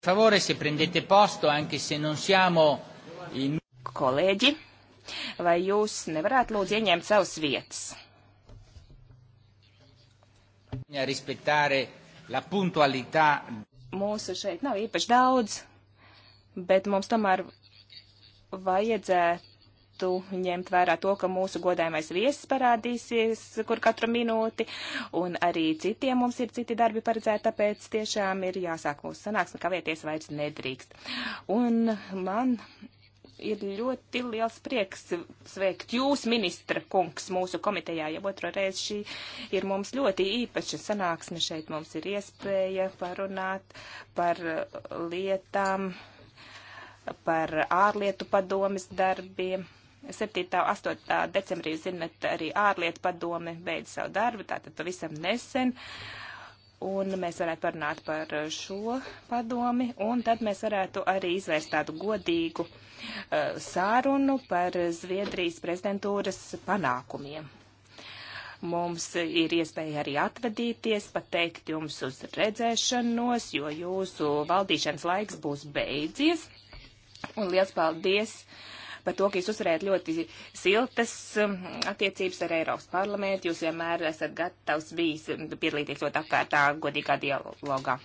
favore se prendete posto anche se non siamo in... Kolēģi, vai jūs nevarētu lūdzu ieņemt savas vietas? Rispettare la puntualità. Mūsu šeit nav īpaši daudz, bet mums tomēr vajadzētu varētu ņemt vērā to, ka mūsu godājumais viesis parādīsies kur katru minūti, un arī citiem mums ir citi darbi paredzēti, tāpēc tiešām ir jāsāk mūsu sanāksme, kavēties vairs nedrīkst. Un man ir ļoti liels prieks sveikt jūs, ministra kungs, mūsu komitejā. Jau otro reizi šī ir mums ļoti īpaša sanāksme. Šeit mums ir iespēja parunāt par lietām, par ārlietu padomis darbiem 7. un 8. decembrī, zinat, arī ārlietu padome beidz savu darbu, tātad pavisam nesen. Un mēs varētu parunāt par šo padomi, un tad mēs varētu arī izvērst tādu godīgu uh, sārunu par Zviedrijas prezidentūras panākumiem. Mums ir iespēja arī atvadīties, pateikt jums uz redzēšanos, jo jūsu valdīšanas laiks būs beidzies. Un liels paldies! Uh, par to, ka jūs uzturējat ļoti siltas um, attiecības ar Eiropas parlamentu. Jūs vienmēr esat gatavs bijis um, piedalīties ļoti atvērtā, godīgā dialogā.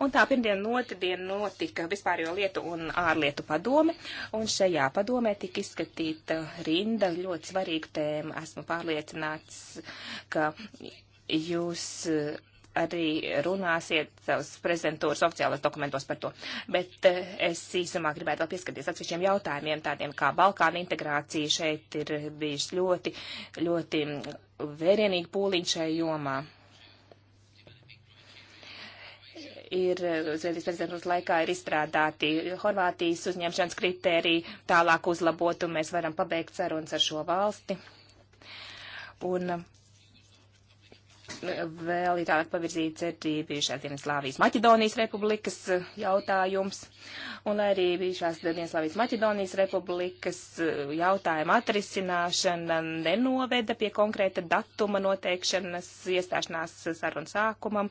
Un tā pirmdien un otrdien notika vispārējo lietu un ārlietu padome, un šajā padomē tika izskatīta rinda ļoti svarīgu tēmu. Esmu pārliecināts, ka jūs arī runāsiet savas prezidentūras oficiālajos dokumentos par to. Bet eh, es īsumā gribētu vēl pieskarties atsevišķiem jautājumiem, tādiem kā Balkāna integrācija. Šeit ir bijis ļoti, ļoti mm, vērienīgi pūliņš šajā jomā. Ir eh, Zviedrijas prezidentūras laikā ir izstrādāti Horvātijas uzņemšanas kritēriji, tālāk uzlabot, un mēs varam pabeigt sarunas ar šo valsti. Un vēl ir tālāk pavirzīts arī bijušās Dienvidslāvijas Maķedonijas republikas eh, jautājums, un arī bijušās Dienvidslāvijas Maķedonijas republikas eh, jautājuma atrisināšana nenoveda pie konkrēta datuma noteikšanas iestāšanās sarunu sākumam.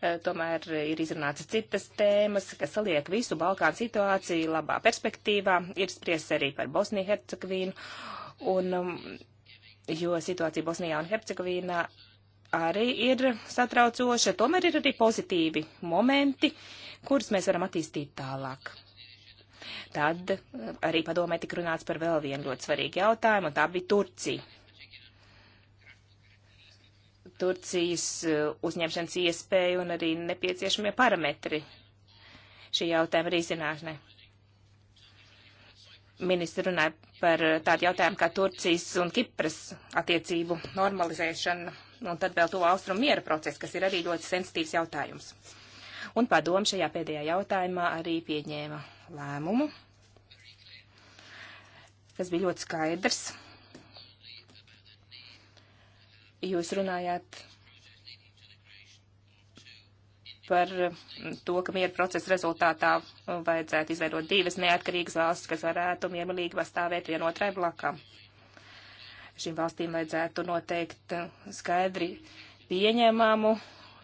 Eh, tomēr ir izrunāts citas tēmas, kas saliek visu Balkānu situāciju labā perspektīvā, ir spriests arī par Bosniju-Hercegovīnu, un um, jo situācija Bosnijā un Hercegovīnā arī ir satraucoša. Tomēr ir arī pozitīvi momenti, kurus mēs varam attīstīt tālāk. Tad eh, arī padomē tik runāts par vēl vienu ļoti svarīgu jautājumu, un tā bija Turcija. Turcijas eh, uzņemšanas iespēju un arī nepieciešamie parametri šī jautājuma risināšanai. Ministri runāja par tādu jautājumu kā Turcijas un Kipras attiecību normalizēšana un tad vēl to austrumu miera procesu, kas ir arī ļoti sensitīvs jautājums. Un padomu šajā pēdējā jautājumā arī pieņēma lēmumu, kas bija ļoti skaidrs. Jūs runājāt par to, ka miera procesa rezultātā vajadzētu izveidot divas neatkarīgas valstis, kas varētu miermīlīgi pastāvēt vienotrai blakām. Šīm valstīm vajadzētu noteikt skaidri pieņemamu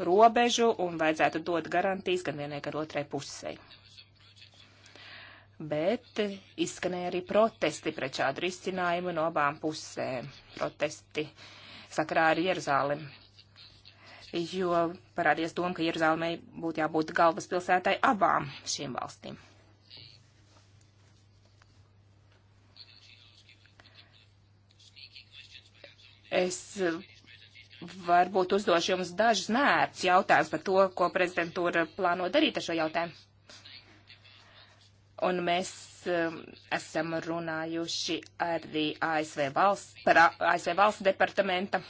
robežu un vajadzētu dot garantijas gan vienai, gan otrai pusē. Bet izskanēja arī protesti pret šādu risinājumu no abām pusēm. Protesti sakarā ar Jeruzālem. Jo parādījās doma, ka Jeruzālēmai būtu jābūt galvaspilsētai abām šīm valstīm. Es eh, varbūt uzdošu jums dažus nērts jautājumus par to, ko prezidentūra plāno darīt ar šo jautājumu. Un mēs eh, esam runājuši arī ASV valsts, par ASV valsts departamenta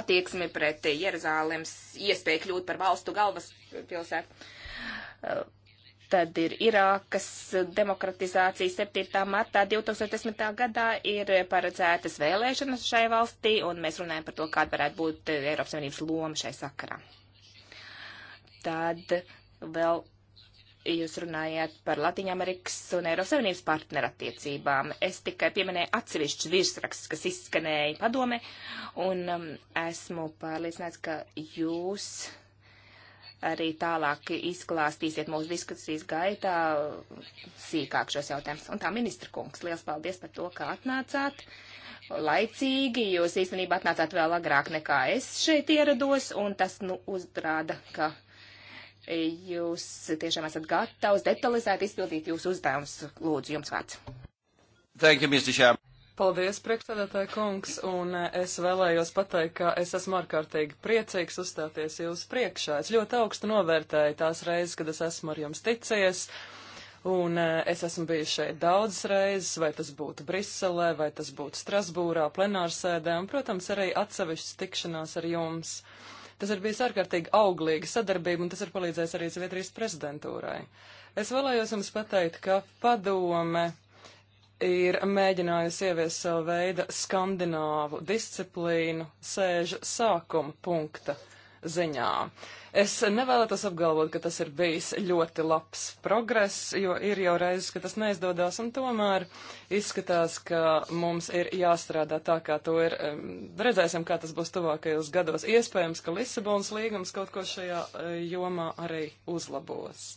attieksmi pret Jeruzālēms iespēju kļūt par valstu galvaspilsētu. Eh, Tad ir Irākas demokratizācija 7. martā 2010. gadā ir paredzētas vēlēšanas šai valstī, un mēs runājam par to, kāda varētu būt Eiropas Savienības loma šai sakarā. Tad vēl jūs runājāt par Latvijas-Amerikas un Eiropas Savienības partnerattiecībām. Es tikai pieminēju atsevišķus virsrakstus, kas izskanēja padome, un um, esmu pārliecināts, ka jūs arī tālāk izklāstīsiet mūsu diskusijas gaitā sīkāk šos jautājumus. Un tā ministra kungs, liels paldies par to, ka atnācāt laicīgi, jūs īstenībā atnācāt vēl agrāk nekā es šeit ierados, un tas, nu, uzrāda, ka jūs tiešām esat gatavs detalizēt izpildīt jūsu uzdevumus. Lūdzu, jums vārds. Thank you, Mr. Chairman. Paldies, priekšstādātāja kungs, un eh, es vēlējos pateikt, ka es esmu ārkārtīgi priecīgs uzstāties jūsu priekšā. Es ļoti augstu novērtēju tās reizes, kad es esmu ar jums ticies, un eh, es esmu bijis šeit daudzas reizes, vai tas būtu Briselē, vai tas būtu Strasbūrā, plenārsēdē, un, protams, arī atsevišķas tikšanās ar jums. Tas ir bijis ārkārtīgi auglīga sadarbība, un tas ir palīdzējis arī Zviedrijas prezidentūrai. Es vēlējos jums pateikt, ka padome ir mēģinājusi ieviest savu veidu skandināvu disciplīnu sēžu sākuma punkta ziņā. Es nevēlētos apgalvot, ka tas ir bijis ļoti labs progress, jo ir jau reizes, ka tas neizdodas, un tomēr izskatās, ka mums ir jāstrādā tā, kā to ir. Redzēsim, kā tas būs tuvākajos gados. Iespējams, ka Lisabonas līgums kaut ko šajā eh, jomā arī uzlabos.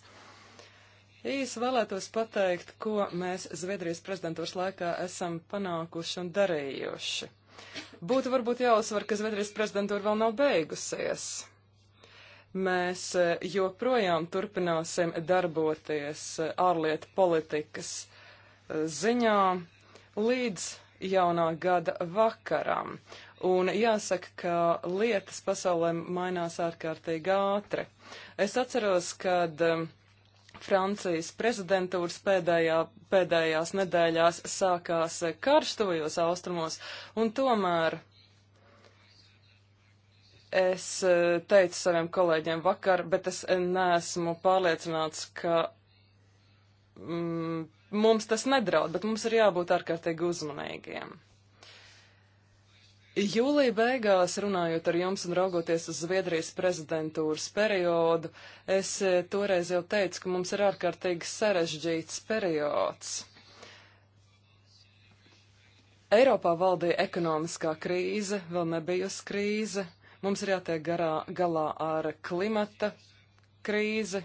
Īsi vēlētos pateikt, ko mēs Zviedrijas prezidentūras laikā esam panākuši un darījuši. Būtu varbūt jāuzsver, ka Zviedrijas prezidentūra vēl nav beigusies. Mēs e, joprojām turpināsim darboties e, ārlietu politikas e, ziņā līdz jaunā gada vakaram. Un jāsaka, ka lietas pasaulē mainās ārkārtīgi ātri. Es atceros, kad Francijas prezidentūras pēdējā, pēdējās nedēļās sākās karš tuvajos austrumos, un tomēr es eh, teicu saviem kolēģiem vakar, bet es neesmu pārliecināts, ka mm, mums tas nedraud, bet mums ir jābūt ārkārtīgi uzmanīgiem. Jūlija beigās, runājot ar jums un raugoties uz Zviedrijas prezidentūras periodu, es eh, toreiz jau teicu, ka mums ir ārkārtīgi sarežģīts periods. Eiropā valdīja ekonomiskā krīze, vēl nebijusi krīze. Mums ir jātiek garā, galā ar klimata krīzi.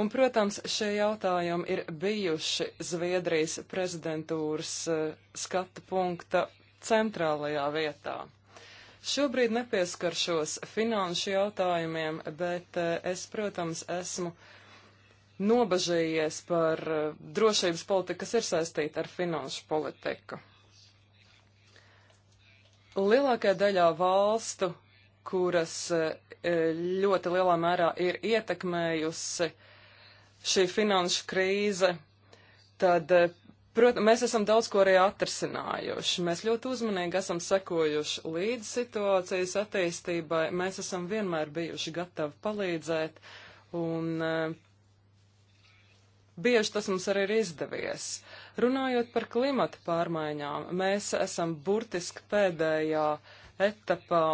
Un, protams, šie jautājumi ir bijuši Zviedrijas prezidentūras eh, skatu punkta centrālajā vietā. Šobrīd nepieskaršos finanšu jautājumiem, bet eh, es, protams, esmu nobažījies par eh, drošības politiku, kas ir saistīta ar finanšu politiku. Lielākajā daļā valstu, kuras eh, ļoti lielā mērā ir ietekmējusi šī finanšu krīze, tad Protams, mēs esam daudz ko arī atrasinājuši. Mēs ļoti uzmanīgi esam sekojuši līdz situācijas attīstībai. Mēs esam vienmēr bijuši gatavi palīdzēt, un uh, bieži tas mums arī ir izdevies. Runājot par klimata pārmaiņām, mēs esam burtiski pēdējā etapā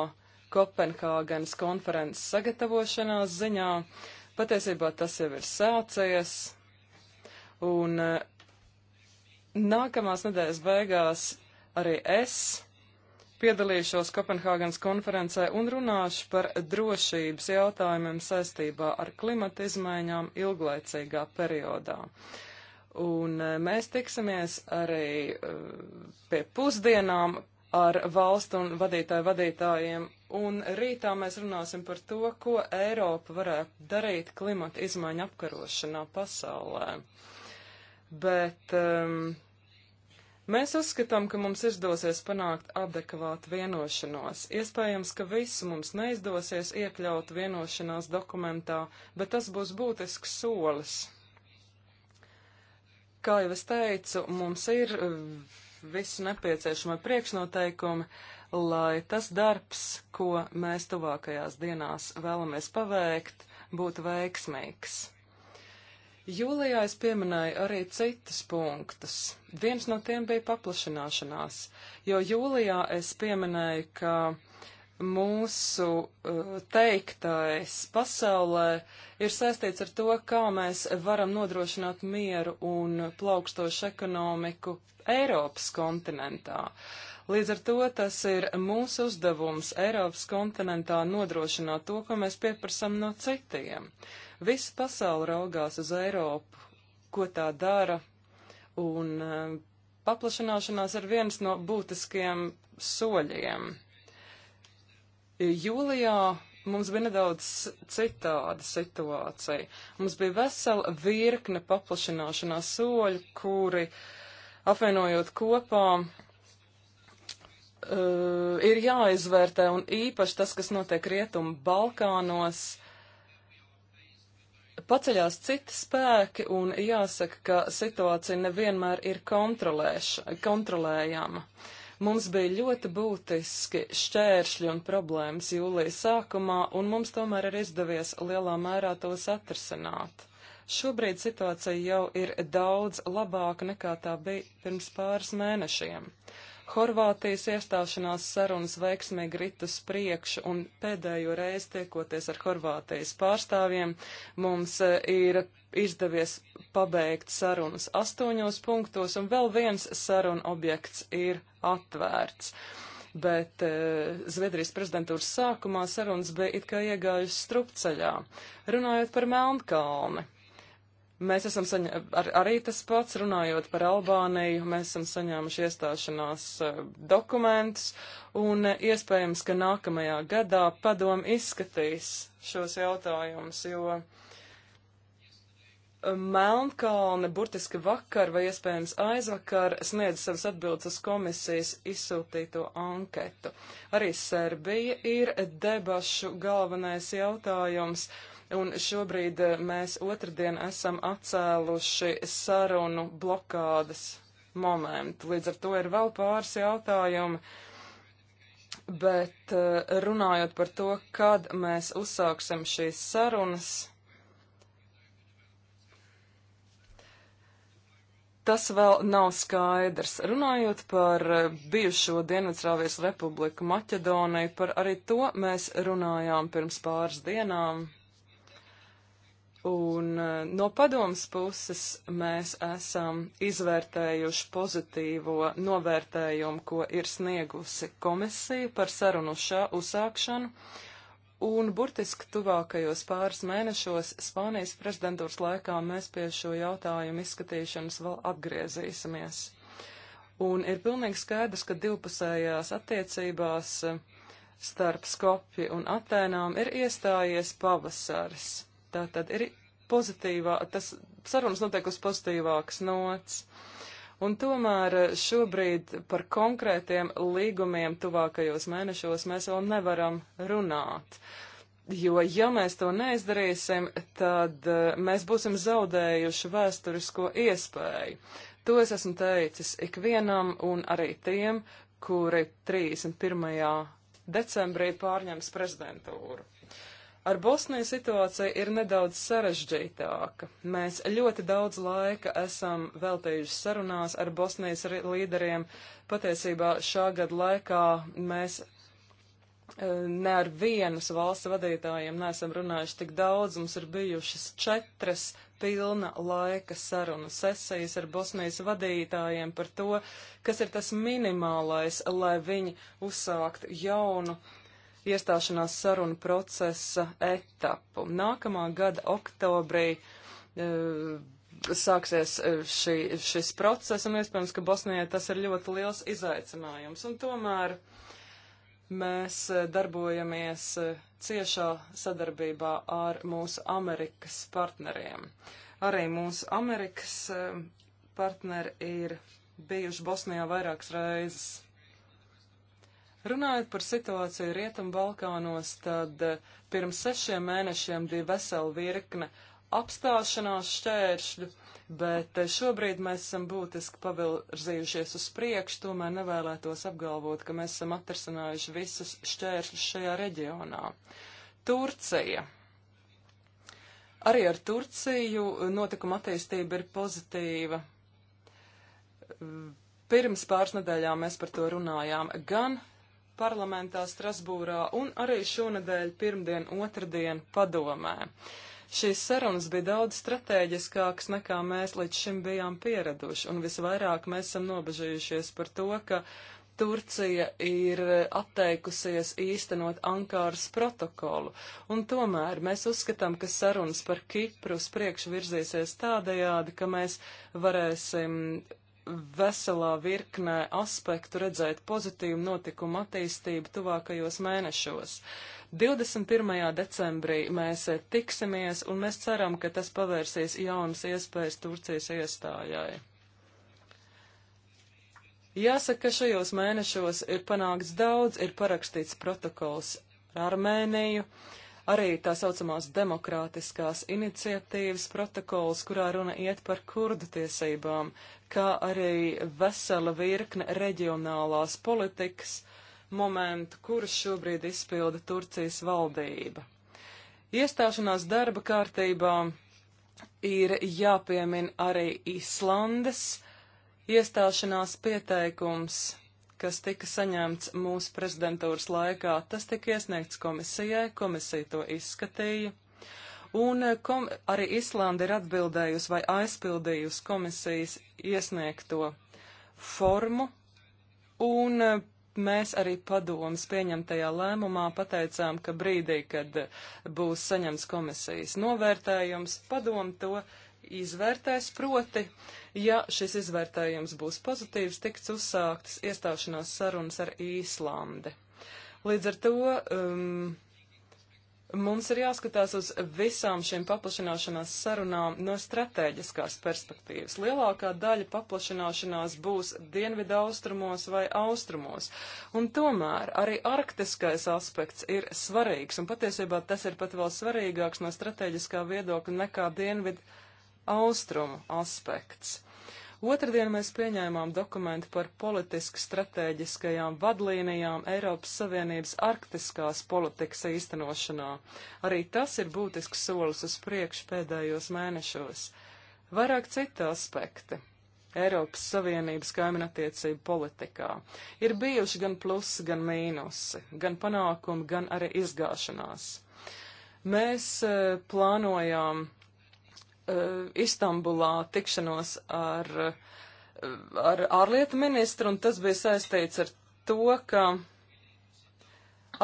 Kopenhāgenes konferences sagatavošanās ziņā. Patiesībā tas jau ir sācies, un uh, Nākamās nedēļas beigās arī es piedalīšos Kopenhāgenes konferencē un runāšu par drošības jautājumiem saistībā ar klimata izmaiņām ilglaicīgā periodā. Un eh, mēs tiksimies arī eh, pie pusdienām ar valstu un vadītāju vadītājiem, un rītā mēs runāsim par to, ko Eiropa varētu darīt klimata izmaiņu apkarošanā pasaulē. Bet um, Mēs uzskatām, ka mums izdosies panākt adekvātu vienošanos. Iespējams, ka visu mums neizdosies iekļaut vienošanās dokumentā, bet tas būs būtisks solis. Kā jau es teicu, mums ir uh, visi nepieciešamie priekšnoteikumi, lai tas darbs, ko mēs tuvākajās dienās vēlamies paveikt, būtu veiksmīgs. Jūlijā es pieminēju arī citus punktus. Viens no tiem bija paplašināšanās, jo jūlijā es pieminēju, ka mūsu uh, teiktais pasaulē ir saistīts ar to, kā mēs varam nodrošināt mieru un plaukstošu ekonomiku Eiropas kontinentā. Līdz ar to tas ir mūsu uzdevums Eiropas kontinentā nodrošināt to, ko mēs pieprasam no citiem. Uh, Visa pasaule raugās uz Eiropu, ko tā dara, un um, paplašanāšanās ir viens no būtiskiem soļiem. Jūlijā mums bija nedaudz citāda situācija. Mums bija vesela virkne paplašināšanās soļu, kuri apvienojot kopā uh, ir jāizvērtē, un īpaši tas, kas notiek Rietumu Balkānos, paceļās citi spēki un jāsaka, ka situācija nevienmēr ir kontrolējama. Mums bija ļoti būtiski šķēršļi un problēmas jūlijas sākumā, un mums tomēr ir izdevies lielā mērā tos atrisināt. Šobrīd situācija jau ir daudz labāka nekā tā bija pirms pāris mēnešiem. Horvātijas iestāšanās sarunas veiksmīgi ritas priekšu un pēdējo reizi tiekoties ar Horvātijas pārstāvjiem mums e, ir izdevies pabeigt sarunas astoņos punktos un vēl viens saruna objekts ir atvērts. Bet e, Zviedrijas prezidentūras sākumā sarunas bija it kā iegājusi strupceļā. Runājot par Melnkalni, Mēs esam saņēmuši, ar, arī tas pats runājot par Albāniju, mēs esam saņēmuši iestāšanās uh, dokumentus, un uh, iespējams, ka nākamajā gadā padom izskatīs šos jautājumus, jo eh, Melnkalne burtiski vakar vai iespējams aizvakar sniedz savas atbildes uz komisijas izsūtīto anketu. Arī Serbija ir debašu galvenais jautājums. Uh, Un šobrīd eh, mēs otrdien esam atcēluši sarunu blokādes momentu. Līdz ar to ir vēl pāris jautājumi. Bet eh, runājot par to, kad mēs uzsāksim šīs sarunas, tas vēl nav skaidrs. Runājot par eh, bijušo Dienvidslāvijas republiku Maķedoniju, par arī to mēs runājām pirms pāris dienām. Un eh, no padomas puses mēs esam izvērtējuši pozitīvo novērtējumu, ko ir sniegusi komisija par sarunu šā uzsākšanu. Un burtiski tuvākajos pāris mēnešos Spānijas prezidentūras laikā mēs pie šo jautājumu izskatīšanas vēl atgriezīsimies. Un ir pilnīgi skaidrs, ka divpusējās attiecībās eh, starp Skopju un Atēnām ir iestājies pavasaris Tā tad ir pozitīvā, tas sarunas notiek uz pozitīvāks nots. Un tomēr šobrīd par konkrētiem līgumiem tuvākajos mēnešos mēs vēl nevaram runāt. Jo, ja mēs to neizdarīsim, tad eh, mēs būsim zaudējuši vēsturisko iespēju. To es esmu teicis ikvienam un arī tiem, kuri 31. decembrī pārņems prezidentūru. Ar Bosniju situācija ir nedaudz sarežģītāka. Mēs ļoti daudz laika esam veltījuši sarunās ar Bosnijas līderiem. Patiesībā šā gada laikā mēs e, ne ar vienas valsts vadītājiem neesam runājuši tik daudz. Mums ir bijušas četras pilna laika sarunu sesijas ar Bosnijas vadītājiem par to, kas ir tas minimālais, lai viņi uzsāktu jaunu iestāšanās sarunu procesa etapu. Nākamā gada oktobrī e, sāksies e, šī, šis process, un iespējams, ka Bosnijai tas ir ļoti liels izaicinājums. Un tomēr mēs e, darbojamies e, ciešā sadarbībā ar mūsu Amerikas partneriem. Arī mūsu Amerikas partneri ir bijuši Bosnijā vairākas reizes. Runājot par situāciju Rietumbalkānos, tad eh, pirms sešiem mēnešiem bija vesela virkne apstāšanās šķēršļu, bet eh, šobrīd mēs esam būtiski pavirzījušies uz priekšu, tomēr nevēlētos apgalvot, ka mēs esam atrasinājuši visus šķēršļus šajā reģionā. Turcija. Arī ar Turciju notikuma attīstība ir pozitīva. Pirms pāris nedēļām mēs par to runājām gan parlamentā Strasbūrā un arī šonadēļ pirmdien otrdien padomē. Šīs sarunas bija daudz strateģiskākas nekā mēs līdz šim bijām pieraduši, un visvairāk mēs esam nobežījušies par to, ka Turcija ir atteikusies īstenot Ankāras protokolu, un tomēr mēs uzskatām, ka sarunas par Kipru uz priekšu virzīsies tādējādi, ka mēs varēsim veselā virknē aspektu redzēt pozitīvu notikumu attīstību tuvākajos mēnešos. 21. decembrī mēs tiksimies un mēs ceram, ka tas pavērsīs jaunas iespējas Turcijas iestājai. Jāsaka, ka šajos mēnešos ir panākts daudz, ir parakstīts protokols ar Armēniju. Uh, arī tā saucamās demokrātiskās iniciatīvas protokols, kurā runa iet par kurdu tiesībām, kā arī vesela virkne reģionālās politikas momentu, kurus šobrīd izpilda Turcijas valdība. Iestāšanās darba kārtībā ir jāpiemina arī Islandes iestāšanās pieteikums kas tika saņemts mūsu prezidentūras laikā, tas tika iesniegts komisijai, komisija to izskatīja. Un eh, kom, arī Islanda ir atbildējusi vai aizpildījusi komisijas iesniegto formu, un eh, mēs arī padomas pieņemtajā lēmumā pateicām, ka brīdī, kad eh, būs saņemts komisijas novērtējums, padom to izvērtēs proti. Uh, Ja šis izvērtējums būs pozitīvs, tiks uzsāktas iestāšanās sarunas ar Īslandi. Līdz ar to um, mums ir jāskatās uz visām šīm paplašināšanās sarunām no stratēģiskās perspektīvas. Lielākā daļa paplašināšanās būs dienvidu austrumos vai austrumos. Un tomēr arī arktiskais aspekts ir svarīgs, un patiesībā tas ir pat vēl svarīgāks no stratēģiskā viedokļa nekā dienvidu austrumu aspekts. Otradien mēs pieņēmām dokumentu par politiski stratēģiskajām vadlīnijām Eiropas Savienības arktiskās politikas īstenošanā. Arī tas ir būtisks solis uz priekšu pēdējos mēnešos. Vairāk citi aspekti. Eiropas Savienības kaimiņattiecību politikā. Ir bijuši gan plusi, gan mīnusi, gan panākumi, gan arī izgāšanās. Mēs e, plānojām Eh, Istambulā tikšanos ar, eh, ar ārlietu ministru, un tas bija saistīts ar to, ka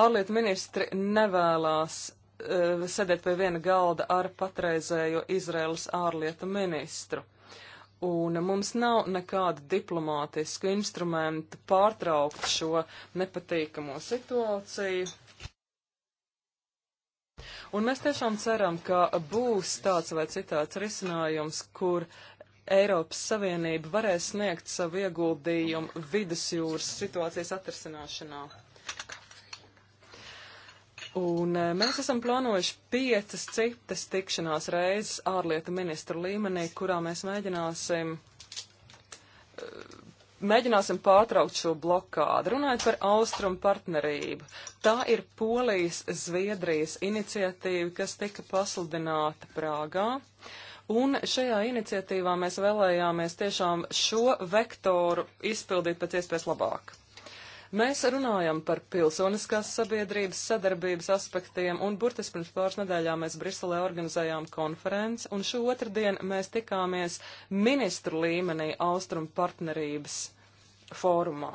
ārlietu ministri nevēlās uh, sēdēt pie viena galda ar patreizējo Izraels ārlietu ministru. Un mums nav nekādu diplomātisku instrumentu pārtraukt šo nepatīkamo situāciju. Un mēs tiešām ceram, ka būs tāds vai citāds risinājums, kur Eiropas Savienība varēs sniegt savu ieguldījumu vidusjūras situācijas atrasināšanā. Un eh, mēs esam plānojuši piecas citas tikšanās reizes ārlietu ministru līmenī, kurā mēs mēģināsim uh, Mēģināsim pārtraukt šo blokādu. Runājot par austrumu partnerību, tā ir Polijas-Zviedrijas iniciatīva, kas tika pasludināta Prāgā. Un šajā iniciatīvā mēs vēlējāmies tiešām šo vektoru izpildīt pēc iespējas labāk. Mēs runājam par pilsoniskās sabiedrības sadarbības aspektiem, un burtiski pirms pāris nedēļām mēs Briselē organizējām konferenci, un šo otrdien mēs tikāmies ministru līmenī Austrum partnerības fórumā.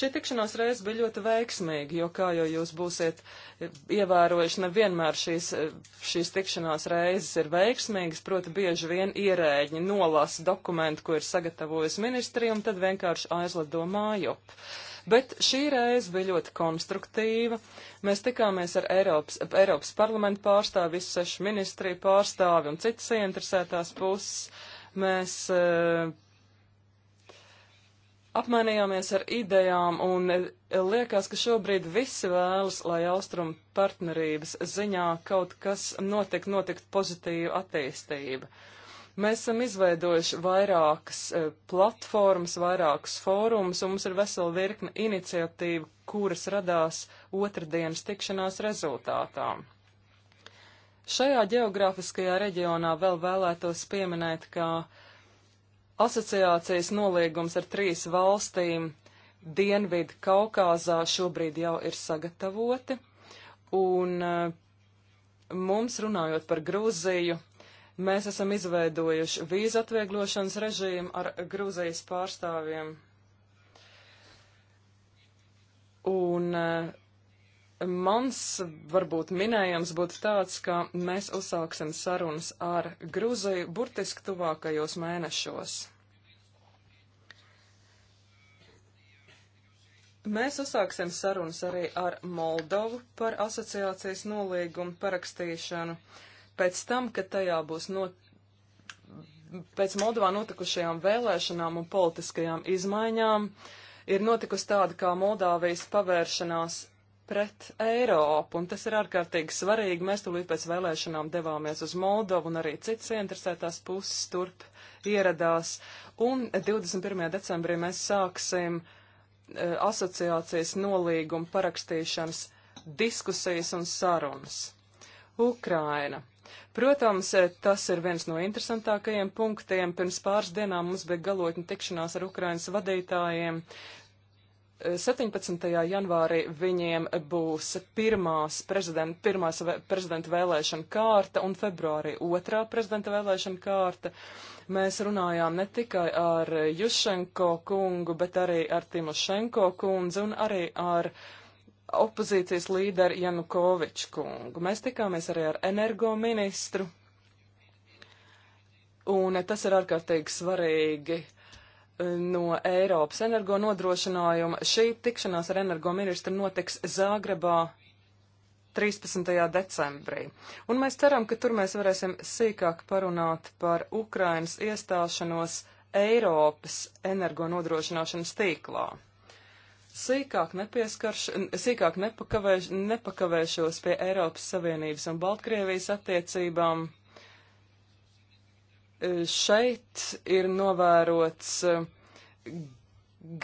Šī tikšanās reize bija ļoti veiksmīga, jo, kā jau jūs būsiet ievērojuši, nevienmēr šīs, šīs tikšanās reizes ir veiksmīgas, proti bieži vien ierēģi nolasa dokumentu, ko ir sagatavojusi ministrija, un tad vienkārši aizlido mājup. Uh, bet šī reize bija ļoti konstruktīva. Mēs tikāmies ar Eiropas, Eiropas parlamentu pārstāvi, visu sešu ministriju pārstāvi un citas ieinteresētās puses. Mēs uh, apmainījāmies ar idejām un eh, liekas, ka šobrīd visi vēlas, lai austrumu partnerības ziņā kaut kas notiek, notikt pozitīva attīstība. Mēs esam izveidojuši vairākas e, platformas, vairākas fórumus, un mums ir vesela virkne iniciatīvu, kuras radās otrdienas tikšanās rezultātā. Šajā geogrāfiskajā reģionā vēl vēlētos pieminēt, ka asociācijas noliegums ar trīs valstīm Dienvidu Kaukāzā šobrīd jau ir sagatavoti, un e, mums runājot par Grūziju, Mēs esam izveidojuši vīzu atvieglošanas režīmu ar Grūzijas pārstāvjiem. Un eh, mans varbūt minējums būtu tāds, ka mēs uzsāksim sarunas ar Gruziju burtiski tuvākajos mēnešos. Mēs uzsāksim sarunas arī ar Moldovu par asociācijas nolīgumu parakstīšanu. Uh, pēc tam, kad tajā būs not, pēc Moldovā notikušajām vēlēšanām un politiskajām izmaiņām, ir notikusi tāda kā Moldāvijas pavēršanās pret Eiropu, un tas ir ārkārtīgi svarīgi. Mēs tūlīt pēc vēlēšanām devāmies uz Moldovu, un arī citas interesētās puses turp ieradās. Un 21. decembrī mēs sāksim e, asociācijas nolīguma parakstīšanas diskusijas un sarunas. Ukraina. Protams, tas ir viens no interesantākajiem punktiem. Pirms pāris dienām mums bija galotņa tikšanās ar Ukrainas vadītājiem. 17. janvārī viņiem būs pirmās prezidenta, pirmās prezidenta vēlēšana kārta un februārī otrā prezidenta vēlēšana kārta. Mēs runājām ne tikai ar Jušenko kungu, bet arī ar Timošenko kundzi un arī ar uh, opozīcijas līderi Janukoviču kungu. Mēs tikāmies arī ar energoministru, un tas ir ārkārtīgi svarīgi e, no Eiropas energo nodrošinājuma. Šī tikšanās ar energoministru notiks Zāgrebā 13. decembrī. Un mēs ceram, ka tur mēs varēsim sīkāk parunāt par Ukrainas iestāšanos Eiropas energo nodrošināšanas tīklā. Sīkāk, sīkāk nepakavēš, nepakavēšos pie Eiropas Savienības un Baltkrievijas attiecībām. E, šeit ir novērots e,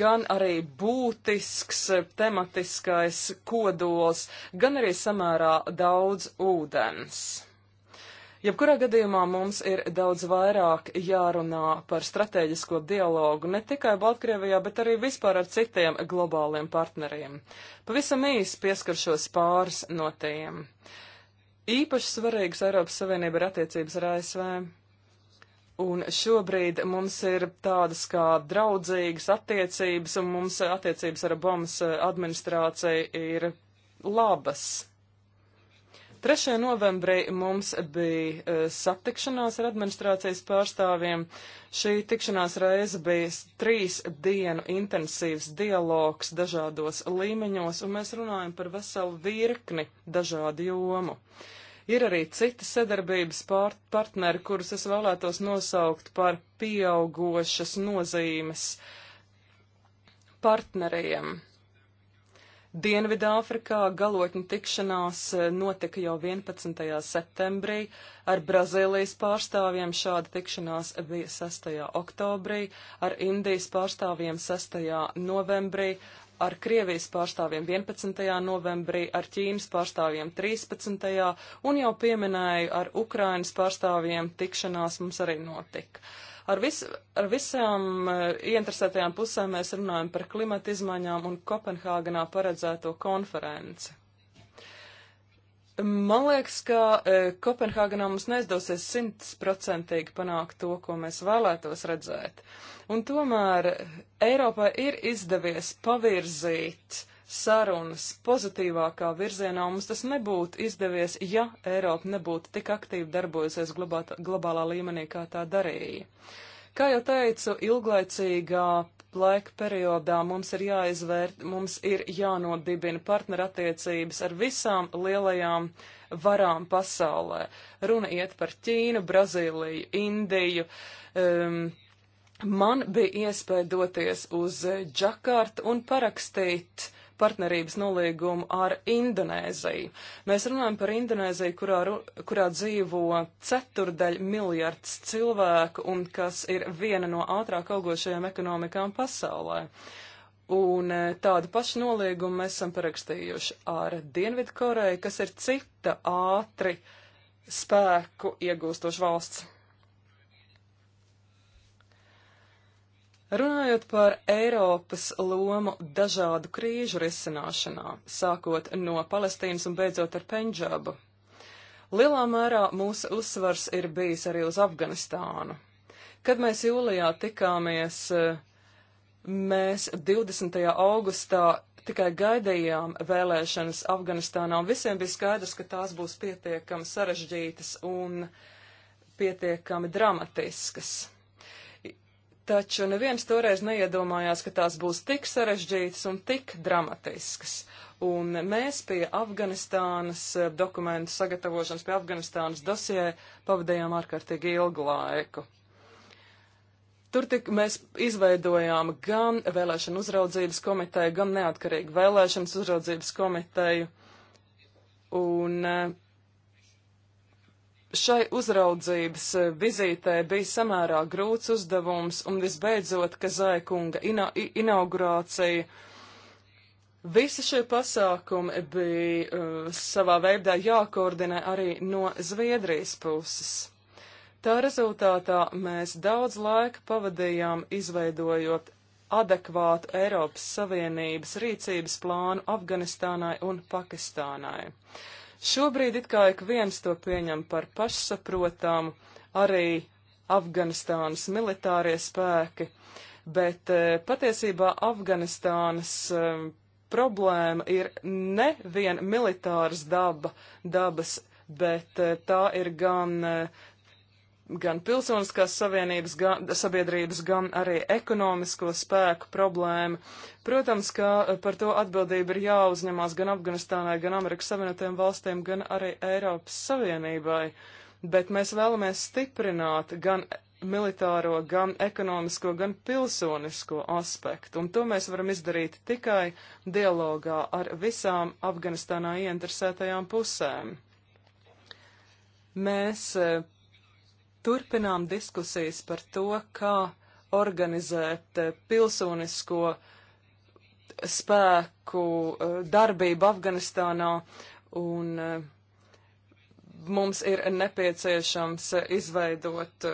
gan arī būtisks e, tematiskais kodols, gan arī samērā daudz ūdens. Jebkurā gadījumā mums ir daudz vairāk jārunā par strateģisko dialogu ne tikai Baltkrievijā, bet arī vispār ar citiem globāliem partneriem. Pavisam īsi pieskaršos pāris no tiem. Īpaši svarīgs Eiropas Savienība ir attiecības ar ASV. Un šobrīd mums ir tādas kā draudzīgas attiecības, un mums attiecības ar Obamas administrāciju ir labas. 3. novembrī mums bija eh, satikšanās ar administrācijas pārstāvjiem. Šī tikšanās reize bija trīs dienu intensīvs dialogs dažādos līmeņos, un mēs runājam par veselu virkni dažādu jomu. Ir arī citi sadarbības pār, partneri, kurus es vēlētos nosaukt par pieaugošas nozīmes partneriem. Dienvidāfrikā galotņu tikšanās eh, notika jau 11. septembrī, ar Brazīlijas pārstāvjiem šāda tikšanās bija 6. oktobrī, ar Indijas pārstāvjiem 6. novembrī, ar Krievijas pārstāvjiem 11. novembrī, ar Ķīnas pārstāvjiem 13. un jau pieminēju, ar Ukrainas pārstāvjiem tikšanās mums arī notika. Ar, vis, ar visām e, ieinteresētajām pusēm mēs runājam par klimata izmaiņām un Kopenhāgenā paredzēto konferenci. Man liekas, ka e, Kopenhāgenā mums neizdosies simtprocentīgi panākt to, ko mēs vēlētos redzēt. Un tomēr Eiropai ir izdevies pavirzīt uh, sarunas pozitīvākā virzienā, un mums tas nebūtu izdevies, ja Eiropa nebūtu tik aktīvi darbojusies globāta, globālā līmenī, kā tā darīja. Kā jau teicu, ilglaicīgā laika periodā mums ir jāizvērt, mums ir jānodibina partnerattiecības ar visām lielajām varām pasaulē. Runa iet par Ķīnu, Brazīliju, Indiju. Um, man bija iespēja doties uz Džakartu un parakstīt partnerības nolīgumu ar Indonēziju. Mēs runājam par Indonēziju, kurā, kurā dzīvo ceturdaļ miljards cilvēku un kas ir viena no ātrāk augošajām ekonomikām pasaulē. Un eh, tādu pašu nolīgumu mēs esam parakstījuši ar Dienvidkoreju, kas ir cita ātri spēku iegūstoša valsts. Runājot par Eiropas lomu dažādu krīžu risināšanā, sākot no Palestīnas un beidzot ar Pendžabu, lielā mērā mūsu uzsvars ir bijis arī uz Afganistānu. Kad mēs jūlijā tikāmies, mēs 20. augustā tikai gaidījām vēlēšanas Afganistānā, un visiem bija skaidrs, ka tās būs pietiekami sarežģītas un pietiekami dramatiskas. Taču neviens toreiz neiedomājās, ka tās būs tik sarežģītas un tik dramatiskas. Un mēs pie Afganistānas eh, dokumentu sagatavošanas, pie Afganistānas dosijē pavadījām ārkārtīgi ilgu laiku. Tur tik mēs izveidojām gan vēlēšanu uzraudzības komiteju, gan neatkarīgu vēlēšanas uzraudzības komiteju. Un eh, Šai uzraudzības e, vizītē bija samērā grūts uzdevums, un visbeidzot, ka Zaikunga ina inaugurācija. Visi šie pasākumi bija uh, savā veidā jākoordinē arī no Zviedrijas puses. Tā rezultātā mēs daudz laika pavadījām izveidojot adekvātu Eiropas Savienības rīcības plānu Afganistānai un Pakistānai. Uh, Šobrīd it kā ik viens to pieņem par pašsaprotamu, arī Afganistānas militārie spēki, bet e, patiesībā Afganistānas e, problēma ir nevien militāras daba, dabas, bet e, tā ir gan gan pilsoniskās savienības, gan, sabiedrības, gan arī ekonomisko spēku problēma. Protams, ka eh, par to atbildību ir jāuzņemās gan Afganistānai, gan Amerikas Savienotajām valstīm, gan arī Eiropas Savienībai, bet mēs vēlamies stiprināt gan militāro, gan ekonomisko, gan pilsonisko aspektu, un to mēs varam izdarīt tikai dialogā ar visām Afganistānā ieinteresētajām pusēm. Mēs eh, turpinām diskusijas par to, kā organizēt eh, pilsonisko spēku eh, darbību Afganistānā, un eh, mums ir nepieciešams izveidot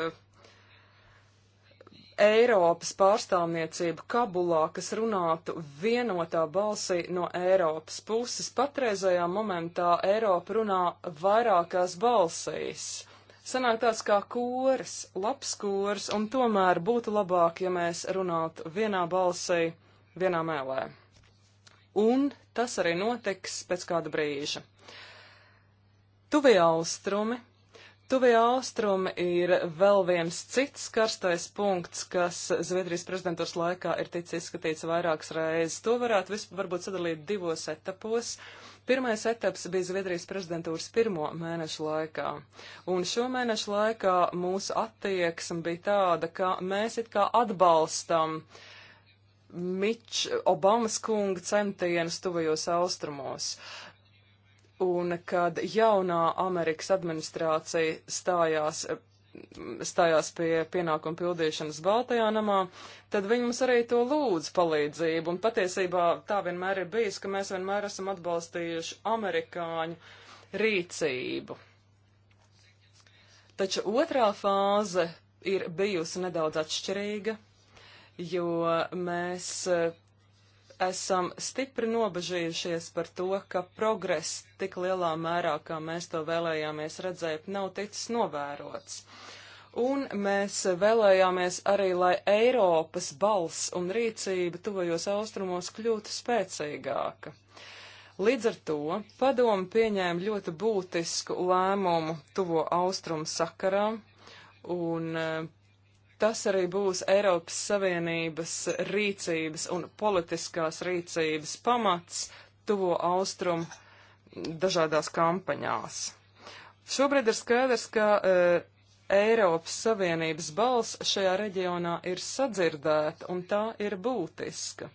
Eiropas pārstāvniecību Kabulā, kas runātu vienotā balsī no Eiropas puses. Patreizajā momentā Eiropa runā vairākās balsīs sanāk tāds kā kors, labs kors, un tomēr būtu labāk, ja mēs runātu vienā balsī, vienā mēlē. Un tas arī notiks pēc kāda brīža. Tuvie austrumi. Tuvie austrumi ir vēl viens cits karstais punkts, kas Zviedrijas prezidentūras laikā ir ticis izskatīts vairākas reizes. To varētu vispār varbūt sadalīt divos etapos. Uh, Pirmais etaps bija Zviedrijas prezidentūras pirmo mēnešu laikā, un šo mēnešu laikā mūsu attieksme bija tāda, ka mēs it kā atbalstam Mič Obamas kunga centienus tuvajos austrumos. Un kad jaunā Amerikas administrācija stājās stājās pie pienākuma pildīšanas Baltajā namā, tad viņi mums arī to lūdz palīdzību. Un patiesībā tā vienmēr ir bijis, ka mēs vienmēr esam atbalstījuši amerikāņu rīcību. Taču otrā fāze ir bijusi nedaudz atšķirīga, jo mēs esam stipri nobežījušies par to, ka progress tik lielā mērā, kā mēs to vēlējāmies redzēt, nav ticis novērots. Un mēs vēlējāmies arī, lai Eiropas balss un rīcība tuvajos austrumos kļūtu spēcīgāka. Līdz ar to padomu pieņēma ļoti būtisku lēmumu tuvo austrumu sakarā, un eh, Tas arī būs Eiropas Savienības rīcības un politiskās rīcības pamats tuvo austrumu dažādās kampaņās. Šobrīd ir skaidrs, ka e, Eiropas Savienības balss šajā reģionā ir sadzirdēta un tā ir būtiska.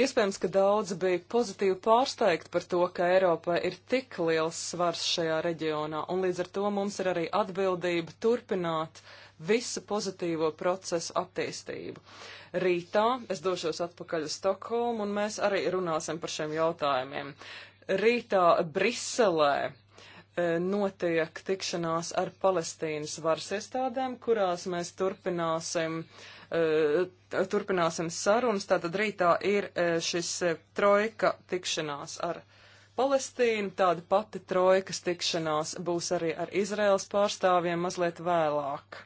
Iespējams, ka daudzi bija pozitīvi pārsteigti par to, ka Eiropai ir tik liels svars šajā reģionā, un līdz ar to mums ir arī atbildība turpināt visu pozitīvo procesu attīstību. Rītā es došos atpakaļ uz Stokholmu, un mēs arī runāsim par šiem jautājumiem. Rītā Briselē e, notiek tikšanās ar Palestīnas varas iestādēm, kurās mēs turpināsim uh, Eh, turpināsim sarunas. Tātad rītā ir eh, šis eh, trojka tikšanās ar Palestīnu, tāda pati trojkas tikšanās būs arī ar Izraels pārstāvjiem mazliet vēlāk.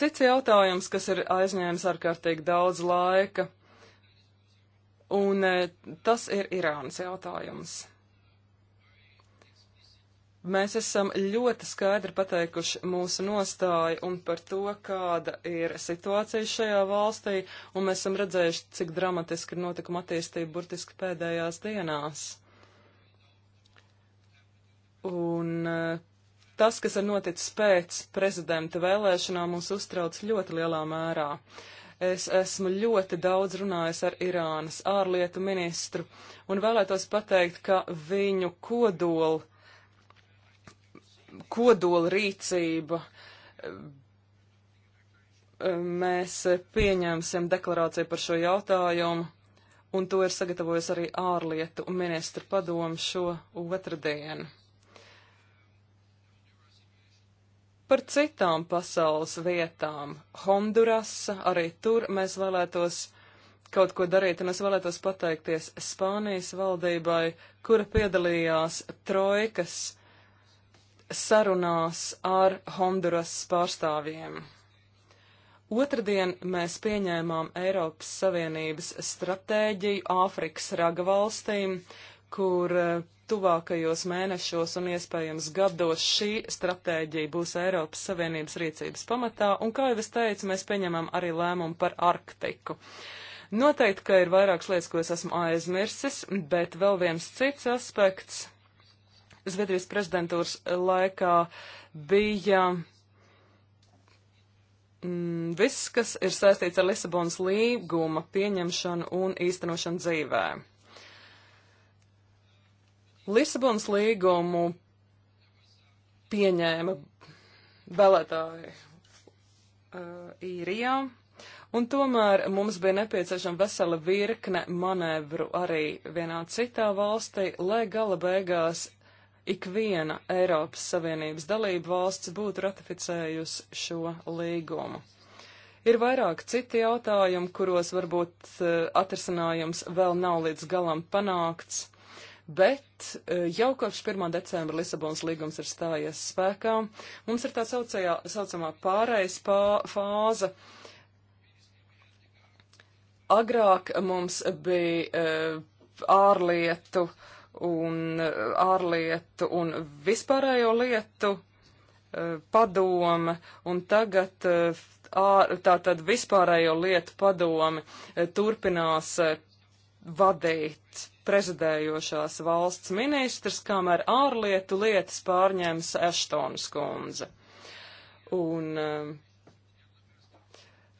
Cits jautājums, kas ir aizņēmis ārkārtīgi daudz laika, un tas ir Irānas jautājums. Mēs esam ļoti skaidri pateikuši mūsu nostāju un par to, kāda ir situācija šajā valstī, un mēs esam redzējuši, cik dramatiski ir notikuma attīstība burtiski pēdējās dienās. Un eh, tas, kas ir noticis pēc prezidenta vēlēšanām, mūs uztrauc ļoti lielā mērā. Es esmu ļoti daudz runājis ar Irānas ārlietu ministru un vēlētos pateikt, ka viņu kodoli kodola rīcība. Mēs pieņemsim deklarāciju par šo jautājumu, un to ir sagatavojis arī ārlietu ministra padomu šo otrdienu. Par citām pasaules vietām - Hondurasa, arī tur mēs vēlētos kaut ko darīt, un es vēlētos pateikties Spānijas valdībai, kura piedalījās trojkas sarunās ar Honduras pārstāvjiem. Otradien mēs pieņēmām Eiropas Savienības stratēģiju Āfrikas raga valstīm, kur eh, tuvākajos mēnešos un iespējams gados šī stratēģija būs Eiropas Savienības rīcības pamatā, un kā jau es teicu, mēs pieņemam arī lēmumu par Arktiku. Noteikti, ka ir vairākas lietas, ko es esmu aizmirsis, bet vēl viens cits aspekts Zviedrijas prezidentūras laikā bija mm, viss, kas ir saistīts ar Lisabonas līguma pieņemšanu un īstenošanu dzīvē. Lisabonas līgumu pieņēma vēlētāji uh, īrijā, un tomēr mums bija nepieciešama vesela virkne manevru arī vienā citā valstī, lai gala beigās ikviena Eiropas Savienības dalība valsts būtu ratificējusi šo līgumu. Ir vairāk citi jautājumi, kuros varbūt eh, atrisinājums vēl nav līdz galam panākts, bet eh, jau kopš 1. decembra Lisabonas līgums ir stājies spēkā. Mums ir tā saucajā, saucamā pārējais pā, fāze. Agrāk mums bija eh, ārlietu uh, un eh, ārlietu un vispārējo lietu eh, padome, un tagad eh, tātad vispārējo lietu padome turpinās vadīt prezidējošās valsts ministrs, kamēr ārlietu lietas pārņems Eštonas kundze. Un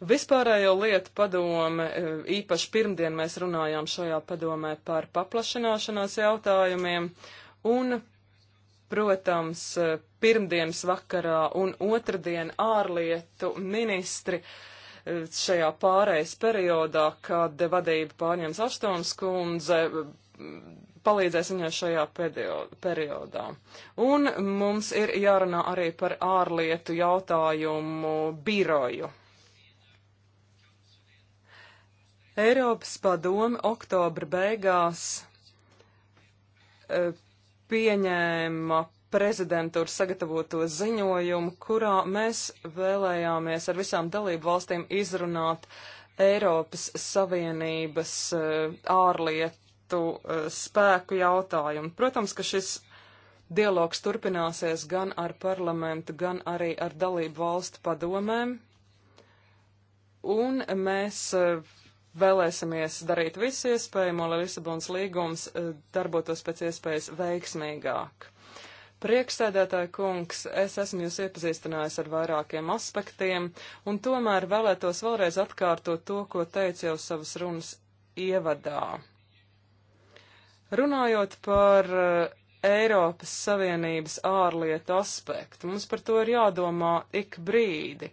Vispārējo lietu padome, e, īpaši pirmdien mēs runājām šajā padomē par paplašināšanās jautājumiem, un, protams, e, pirmdienas vakarā un otrdien ārlietu ministri e, šajā pārējais periodā, kad vadība pārņems Aštons kundze, palīdzēs viņai šajā periodā. Un mums ir jārunā arī par ārlietu jautājumu biroju. Eiropas padome oktobra beigās e, pieņēma prezidentūras sagatavoto ziņojumu, kurā mēs vēlējāmies ar visām dalību valstīm izrunāt Eiropas Savienības e, ārlietu e, spēku jautājumu. Protams, ka šis dialogs turpināsies gan ar parlamentu, gan arī ar dalību valstu padomēm. Un mēs vēlēsimies darīt visu iespējamo, lai Lisabons līgums e, darbotos pēc iespējas veiksmīgāk. Priekšsēdētāja kungs, es esmu jūs iepazīstinājis ar vairākiem aspektiem, un tomēr vēlētos vēlreiz atkārtot to, ko teicu jau savas runas ievadā. Runājot par e, Eiropas Savienības ārlietu aspektu. Mums par to ir jādomā ik brīdi,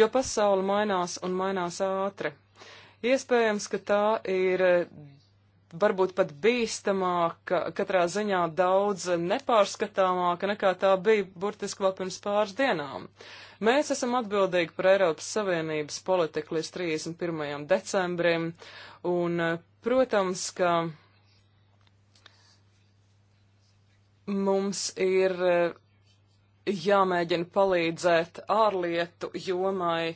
jo pasauli mainās un mainās ātri. Iespējams, ka tā ir eh, varbūt pat bīstamāka, katrā ziņā daudz nepārskatāmāka nekā tā bija burtiski vēl pirms pāris dienām. Mēs esam atbildīgi par Eiropas Savienības politiku līdz 31. decembrim, un, eh, protams, ka mums ir eh, jāmēģina palīdzēt ārlietu jomai,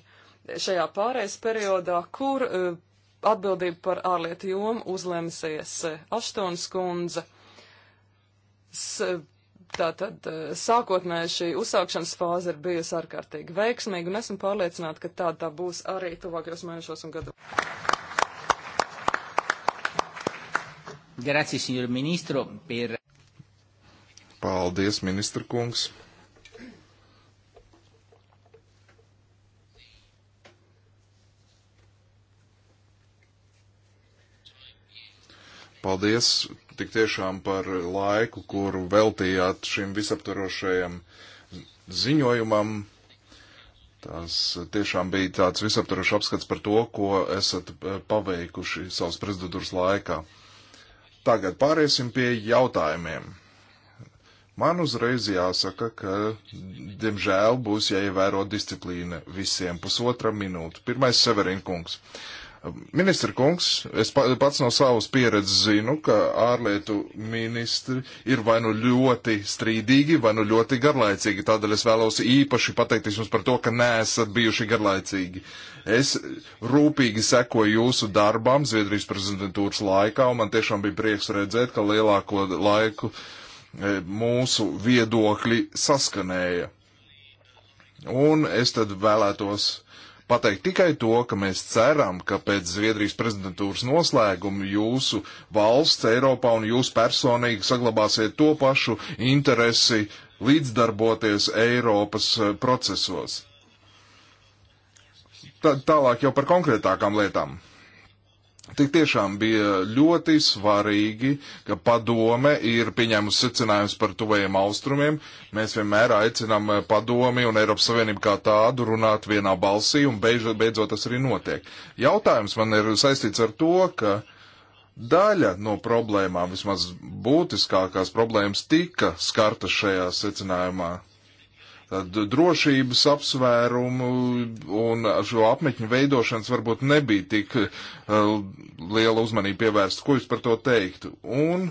šajā pārejas periodā, kur e, atbildību par ārlietu jomu uzlemsies e, Aštons kundze. S e, Tātad sākotnēji šī uzsākšanas fāze ir bijusi ārkārtīgi veiksmīga, un esmu pārliecināta, ka tāda tā būs arī tuvākajos mēnešos un gados. Grazie, signor ministro, par. Paldies, ministra kungs. Paldies tik tiešām par laiku, kuru veltījāt šim visaptvarošajam ziņojumam. Tas tiešām bija tāds visaptvarošs apskats par to, ko esat eh, paveikuši savas prezidentūras laikā. Tagad pāriesim pie jautājumiem. Man uzreiz jāsaka, ka, diemžēl, būs jāievēro disciplīna visiem pusotra minūte. Pirmais Severin kungs. Uh, Ministra kungs, es pats no savas pieredzes zinu, ka ārlietu ministri ir vai nu ļoti strīdīgi, vai nu ļoti garlaicīgi. Tādēļ es vēlos īpaši pateikties jums par to, ka neesat bijuši garlaicīgi. Es rūpīgi sekoju jūsu darbām Zviedrijas prezidentūras laikā, un man tiešām bija prieks redzēt, ka lielāko laiku e, mūsu viedokļi saskanēja. Un es tad vēlētos pateikt tikai to, ka mēs ceram, ka pēc Zviedrijas prezidentūras noslēguma jūsu valsts Eiropā un jūs personīgi saglabāsiet to pašu interesi līdzdarboties Eiropas eh, procesos. Tā, tālāk jau par konkrētākām lietām. Tik tiešām bija ļoti svarīgi, ka padome ir pieņēmusi secinājumus par tuvajiem austrumiem. Mēs vienmēr aicinām eh, padomi un Eiropas Savienību kā tādu runāt vienā balsī, un beidzot, beidzot tas arī notiek. Jautājums man ir saistīts ar to, ka daļa no problēmām, vismaz būtiskākās problēmas, tika skarta šajā secinājumā tad drošības apsvērumu un šo apmeķņu veidošanas varbūt nebija tik eh, liela uzmanība pievērsta. Ko jūs par to teiktu? Un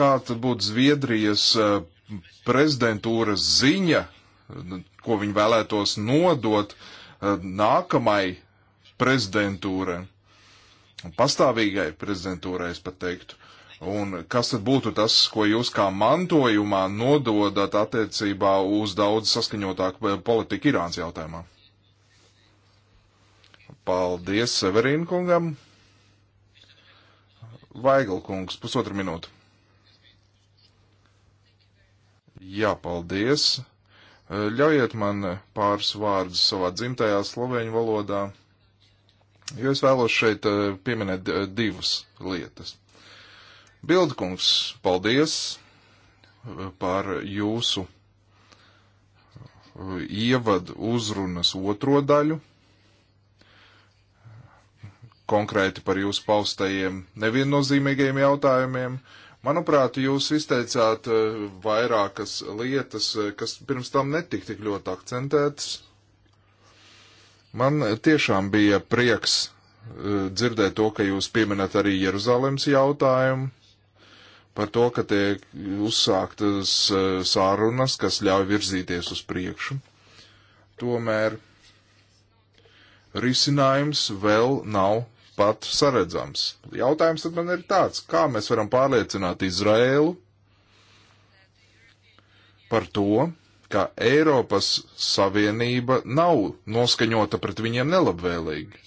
kāds būtu Zviedrijas eh, prezidentūras ziņa, ko viņi vēlētos nodot eh, nākamai prezidentūrai? Pastāvīgai prezidentūrai, es pat teiktu. Un kas tad būtu tas, ko jūs kā mantojumā nododat attiecībā uz daudz saskaņotāku eh, politiku Irānas jautājumā? Paldies Severīnu kungam. Vaigl kungs, pusotru minūtu. Jā, paldies. Eh, ļaujiet man pāris vārdus savā dzimtajā sloveņu valodā, jo es vēlos šeit eh, pieminēt divas lietas. Bildkungs, paldies uh, par jūsu uh, ievadu uzrunas otro daļu, konkrēti par jūsu paustajiem neviennozīmīgajiem jautājumiem. Manuprāt, jūs izteicāt uh, vairākas lietas, kas pirms tam netika tik ļoti akcentētas. Man tiešām bija prieks dzirdēt to, ka jūs pieminat arī Jeruzalemes jautājumu par to, ka tiek uzsāktas e, sārunas, kas ļauj virzīties uz priekšu. Tomēr risinājums vēl nav pat saredzams. Jautājums tad man ir tāds, kā mēs varam pārliecināt Izraēlu par to, ka Eiropas Savienība nav noskaņota pret viņiem nelabvēlīgi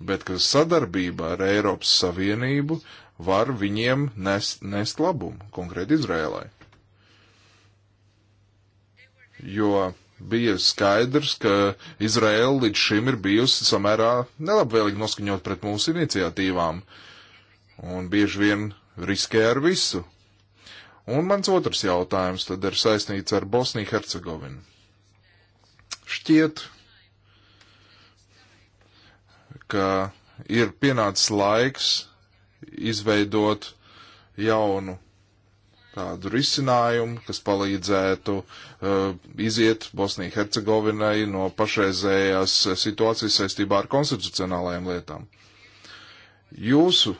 bet ka sadarbība ar Eiropas Savienību var viņiem nest, nest labumu, konkrēti Izrēlai. Jo bija skaidrs, ka Izraela līdz šim ir bijusi samērā nelabvēlīgi noskaņot pret mūsu iniciatīvām un bieži vien riskē ar visu. Un mans otrs jautājums tad ir saistīts ar Bosniju Hercegovinu. Šķiet, ka ir pienācis laiks izveidot jaunu tādu risinājumu, kas palīdzētu uh, iziet Bosnijai Hercegovinai no pašreizējās situācijas saistībā ar konstitucionālajām lietām. Jūsu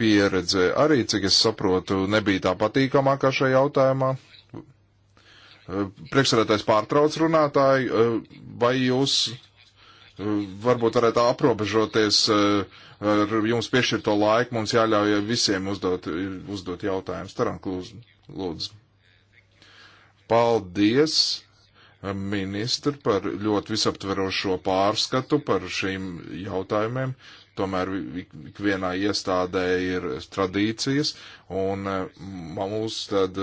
pieredze arī, cik es saprotu, nebija tā patīkamākā šajā jautājumā. Uh, Priekšsēdētājs pārtrauc runātāju, uh, vai jūs varbūt varētu aprobežoties eh, ar jums piešķirto laiku. Mums jāļauj visiem uzdot, uzdot jautājumus. Taranklūdzu, lūdzu. Paldies, eh, ministri, par ļoti visaptverošo pārskatu par šīm jautājumiem. Tomēr ikvienā iestādē ir tradīcijas, un eh, mums tad,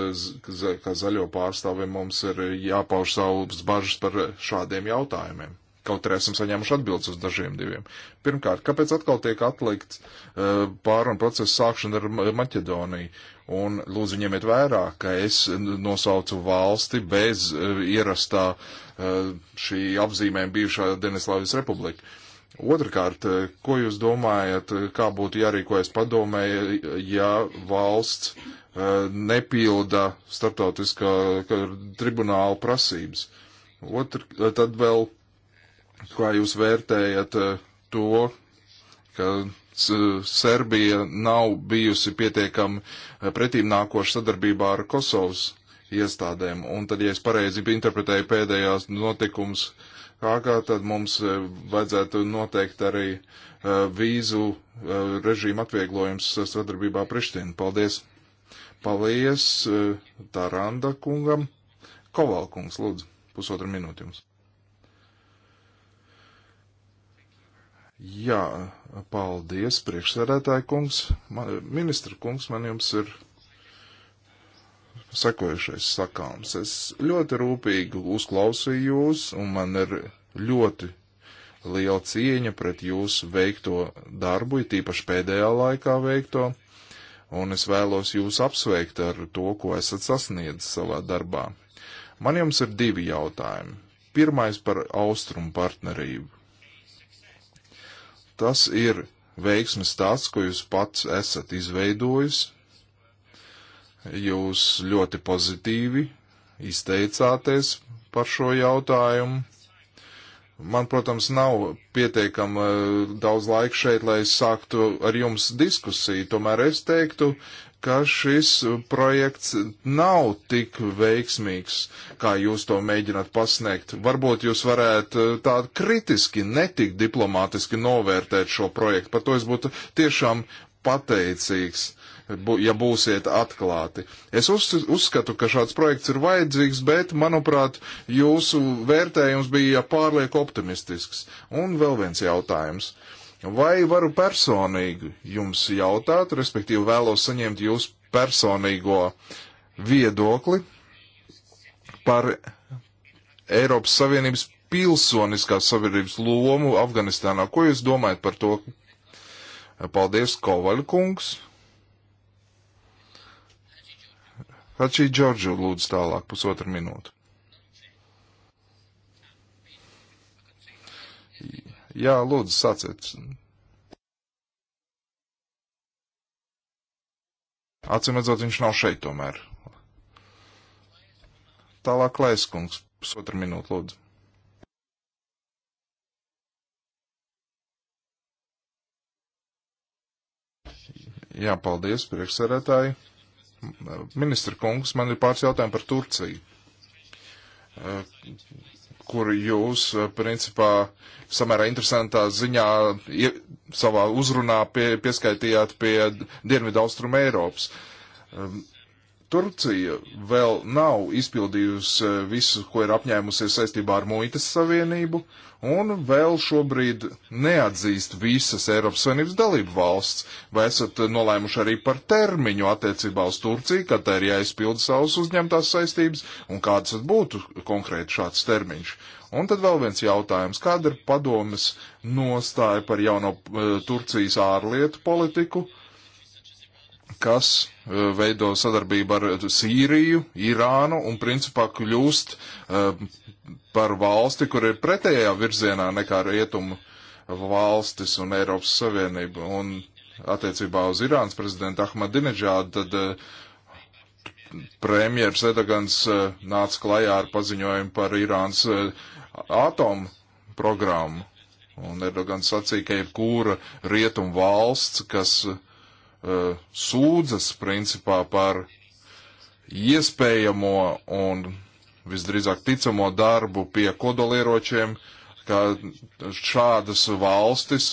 kā zaļo pārstāvi, mums ir jāpauž savas bažas par šādiem jautājumiem kaut arī esam saņēmuši atbildes uz dažiem diviem. Pirmkārt, kāpēc atkal tiek atlikts uh, eh, pārunu procesu sākšana ar Maķedoniju? Un lūdzu ņemiet vērā, ka es nosaucu valsti bez uh, ierastā uh, šī apzīmējuma bijušā Denislavijas republika. Otrakārt, ko jūs domājat, kā būtu jārīkojas padomē, ja valsts nepilda starptautiskā tribunāla prasības? Otr, tad vēl Kā jūs vērtējat eh, to, ka Serbija nav bijusi pietiekami eh, pretīm nākoša sadarbībā ar Kosovas iestādēm. Un tad, ja es pareizi interpretēju pēdējās notikums Hāgā, tad mums eh, vajadzētu noteikt arī vīzu režīmu atvieglojums sadarbībā Priština. Paldies! Paldies Taranda kungam! Kovalkungs, lūdzu, pusotru minūti jums. Jā, paldies, priekšsēdētāji kungs. Man, ministra kungs, man jums ir sekojušais sakāms. Es ļoti rūpīgi uzklausīju jūs, un man ir ļoti liela cieņa pret jūsu veikto darbu, it īpaši pēdējā laikā veikto, un es vēlos jūs apsveikt ar to, ko esat sasniedzis savā darbā. Man jums ir divi jautājumi. Pirmais par austrumu partnerību Tas ir veiksmes tāds, ko jūs pats esat izveidojis. Jūs ļoti pozitīvi izteicāties par šo jautājumu. Man, protams, nav pietiekama eh, daudz laika šeit, lai es sāktu ar jums diskusiju, tomēr es teiktu, ka šis projekts nav tik veiksmīgs, kā jūs to mēģināt pasniegt. Varbūt jūs varētu tādu kritiski, netik diplomātiski novērtēt šo projektu. Par to es būtu tiešām pateicīgs, ja būsiet atklāti. Es uz, uzskatu, ka šāds projekts ir vajadzīgs, bet, manuprāt, jūsu vērtējums bija pārlieku optimistisks. Un vēl viens jautājums. Uh, Vai varu personīgi jums jautāt, respektīvi vēlos saņemt jūsu personīgo viedokli par Eiropas Savienības pilsoniskās savienības lomu Afganistānā. Ko jūs domājat par to? Paldies, Kovaļkungs. Hačī Džordžu lūdzu tālāk pusotru minūtu. Jā, lūdzu, saciet. Acīm redzot, viņš nav šeit tomēr. Tālāk Laiskungs, pusotru minūtu, lūdzu. Jā, paldies, priekšsarētāji. Ministra kungs, man ir pāris jautājumi par Turciju kur jūs, eh, principā, samērā interesantā ziņā savā uzrunā pie, pieskaitījāt pie Dienvidu Austrum Eiropas. Um, Turcija vēl nav izpildījusi eh, visu, ko ir apņēmusies saistībā ar muitas savienību, un vēl šobrīd neatzīst visas Eiropas Savienības dalību valsts. Vai esat nolēmuši arī par termiņu attiecībā uz Turciju, kad tā ir jāizpilda savas uzņemtās saistības, un kāds tad būtu konkrēti šāds termiņš? Un tad vēl viens jautājums. Kāda ir padomas nostāja par jauno uh, Turcijas ārlietu politiku? Uh, kas eh, veido sadarbību ar Sīriju, Irānu un principā kļūst eh, par valsti, kur ir pretējā virzienā nekā rietumu valstis un Eiropas Savienība. Un attiecībā uz Irānas prezidentu Ahmadinežādu, tad eh, premjers Edagans nāca klajā ar paziņojumu par Irānas atomu programmu. Un Erdogans sacīja, ka jebkura rietumu valsts, kas uh, uh, sūdzas principā par iespējamo un visdrīzāk ticamo darbu pie kodolieročiem, ka šādas valstis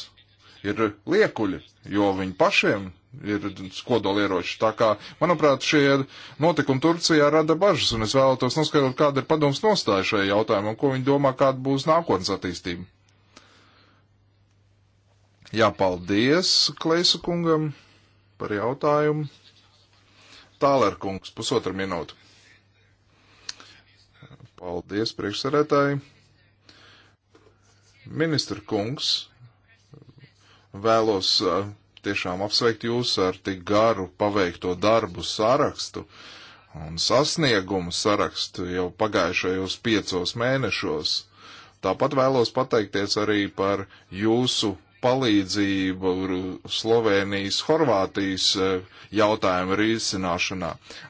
ir liekuļi, jo viņi pašiem ir kodolieroči. Tā kā, manuprāt, šie notikumi Turcijā rada bažas, un es vēlētos noskaidrot, kāda ir padoms nostāja šajā jautājumā, un ko viņi domā, kāda būs nākotnes attīstība. Jā, paldies Kleisa kungam par jautājumu. Tālērkungs, pusotra minūte. Paldies, priekšsarētāji. Ministra kungs, vēlos tiešām apsveikt jūs ar tik garu paveikto darbu sarakstu un sasniegumu sarakstu jau pagājušajos piecos mēnešos. Tāpat vēlos pateikties arī par jūsu palīdzību Slovenijas, Horvātijas eh, jautājumu risināšanā.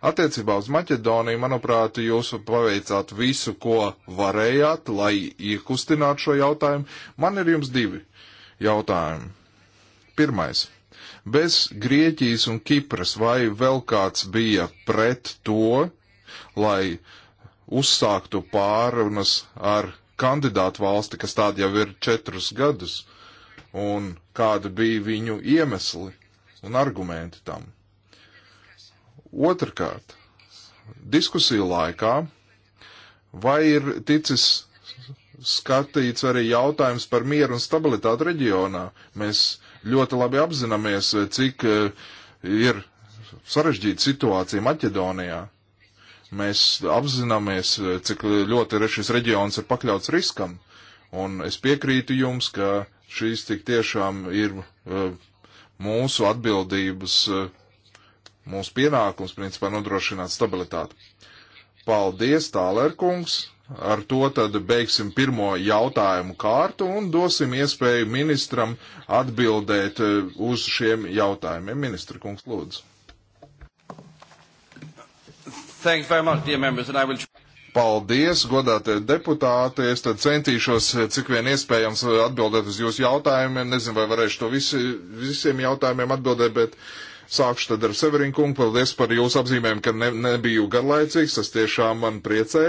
Attiecībā uz Maķedoniju, manuprāt, jūs paveicāt visu, ko varējāt, lai iekustinātu šo jautājumu. Man ir jums divi jautājumi. Pirmais. Bez Grieķijas un Kipras vai vēl kāds bija pret to, lai uzsāktu pārunas ar kandidātu valsti, kas tāda jau ir četrus gadus? Uh, un kādi bija viņu iemesli un argumenti tam. Otrkārt, diskusiju laikā vai ir ticis skatīts arī jautājums par mieru un stabilitāti reģionā. Mēs ļoti labi apzināmies, cik eh, ir sarežģīta situācija Maķedonijā. Mēs apzināmies, eh, cik ļoti šis reģions ir pakļauts riskam. Un es piekrītu jums, ka šīs tik tiešām ir eh, mūsu atbildības, eh, mūsu pienākums, principā, nodrošināt stabilitāti. Paldies, Tālērkungs! Ar to tad beigsim pirmo jautājumu kārtu un dosim iespēju ministram atbildēt eh, uz šiem jautājumiem. Ministra kungs, lūdzu. Much, members, will... Paldies, godātie deputāti. Es tad centīšos, cik vien iespējams, atbildēt uz jūsu jautājumiem. Nezinu, vai varēšu to visi, visiem jautājumiem atbildēt, bet sākšu tad ar Severinu kungu. Paldies par jūsu apzīmēm, ka ne, nebiju garlaicīgs. Tas tiešām man priecē.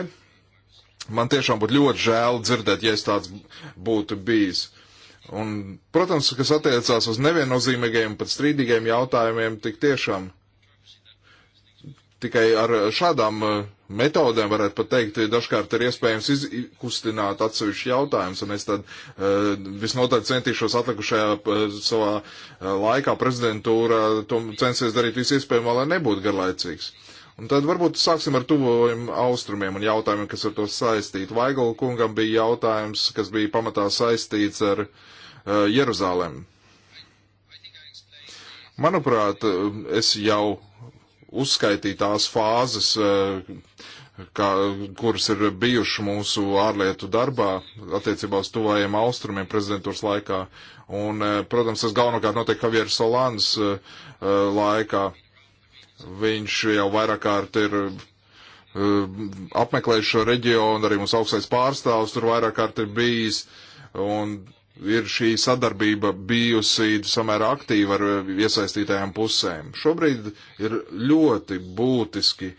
Man tiešām būtu ļoti žēl dzirdēt, ja es tāds būtu bijis. Un, protams, kas attiecās uz neviennozīmīgiem, pat strīdīgiem jautājumiem, tik tiešām tikai ar šādām uh, metodēm, varētu pat teikt, dažkārt ir iespējams izkustināt atsevišķu jautājumus, un es tad uh, visnotaļ centīšos atlikušajā uh, savā uh, laikā prezidentūra censies darīt visu iespējamo, lai nebūtu garlaicīgs. Un tad varbūt sāksim ar tuvojiem austrumiem un jautājumiem, kas ar to saistīti. Vaigala kungam bija jautājums, kas bija pamatā saistīts ar uh, Jeruzālēm. Manuprāt, es jau uzskaitīt tās fāzes, eh, kā, kuras ir bijušas mūsu ārlietu darbā attiecībā uz tuvajiem austrumiem prezidentūras laikā. Un, eh, protams, tas galvenokārt notiek Javieru Solānas eh, laikā. Viņš jau vairāk kārt ir apmeklējuši šo reģionu, arī mūsu augstais pārstāvs tur vairāk kārt ir bijis. Un ir šī sadarbība bijusi samērā aktīva ar iesaistītajām pusēm. Šobrīd ir ļoti būtiski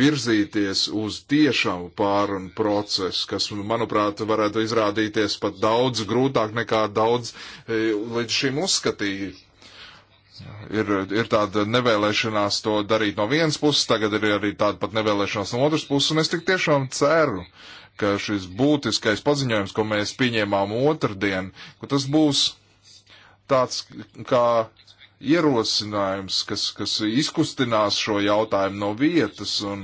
virzīties uz tiešām pārunu procesu, kas, manuprāt, varētu izrādīties pat daudz grūtāk nekā daudz e, līdz šim uzskatīja. Ir, ir tāda nevēlēšanās to darīt no vienas puses, tagad ir arī tāda pat nevēlēšanās no otras puses, un es tik tiešām ceru, uh, ka šis būtiskais paziņojums, ko mēs pieņēmām otrdien, ka tas būs tāds kā ierosinājums, kas, kas izkustinās šo jautājumu no vietas, un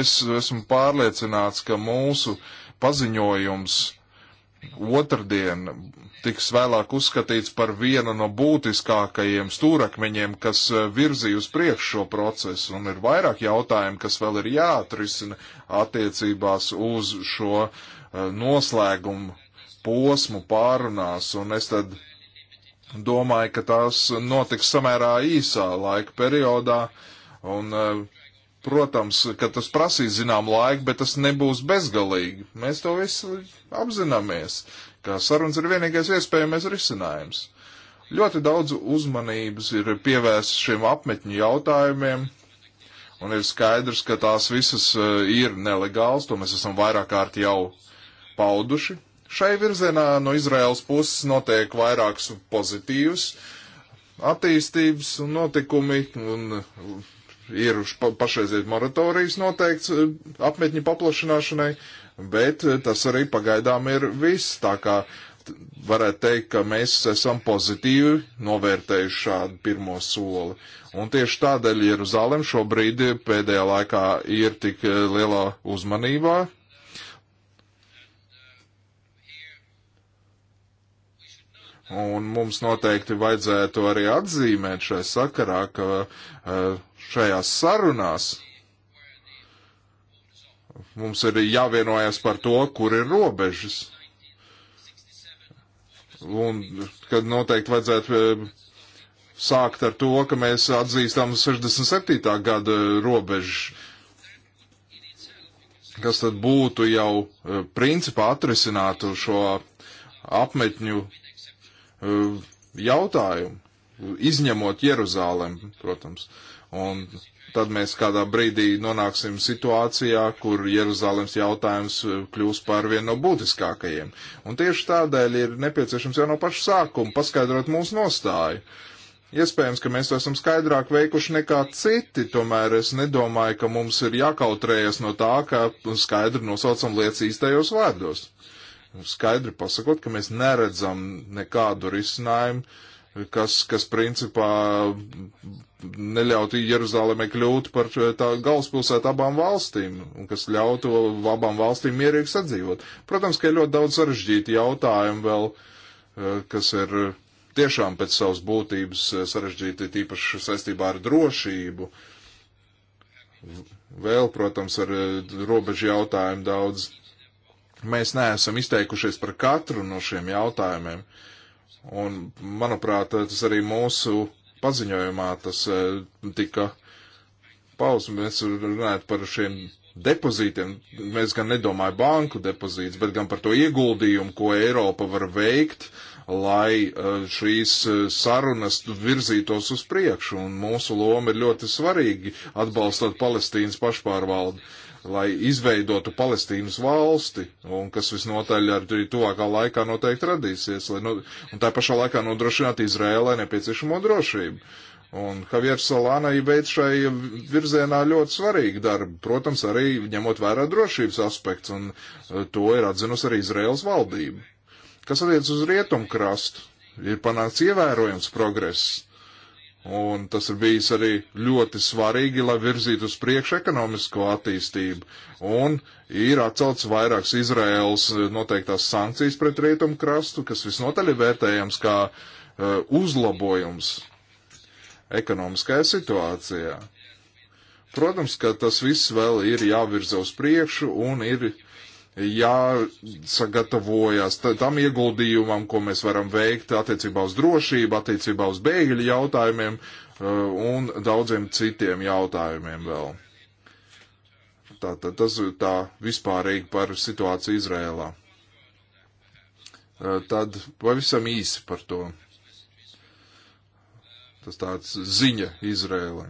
es esmu pārliecināts, ka mūsu paziņojums otrdien tiks vēlāk uzskatīts par vienu no būtiskākajiem stūrakmeņiem, kas eh, virzīja uz priekšu šo procesu, un ir vairāk jautājumu, kas vēl ir jāatrisina attiecībās uz šo eh, noslēgumu posmu pārunās, un es tad domāju, ka tās notiks samērā īsā laika periodā, un, eh, protams, ka tas prasīs zinām laiku, bet tas nebūs bezgalīgi. Mēs to visu apzināmies ka sarunas ir vienīgais iespējamais risinājums. Ļoti daudz uzmanības ir pievērsts šiem apmetņu jautājumiem, un ir skaidrs, ka tās visas eh, ir nelegāls, to mēs esam vairāk kārt jau pauduši. Šai virzienā no Izraels puses notiek vairākas pozitīvas attīstības un notikumi, un ir pašreiziet moratorijas noteikts eh, apmetņu paplašināšanai, bet eh, tas arī pagaidām ir viss. Tā kā varētu teikt, ka mēs esam pozitīvi novērtējuši šādu pirmo soli. Un tieši tādēļ Jeruzalem šobrīd pēdējā laikā ir tik eh, lielā uzmanībā, Un mums noteikti vajadzētu arī atzīmēt šai sakarā, ka eh, šajās sarunās Mums ir jāvienojas par to, kur ir robežas. Un kad noteikti vajadzētu eh, sākt ar to, ka mēs atzīstam 67. gada robežu, kas tad būtu jau eh, principā atrisinātu šo apmetņu eh, jautājumu, izņemot Jeruzālēm, protams. Un tad mēs kādā brīdī nonāksim situācijā, kur Jeruzalemes jautājums eh, kļūs par vienu no būtiskākajiem. Un tieši tādēļ ir nepieciešams jau no paša sākuma paskaidrot mūsu nostāju. Iespējams, ka mēs to esam skaidrāk veikuši nekā citi, tomēr es nedomāju, ka mums ir jākautrējas no tā, ka skaidri nosaucam lietas īstajos vārdos. Skaidri pasakot, ka mēs neredzam nekādu risinājumu uh, kas, kas principā neļautu Jeruzalemē kļūt par tā galvaspilsētu abām valstīm un kas ļautu abām valstīm mierīgi sadzīvot. Protams, ka ir ļoti daudz sarežģīti jautājumi vēl, eh, kas ir tiešām pēc savas būtības eh, sarežģīti, tīpaši saistībā ar drošību. Vēl, protams, ar eh, robežu jautājumu daudz. Mēs neesam izteikušies par katru no šiem jautājumiem. Uh, Un, manuprāt, tas arī mūsu paziņojumā tas e, tika pauzs. Mēs runājam par šiem depozītiem. Mēs gan nedomājam banku depozītus, bet gan par to ieguldījumu, ko Eiropa var veikt, lai e, šīs e, sarunas virzītos uz priekšu. Un mūsu loma ir ļoti svarīga atbalstot Palestīnas pašpārvaldu lai izveidotu Palestīnas valsti, un kas visnotaļ arī tuvākā laikā noteikti radīsies, lai, no, un tā pašā laikā nodrošinātu Izrēlē nepieciešamo drošību. Un Javieris Solāna veic šai virzienā ļoti svarīgu darbu, protams, arī ņemot vērā drošības aspekts, un e, to ir atzinusi arī Izraels valdība. Kas attiec uz rietumkrastu, ir panāks ievērojams progress Un tas ir bijis arī ļoti svarīgi, lai virzītu uz priekšu ekonomisko attīstību. Un ir atcelts vairākas Izraels noteiktās sankcijas pret rietumu krastu, kas visnotaļ ir vērtējams kā uh, uzlabojums ekonomiskajā situācijā. Protams, ka tas viss vēl ir jāvirza uz priekšu un ir jāsagatavojas tam ieguldījumam, ko mēs varam veikt attiecībā uz drošību, attiecībā uz bēgļu jautājumiem uh, un daudziem citiem jautājumiem vēl. Tā, tā, tas tā vispārīgi par situāciju Izrēlā. Uh, tad pavisam īsi par to. Tas tāds ziņa Izrēlē.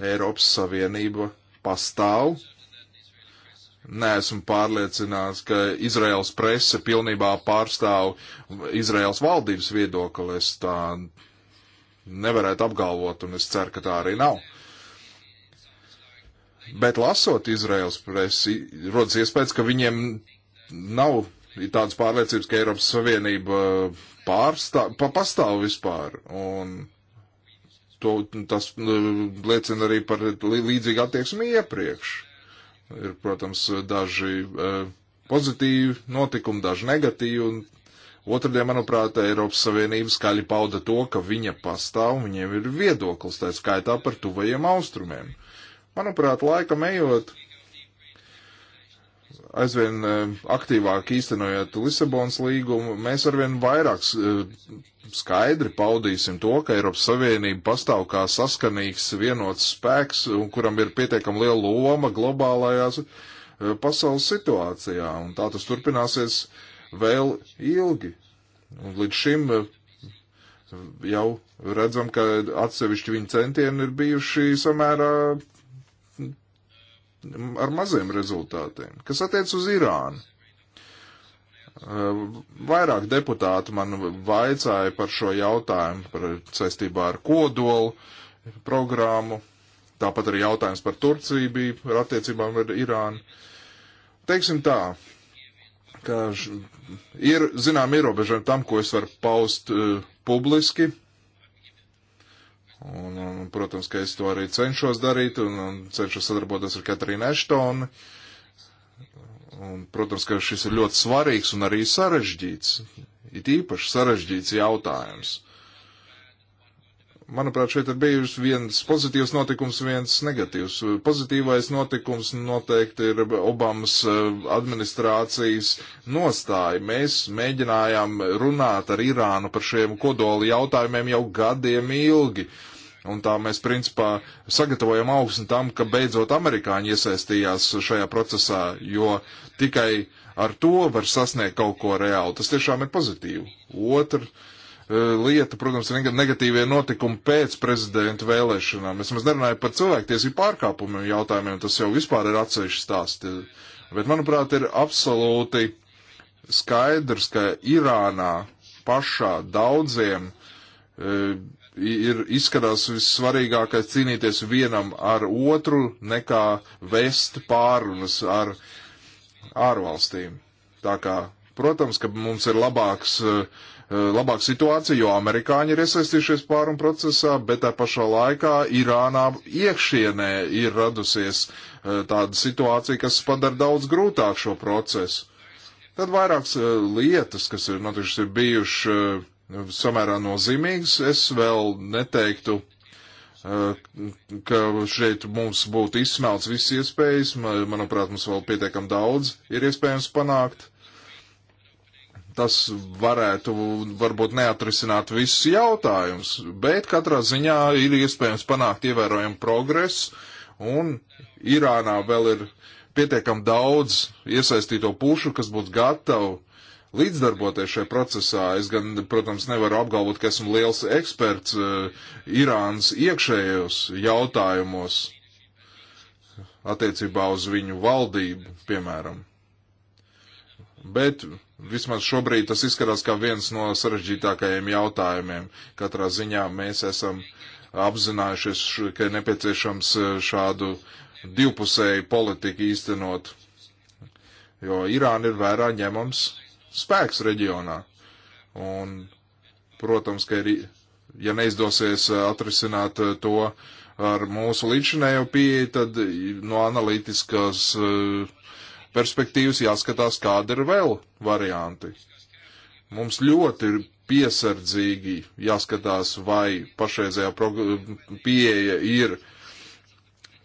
Eiropas Savienība pastāv neesmu pārliecināts, ka Izraels prese pilnībā pārstāv Izraels valdības viedokli. Es tā nevarētu apgalvot, un es ceru, ka tā arī nav. Bet lasot Izraels presi, rodas iespējas, ka viņiem nav tādas pārliecības, ka Eiropas Savienība pārstāv, pa, pastāv vispār. Un to, tas nu, liecina arī par līdzīgu attieksmi iepriekš. Ir, protams, daži e, pozitīvi notikumi, daži negatīvi, un otrdien, manuprāt, Eiropas Savienība skaļi pauda to, ka viņa pastāv, viņiem ir viedoklis, tā skaitā par tuvajiem austrumiem. Manuprāt, laika ejot, aizvien e, aktīvāk īstenojot Lisabonas līgumu, mēs arvien vairāk e, skaidri paudīsim to, ka Eiropas Savienība pastāv kā saskanīgs vienots spēks, kuram ir pietiekami liela loma globālajās e, pasaules situācijā, un tā tas turpināsies vēl ilgi. Un līdz šim jau redzam, ka atsevišķi viņa centieni ir bijuši samērā ar maziem rezultātiem. Kas attiec uz Irānu? Eh, vairāk deputāti man vaicāja par šo jautājumu, par saistībā ar kodolu programmu. Tāpat arī jautājums par Turciju bija, par attiecībām ar Irānu. Teiksim tā, ka ir, zinām, ierobežojumi tam, ko es varu paust uh, publiski, Un, un, um, protams, ka es to arī cenšos darīt un, un cenšos sadarboties ar Katrīnu Eštonu. Un, protams, ka šis ir ļoti svarīgs un arī sarežģīts, it īpaši sarežģīts jautājums. Manuprāt, šeit ir bijis viens pozitīvs notikums, viens negatīvs. Pozitīvais notikums noteikti ir Obamas uh, administrācijas nostāja. Mēs mēģinājām runāt ar Irānu par šiem kodoli jautājumiem jau gadiem ilgi. Uh, Un tā mēs principā sagatavojam augstu tam, ka beidzot amerikāņi iesaistījās šajā procesā, jo tikai ar to var sasniegt kaut ko reāli. Tas tiešām ir pozitīvi. Otra e, lieta, protams, ir negatīvie notikumi pēc prezidenta vēlēšanām. Es maz nerunāju par cilvēktiesību pārkāpumiem jautājumiem, tas jau vispār ir atsevišķi stāsti. Bet, manuprāt, ir absolūti skaidrs, ka Irānā pašā daudziem uh, ir izskatās vissvarīgākais cīnīties vienam ar otru, nekā vest pārunas ar ārvalstīm. Tā kā, protams, ka mums ir labāks, eh, labāka situācija, jo amerikāņi ir iesaistījušies pārunu procesā, bet tā pašā laikā Irānā iekšienē ir radusies eh, tāda situācija, kas padara daudz grūtāk šo procesu. Tad vairākas eh, lietas, kas ir notikušas, ir bijušas samērā nozīmīgs. Es vēl neteiktu, eh, ka šeit mums būtu izsmelts viss iespējas. Manuprāt, mums vēl pietiekam daudz ir iespējams panākt. Tas varētu varbūt neatrisināt visus jautājumus, bet katrā ziņā ir iespējams panākt ievērojumu progresu, un Irānā vēl ir pietiekam daudz iesaistīto pušu, kas būtu gatavi uh, līdzdarboties šajā procesā. Es gan, protams, nevaru apgalvot, ka esmu liels eksperts e, Irānas iekšējos jautājumos attiecībā uz viņu valdību, piemēram. Bet vismaz šobrīd tas izskatās kā viens no sarežģītākajiem jautājumiem. Katrā ziņā mēs esam apzinājušies, ka ir nepieciešams e, šādu divpusēju politiku īstenot, jo Irāna ir vērā ņemams spēks reģionā. Un, protams, ka ir, ja neizdosies eh, atrisināt eh, to ar mūsu līdzinējo pieeju, tad eh, no analītiskās perspektīvas jāskatās, kāda ir vēl varianti. Mums ļoti ir piesardzīgi jāskatās, vai pašreizējā pieeja ir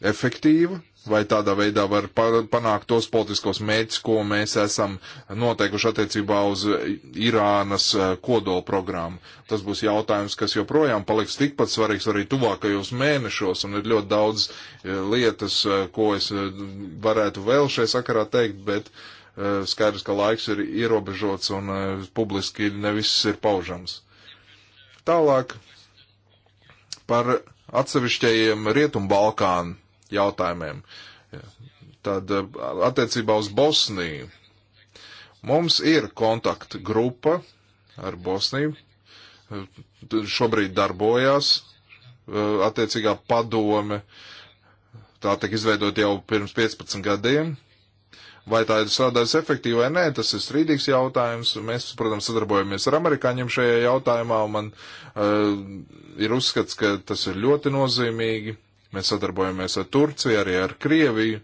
efektīva, vai tādā veidā var panākt tos politiskos mērķus, ko mēs esam noteikuši attiecībā uz Irānas eh, kodola programmu. Tas būs jautājums, kas joprojām paliks tikpat svarīgs arī tuvākajos mēnešos, un ir ļoti daudz eh, lietas, eh, ko es varētu vēl šai sakarā teikt, bet skaidrs, ka laiks ir ierobežots un publiski nevis ir paužams. Tālāk par atsevišķajiem Rietumbalkānu jautājumiem. Tad eh, attiecībā uz Bosniju. Mums ir kontakta grupa ar Bosniju. Eh, šobrīd darbojās eh, attiecīgā padome. Tā tika izveidot jau pirms 15 gadiem. Vai tā ir strādājusi efektīvi vai nē, tas ir strīdīgs jautājums. Mēs, protams, sadarbojamies ar amerikāņiem šajā jautājumā, un man uh, ir uzskats, ka tas ir ļoti nozīmīgi. Mēs sadarbojamies ar Turciju, arī ar Krieviju,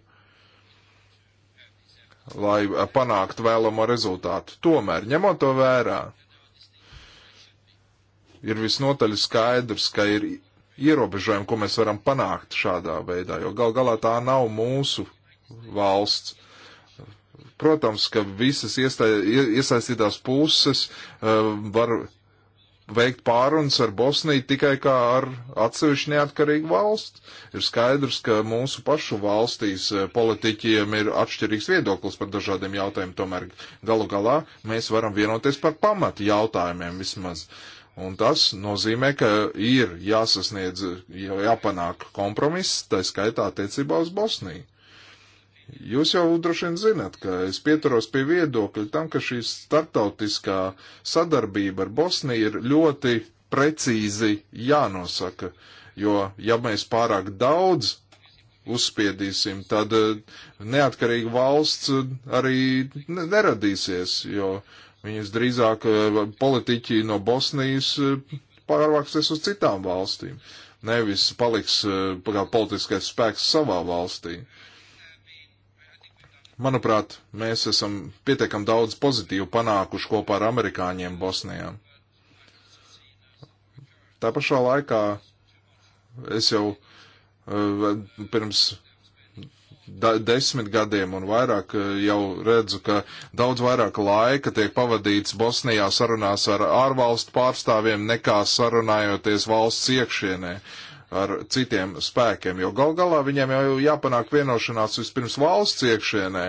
lai panāktu vēlamo rezultātu. Tomēr, ņemot to vērā, ir visnotaļ skaidrs, ka ir ierobežojumi, ko mēs varam panākt šādā veidā, jo gal galā tā nav mūsu valsts. Protams, ka visas iestā, iesaistītās puses uh, var veikt pārunas ar Bosniju tikai kā ar atsevišķu neatkarīgu valsts. Ir skaidrs, ka mūsu pašu valstīs eh, politiķiem ir atšķirīgs viedoklis par dažādiem jautājumiem, tomēr galu galā mēs varam vienoties par pamatu jautājumiem vismaz. Un tas nozīmē, ka ir jāsasniedz, jāpanāk kompromiss, tā skaitā attiecībā uz Bosniju. Jūs jau droši vien zināt, ka es pieturos pie viedokļa tam, ka šī startautiskā sadarbība ar Bosniju ir ļoti precīzi jānosaka, jo ja mēs pārāk daudz uzspiedīsim, tad eh, neatkarīga valsts eh, arī neradīsies, jo viņas drīzāk eh, politiķi no Bosnijas pārvāksies uz citām valstīm, nevis paliks kā politiskais spēks savā valstī. Uh, Manuprāt, mēs esam pietiekam daudz pozitīvu panākuši kopā ar amerikāņiem Bosnijā. Tā pašā laikā es jau uh, pirms da, desmit gadiem un vairāk eh, jau redzu, ka daudz vairāk laika tiek pavadīts Bosnijā sarunās ar ārvalstu pārstāvjiem nekā sarunājoties valsts iekšienē ar citiem spēkiem, jo gal galā viņiem jau jāpanāk vienošanās vispirms valsts iekšienē.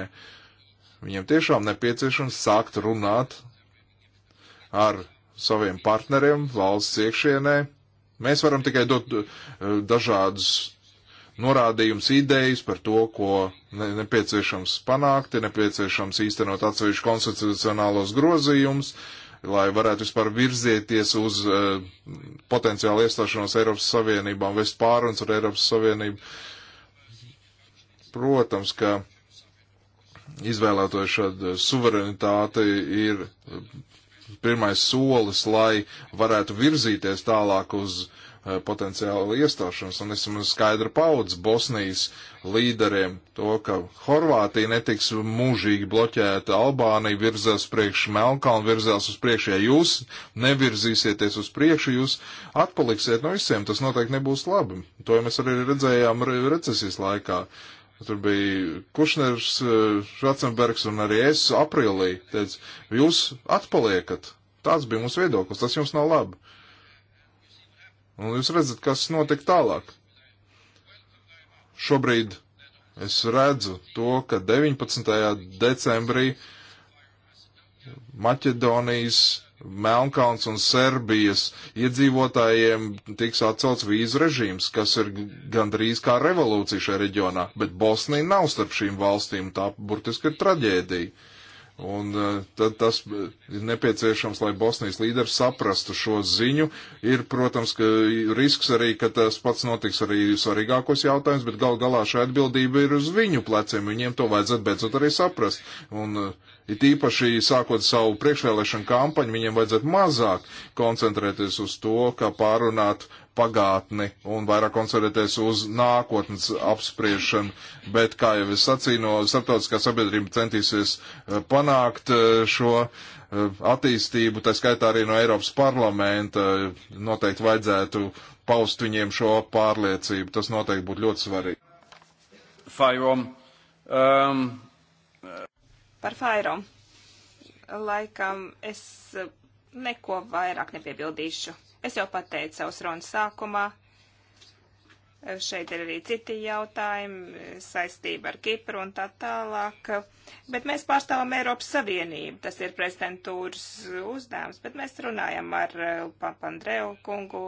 Viņiem tiešām nepieciešams sākt runāt ar saviem partneriem valsts iekšienē. Mēs varam tikai dot eh, dažādus norādījums, idejas par to, ko ne, nepieciešams panākt, ir nepieciešams īstenot atsevišķu konstitucionālos grozījumus, uh, lai varētu vispār virzieties uz uh, eh, potenciālu iestāšanos Eiropas Savienībā un vest pārunas ar Eiropas Savienību. Protams, ka izvēlētoja šādu suverenitāti ir eh, pirmais solis, lai varētu virzīties tālāk uz Eh, potenciāla iestāšanos, un esam skaidru paudz Bosnijas līderiem to, ka Horvātija netiks mūžīgi bloķēta, Albānija virzās priekš, Melkalna virzās uz priekšu, ja jūs nevirzīsieties uz priekšu, jūs atpaliksiet no visiem, tas noteikti nebūs labi. To jau mēs arī redzējām recesijas laikā. Tur bija Kušners, Švacenbergs eh, un arī es aprīlī. Teicu, jūs atpaliekat. Tāds bija mūsu viedoklis, tas jums nav labi. Un nu, jūs redzat, kas notiek tālāk. Šobrīd es redzu to, ka 19. decembrī Maķedonijas, Melnkalns un Serbijas iedzīvotājiem tiks atcelts vīzu režīms, kas ir gandrīz kā revolūcija šajā reģionā, bet Bosnija nav starp šīm valstīm, tā burtiski ir traģēdija. Un e, tad tas ir nepieciešams, lai Bosnijas līderi saprastu šo ziņu. Ir, protams, ka risks arī, ka tas pats notiks arī svarīgākos jautājumus, bet gal galā šī atbildība ir uz viņu pleciem. Viņiem to vajadzētu beidzot arī saprast. Un uh, It īpaši sākot savu priekšvēlēšanu kampaņu, viņiem vajadzētu mazāk koncentrēties uz to, kā pārunāt pagātni un vairāk koncentrēties uz nākotnes apspriešanu. Bet, kā jau es sacīju, no starptautiskā sabiedrība centīsies eh, panākt eh, šo eh, attīstību, tā skaitā arī no Eiropas parlamenta noteikti vajadzētu paust viņiem šo pārliecību. Tas noteikti būtu ļoti svarīgi. Fajom. Um, Par Fairo laikam es neko vairāk nepiebildīšu. Es jau pateicu savus runas sākumā, Šeit ir arī citi jautājumi saistība ar Kipru un tā tālāk. Bet mēs pārstāvam Eiropas Savienību. Tas ir prezidentūras uzdevums, bet mēs runājam ar eh, Papandreu kungu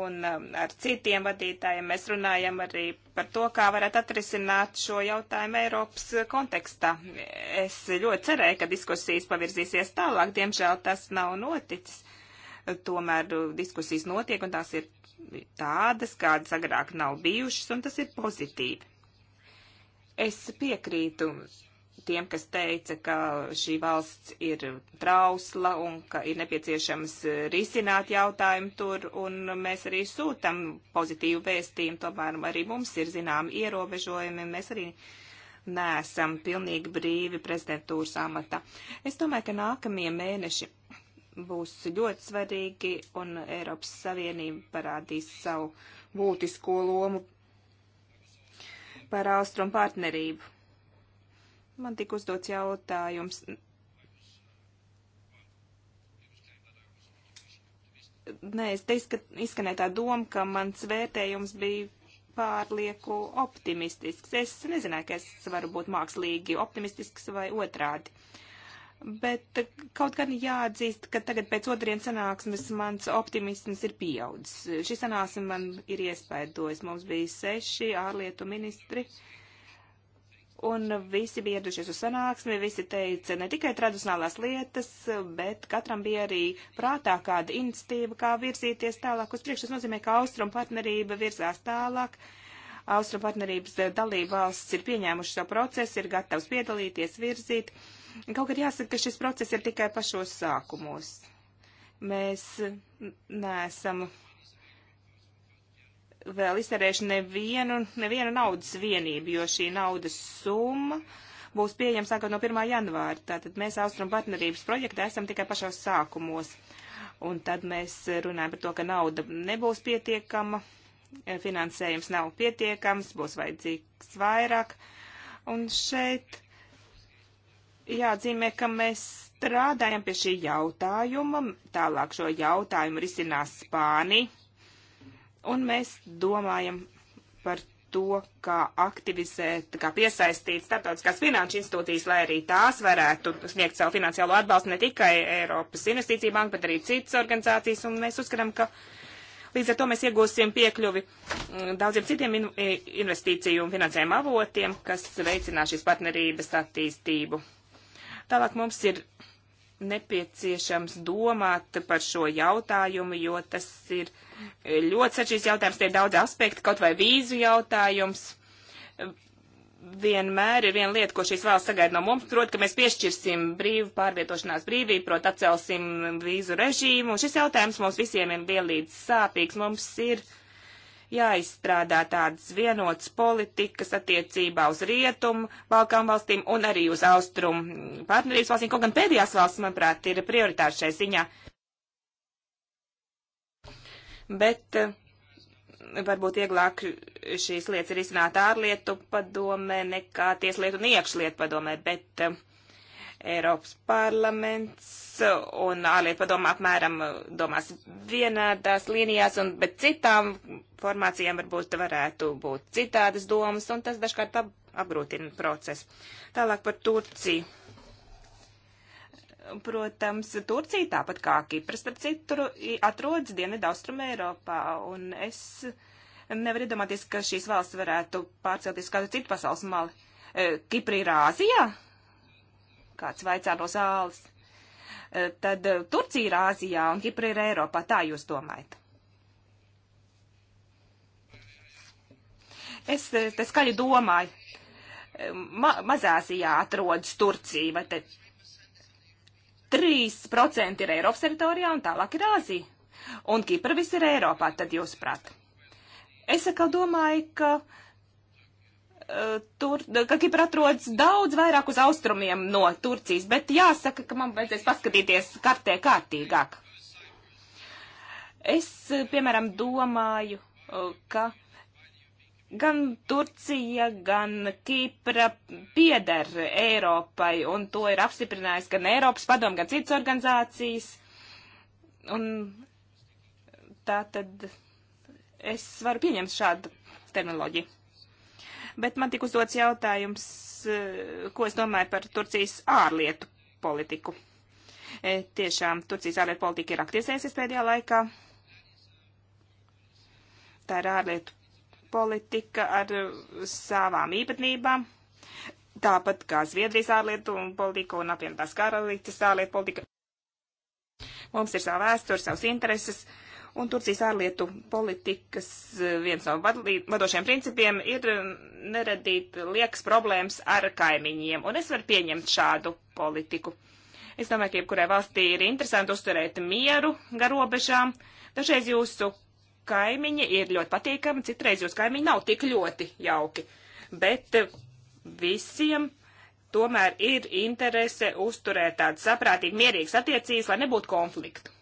un um, ar citiem vadītājiem. Mēs runājam arī par to, kā varētu atrisināt šo jautājumu Eiropas kontekstā. Es ļoti cerēju, ka diskusijas pavirzīsies tālāk. Diemžēl tas nav noticis. Tomēr diskusijas notiek un tās ir tādas, kādas agrāk nav bijušas, un tas ir pozitīvi. Es piekrītu tiem, kas teica, ka šī valsts ir trausla un ka ir nepieciešams risināt jautājumu tur, un mēs arī sūtam pozitīvu vēstījumu, tomēr arī mums ir zinām ierobežojumi, mēs arī neesam pilnīgi brīvi prezidentūras amata. Es domāju, ka nākamie mēneši būs ļoti svarīgi, un Eiropas Savienība parādīs savu būtisko lomu par austrumu partnerību. Man tika uzdots jautājums. Nē, es te izskanēju tā doma, ka mans vērtējums bija pārlieku optimistisks. Es nezināju, ka es varu būt mākslīgi optimistisks vai otrādi. Uh, bet kaut gan jāatzīst, ka tagad pēc otrdienas sanāksmes mans optimisms ir pieaudzis. Šī sanāksme man ir iespaidojas. Mums bija seši ārlietu ministri. Un visi bija ieradušies uz sanāksmi, visi teica ne tikai tradicionālās lietas, bet katram bija arī prātā kāda institīva, kā virzīties tālāk uz priekšu. Tas nozīmē, ka austrumu partnerība virzās tālāk. Austrumu partnerības dalība valsts ir pieņēmuši šo procesu, ir gatavs piedalīties, virzīt. Uh, Kaut gan jāsaka, ka šis process ir tikai pašos sākumos. Mēs neesam vēl izterējuši nevienu, nevienu naudas vienību, jo šī naudas summa būs pieejama sākot no 1. janvāra. Tātad mēs Austrum partnerības projektā esam tikai pašos sākumos. Un tad mēs runājam par to, ka nauda nebūs pietiekama, finansējums nav pietiekams, būs vajadzīgs vairāk. Un šeit jāatzīmē, ka mēs strādājam pie šī jautājuma. Tālāk šo jautājumu risinās Spāni. Un mēs domājam par to, kā aktivizēt, kā piesaistīt starptautiskās finanšu institūcijas, lai arī tās varētu sniegt savu finansiālo atbalstu ne tikai Eiropas investīcija banka, bet arī citas organizācijas. Un mēs uzskatām, ka līdz ar to mēs iegūsim piekļuvi mm, daudziem citiem investīciju un finansējuma avotiem, kas veicinās šīs partnerības attīstību. Tālāk mums ir nepieciešams domāt par šo jautājumu, jo tas ir ļoti sačīs jautājums, tie ir daudz aspekti, kaut vai vīzu jautājums. Vienmēr ir viena lieta, ko šīs valsts sagaida no mums, proti, ka mēs piešķirsim brīvu pārvietošanās brīvību, proti, atcelsim vīzu režīmu. Un šis jautājums mums visiem ir vienlīdz sāpīgs. Mums ir uh, jāizstrādā tādas vienotas politikas attiecībā uz rietumu Balkānu valstīm un arī uz austrumu partnerības valstīm, kaut gan pēdējās valsts, manuprāt, ir prioritāte šai ziņā. Bet eh, varbūt vieglāk šīs lietas ir izsināt ārlietu padomē nekā tieslietu un iekšlietu padomē, bet uh, Eiropas parlaments un ārlietu padomā apmēram domās vienādās līnijās, un, bet citām formācijām varbūt varētu būt citādas domas, un tas dažkārt ap, apgrūtina procesu. Tālāk par Turciju. Protams, Turcija tāpat kā Kipras, starp citu, atrodas Dienvidaustrumē Eiropā, un es nevaru iedomāties, ka šīs valsts varētu pārcelties kādu citu pasaules mali. E, Kipra ir Āzijā? kāds vaicā no zāles, e, tad e, Turcija ir Āzijā un Kipra ir Eiropā. Tā jūs domājat? Es e, te skaļi domāju. Ma Mazāzijā atrodas Turcija, vai te 3% ir Eiropas teritorijā un tālāk ir Āzija. Un Kipra viss ir Eiropā, tad jūs prāt. Es atkal domāju, ka uh, Eh, tur, eh, ka Kipra atrodas daudz vairāk uz austrumiem no Turcijas, bet jāsaka, ka man vajadzēs paskatīties kartē kārtīgāk. Es, eh, piemēram, domāju, ka gan Turcija, gan Kipra pieder Eiropai, un to ir apstiprinājis gan Eiropas padomu, gan citas organizācijas. Un tā tad es varu pieņemt šādu terminoloģiju bet man tik uzdots jautājums, eh, ko es domāju par Turcijas ārlietu politiku. E, tiešām Turcijas ārlietu politika ir aktiesējusies pēdējā laikā. Tā ir ārlietu politika ar savām īpatnībām. Tāpat kā Zviedrijas ārlietu un politika un apvienotās karalītes ārlietu politika. Mums ir sava vēsture, savas intereses. Uh, Un Turcijas ārlietu politikas eh, viens no vadošiem principiem ir eh, neradīt liekas problēmas ar kaimiņiem. Un es varu pieņemt šādu politiku. Es domāju, ka jebkurai valstī ir interesanti uzturēt mieru garobežām. Dažreiz jūsu kaimiņi ir ļoti patīkami, citreiz jūsu kaimiņi nav tik ļoti jauki. Bet eh, visiem tomēr ir interese uzturēt tādas saprātīgi mierīgas attiecības, lai nebūtu konfliktu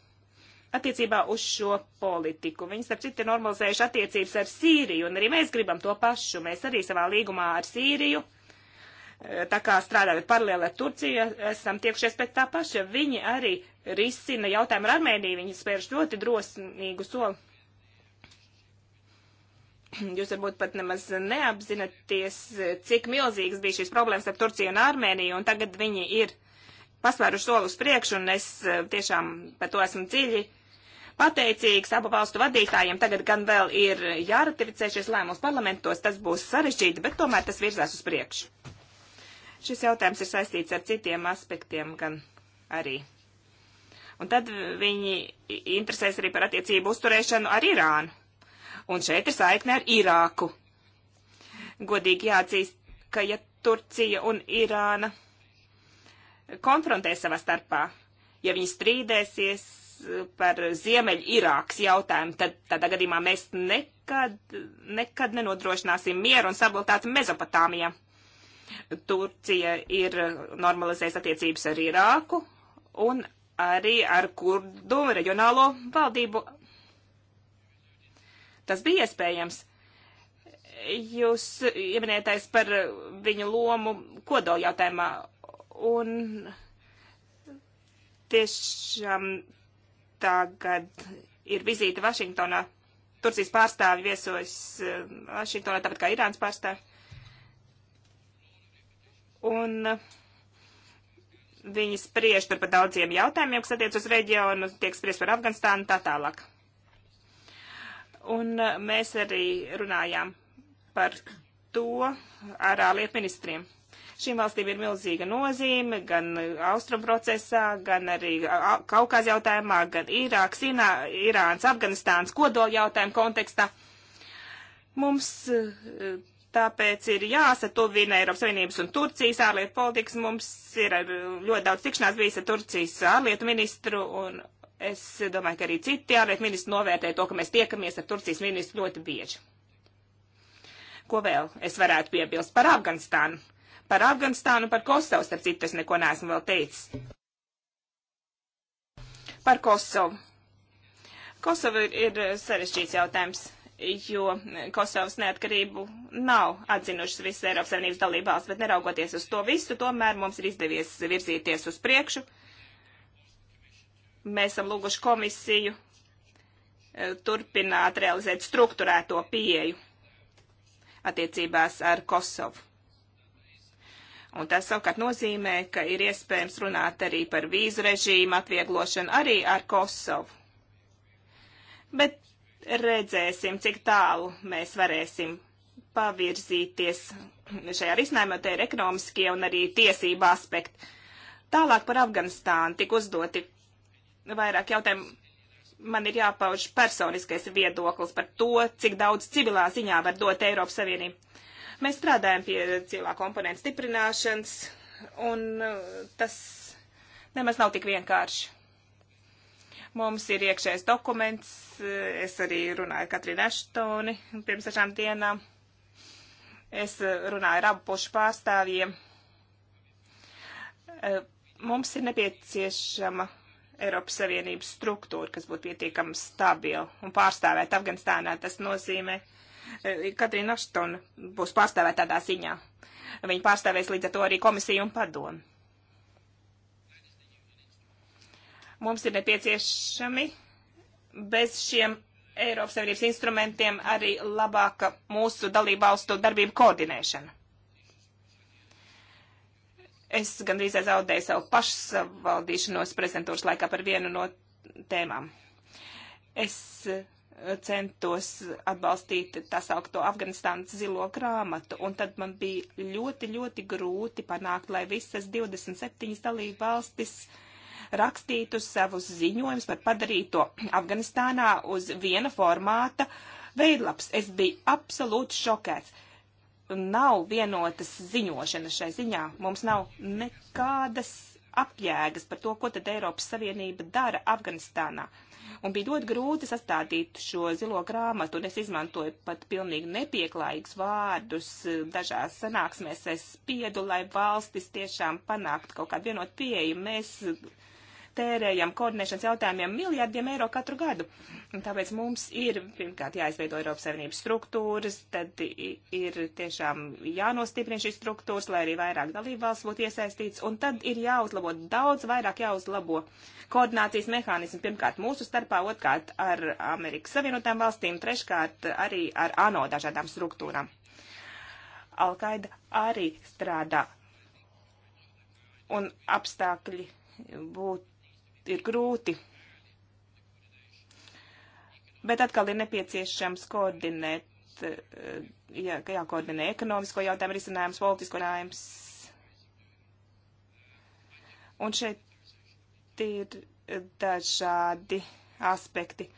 attiecībā uz šo politiku. Viņi, starp citu, ir normalizējuši attiecības ar Sīriju, un arī mēs gribam to pašu. Mēs arī savā līgumā ar Sīriju, eh, tā kā strādājot paralēli ar Turciju, esam tiekušies pēc tā paša. Viņi arī risina jautājumu ar Armēniju, viņi spērš ļoti drosmīgu soli. Jūs varbūt pat nemaz neapzināties, cik milzīgas bija šīs problēmas ar Turciju un Armēniju, un tagad viņi ir pasvēruši soli uz priekšu, un es eh, tiešām par to esmu dziļi pateicīgs abu valstu vadītājiem. Tagad gan vēl ir jāratificē šis lēmums parlamentos, tas būs sarežģīti, bet tomēr tas virzās uz priekšu. Šis jautājums ir saistīts ar citiem aspektiem gan arī. Un tad viņi interesēs arī par attiecību uzturēšanu ar Irānu. Un šeit ir saikne ar Irāku. Godīgi jāatzīst, ka ja Turcija un Irāna konfrontē savā starpā, ja viņi strīdēsies, par Ziemeļ-Irāks jautājumu, tad tādā gadījumā mēs nekad, nekad nenodrošināsim mieru un stabilitāti Mezopotāmijā. Turcija ir normalizējusi attiecības ar Irāku un arī ar kurdu reģionālo valdību. Tas bija iespējams. Jūs ieminētais par viņu lomu kodoli jautājumā un tiešām tagad ir vizīte Vašingtonā. Turcijas pārstāvi viesojas eh, Vašingtonā, tāpat kā Irāns pārstāvi. Un eh, viņi spriež par daudziem jautājumiem, kas attiec uz reģionu, tiek spriež par Afganistānu tā tālāk. Un eh, mēs arī runājām par to ar ārlietu ministriem. Šīm valstīm ir milzīga nozīme gan Austrum procesā, gan arī Kaukaz jautājumā, gan Irāks, Inā, Irāns, Afganistāns kodoli jautājumu kontekstā. Mums e, tāpēc ir jāsatuvina Eiropas Savienības un Turcijas ārlietu politikas. Mums ir ļoti daudz tikšanās bijis ar Turcijas ārlietu ministru un es domāju, ka arī citi ārlietu ministri novērtē to, ka mēs tiekamies ar Turcijas ministru ļoti bieži. Ko vēl es varētu piebilst par Afganistānu? Par Afganistānu, par Kosovu, starp citu, es neko neesmu vēl teicis. Par Kosovu. Kosova ir, ir sarežģīts jautājums, jo Kosovas neatkarību nav atzinušas visas Eiropas Savienības dalībās, bet neraugoties uz to visu, tomēr mums ir izdevies virzīties uz priekšu. Mēs esam lūguši komisiju eh, turpināt realizēt struktūrēto pieeju attiecībās ar Kosovu. Un tas savukārt nozīmē, ka ir iespējams runāt arī par vīzu režīmu atvieglošanu arī ar Kosovu. Bet redzēsim, cik tālu mēs varēsim pavirzīties šajā risinājumā, te ir ekonomiskie un arī tiesība aspekti. Tālāk par Afganistānu tik uzdoti vairāk jautājumu. Man ir jāpauž personiskais viedoklis par to, cik daudz civilā ziņā var dot Eiropas Savienība. Mēs strādājam pie cilvēku komponentu stiprināšanas, un uh, tas nemaz nav tik vienkārši. Mums ir iekšējais dokuments, uh, es arī runāju Katrīnu Eštoni pirms dažām dienām. Es uh, runāju ar abu pušu pārstāvjiem. Mums ir nepieciešama Eiropas Savienības struktūra, kas būtu pietiekami stabila un pārstāvēt Afganistānā. Tas nozīmē uh, Katrīna Aštona būs pārstāvēta tādā ziņā. Viņa pārstāvēs līdz ar to arī komisiju un padomu. Mums ir nepieciešami bez šiem Eiropas Savienības instrumentiem arī labāka mūsu dalībvalstu darbību koordinēšana. Es gandrīz zaudēju savu pašsavaldīšanos prezentūras laikā par vienu no tēmām. Es centos atbalstīt tā saukto Afganistānas zilo grāmatu, un tad man bija ļoti, ļoti grūti panākt, lai visas 27 dalība valstis rakstītu savus ziņojumus par padarīto Afganistānā uz viena formāta veidlaps. Es biju absolūti šokēts. Nav vienotas ziņošanas šai ziņā. Mums nav nekādas apjēgas par to, ko tad Eiropas Savienība dara Afganistānā. Uh, un bija ļoti grūti sastādīt šo zilo grāmatu, un es izmantoju pat pilnīgi nepieklājīgus vārdus. Eh, dažās sanāksmēs es spiedu, lai valstis tiešām panāktu kaut kādu vienotu pieeju. Mēs tērējam koordinēšanas jautājumiem miljardiem eiro katru gadu. Tāpēc mums ir pirmkārt jāizveido Eiropas Savienības struktūras, tad ir tiešām jānostiprina šīs struktūras, lai arī vairāk dalībvalsts būtu iesaistīts, un tad ir jāuzlabo daudz vairāk jāuzlabo koordinācijas mehānismi pirmkārt mūsu starpā, otrkārt ar Amerikas Savienotām valstīm, treškārt arī ar ANO dažādām struktūrām. Alkaida arī strādā. Un apstākļi būtu ir grūti. Bet atkal ir nepieciešams koordinēt, eh, jā, ka jākoordinē ekonomisko jautājumu risinājums, politisko jautājums. Un šeit ir eh, dažādi aspekti.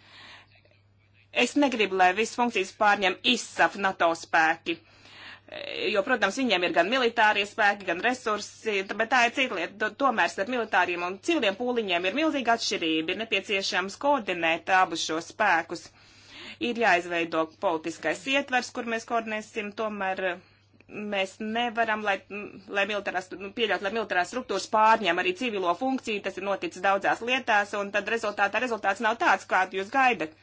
Es negribu, lai visas funkcijas pārņem ISAF NATO spēki. Uh, jo, protams, viņiem ir gan militārie spēki, gan resursi, bet tā ir cita lieta. Tomēr starp militāriem un civiliem pūliņiem ir milzīga atšķirība, ir nepieciešams koordinēt abus šos spēkus. Ir jāizveido politiskais ietvers, kur mēs koordinēsim, tomēr eh, mēs nevaram, lai, lai militārās, pieļaut, lai militārās struktūras pārņem arī civilo funkciju, tas ir noticis daudzās lietās, un tad rezultātā rezultāts nav tāds, kādu jūs gaidat,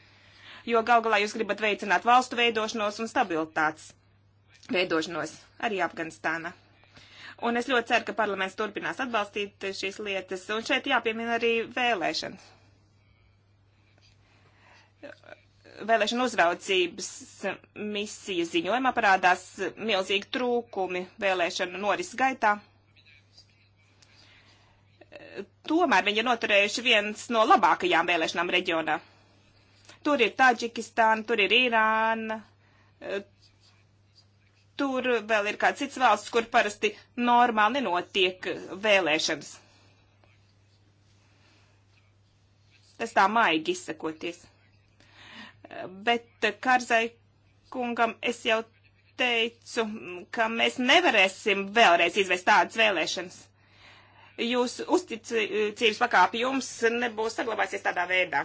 jo gal galā jūs gribat veicināt valstu veidošanos un stabilitātes veidošanos arī Afganistāna. Un es ļoti ceru, ka parlaments turpinās atbalstīt šīs lietas, un šeit jāpiemina arī vēlēšanas. Vēlēšana uzraudzības misijas ziņojumā parādās milzīgi trūkumi vēlēšanu noris gaitā. Tomēr viņi ir noturējuši viens no labākajām vēlēšanām reģionā. Tur ir Taģikistāna, tur ir Irāna, tur vēl ir kāds cits valsts, kur parasti normāli nenotiek vēlēšanas. Tas tā maigi izsakoties. Bet Karzai kungam es jau teicu, ka mēs nevarēsim vēlreiz izvest tādas vēlēšanas. Jūs uzticības pakāpi jums nebūs saglabājusies tādā veidā.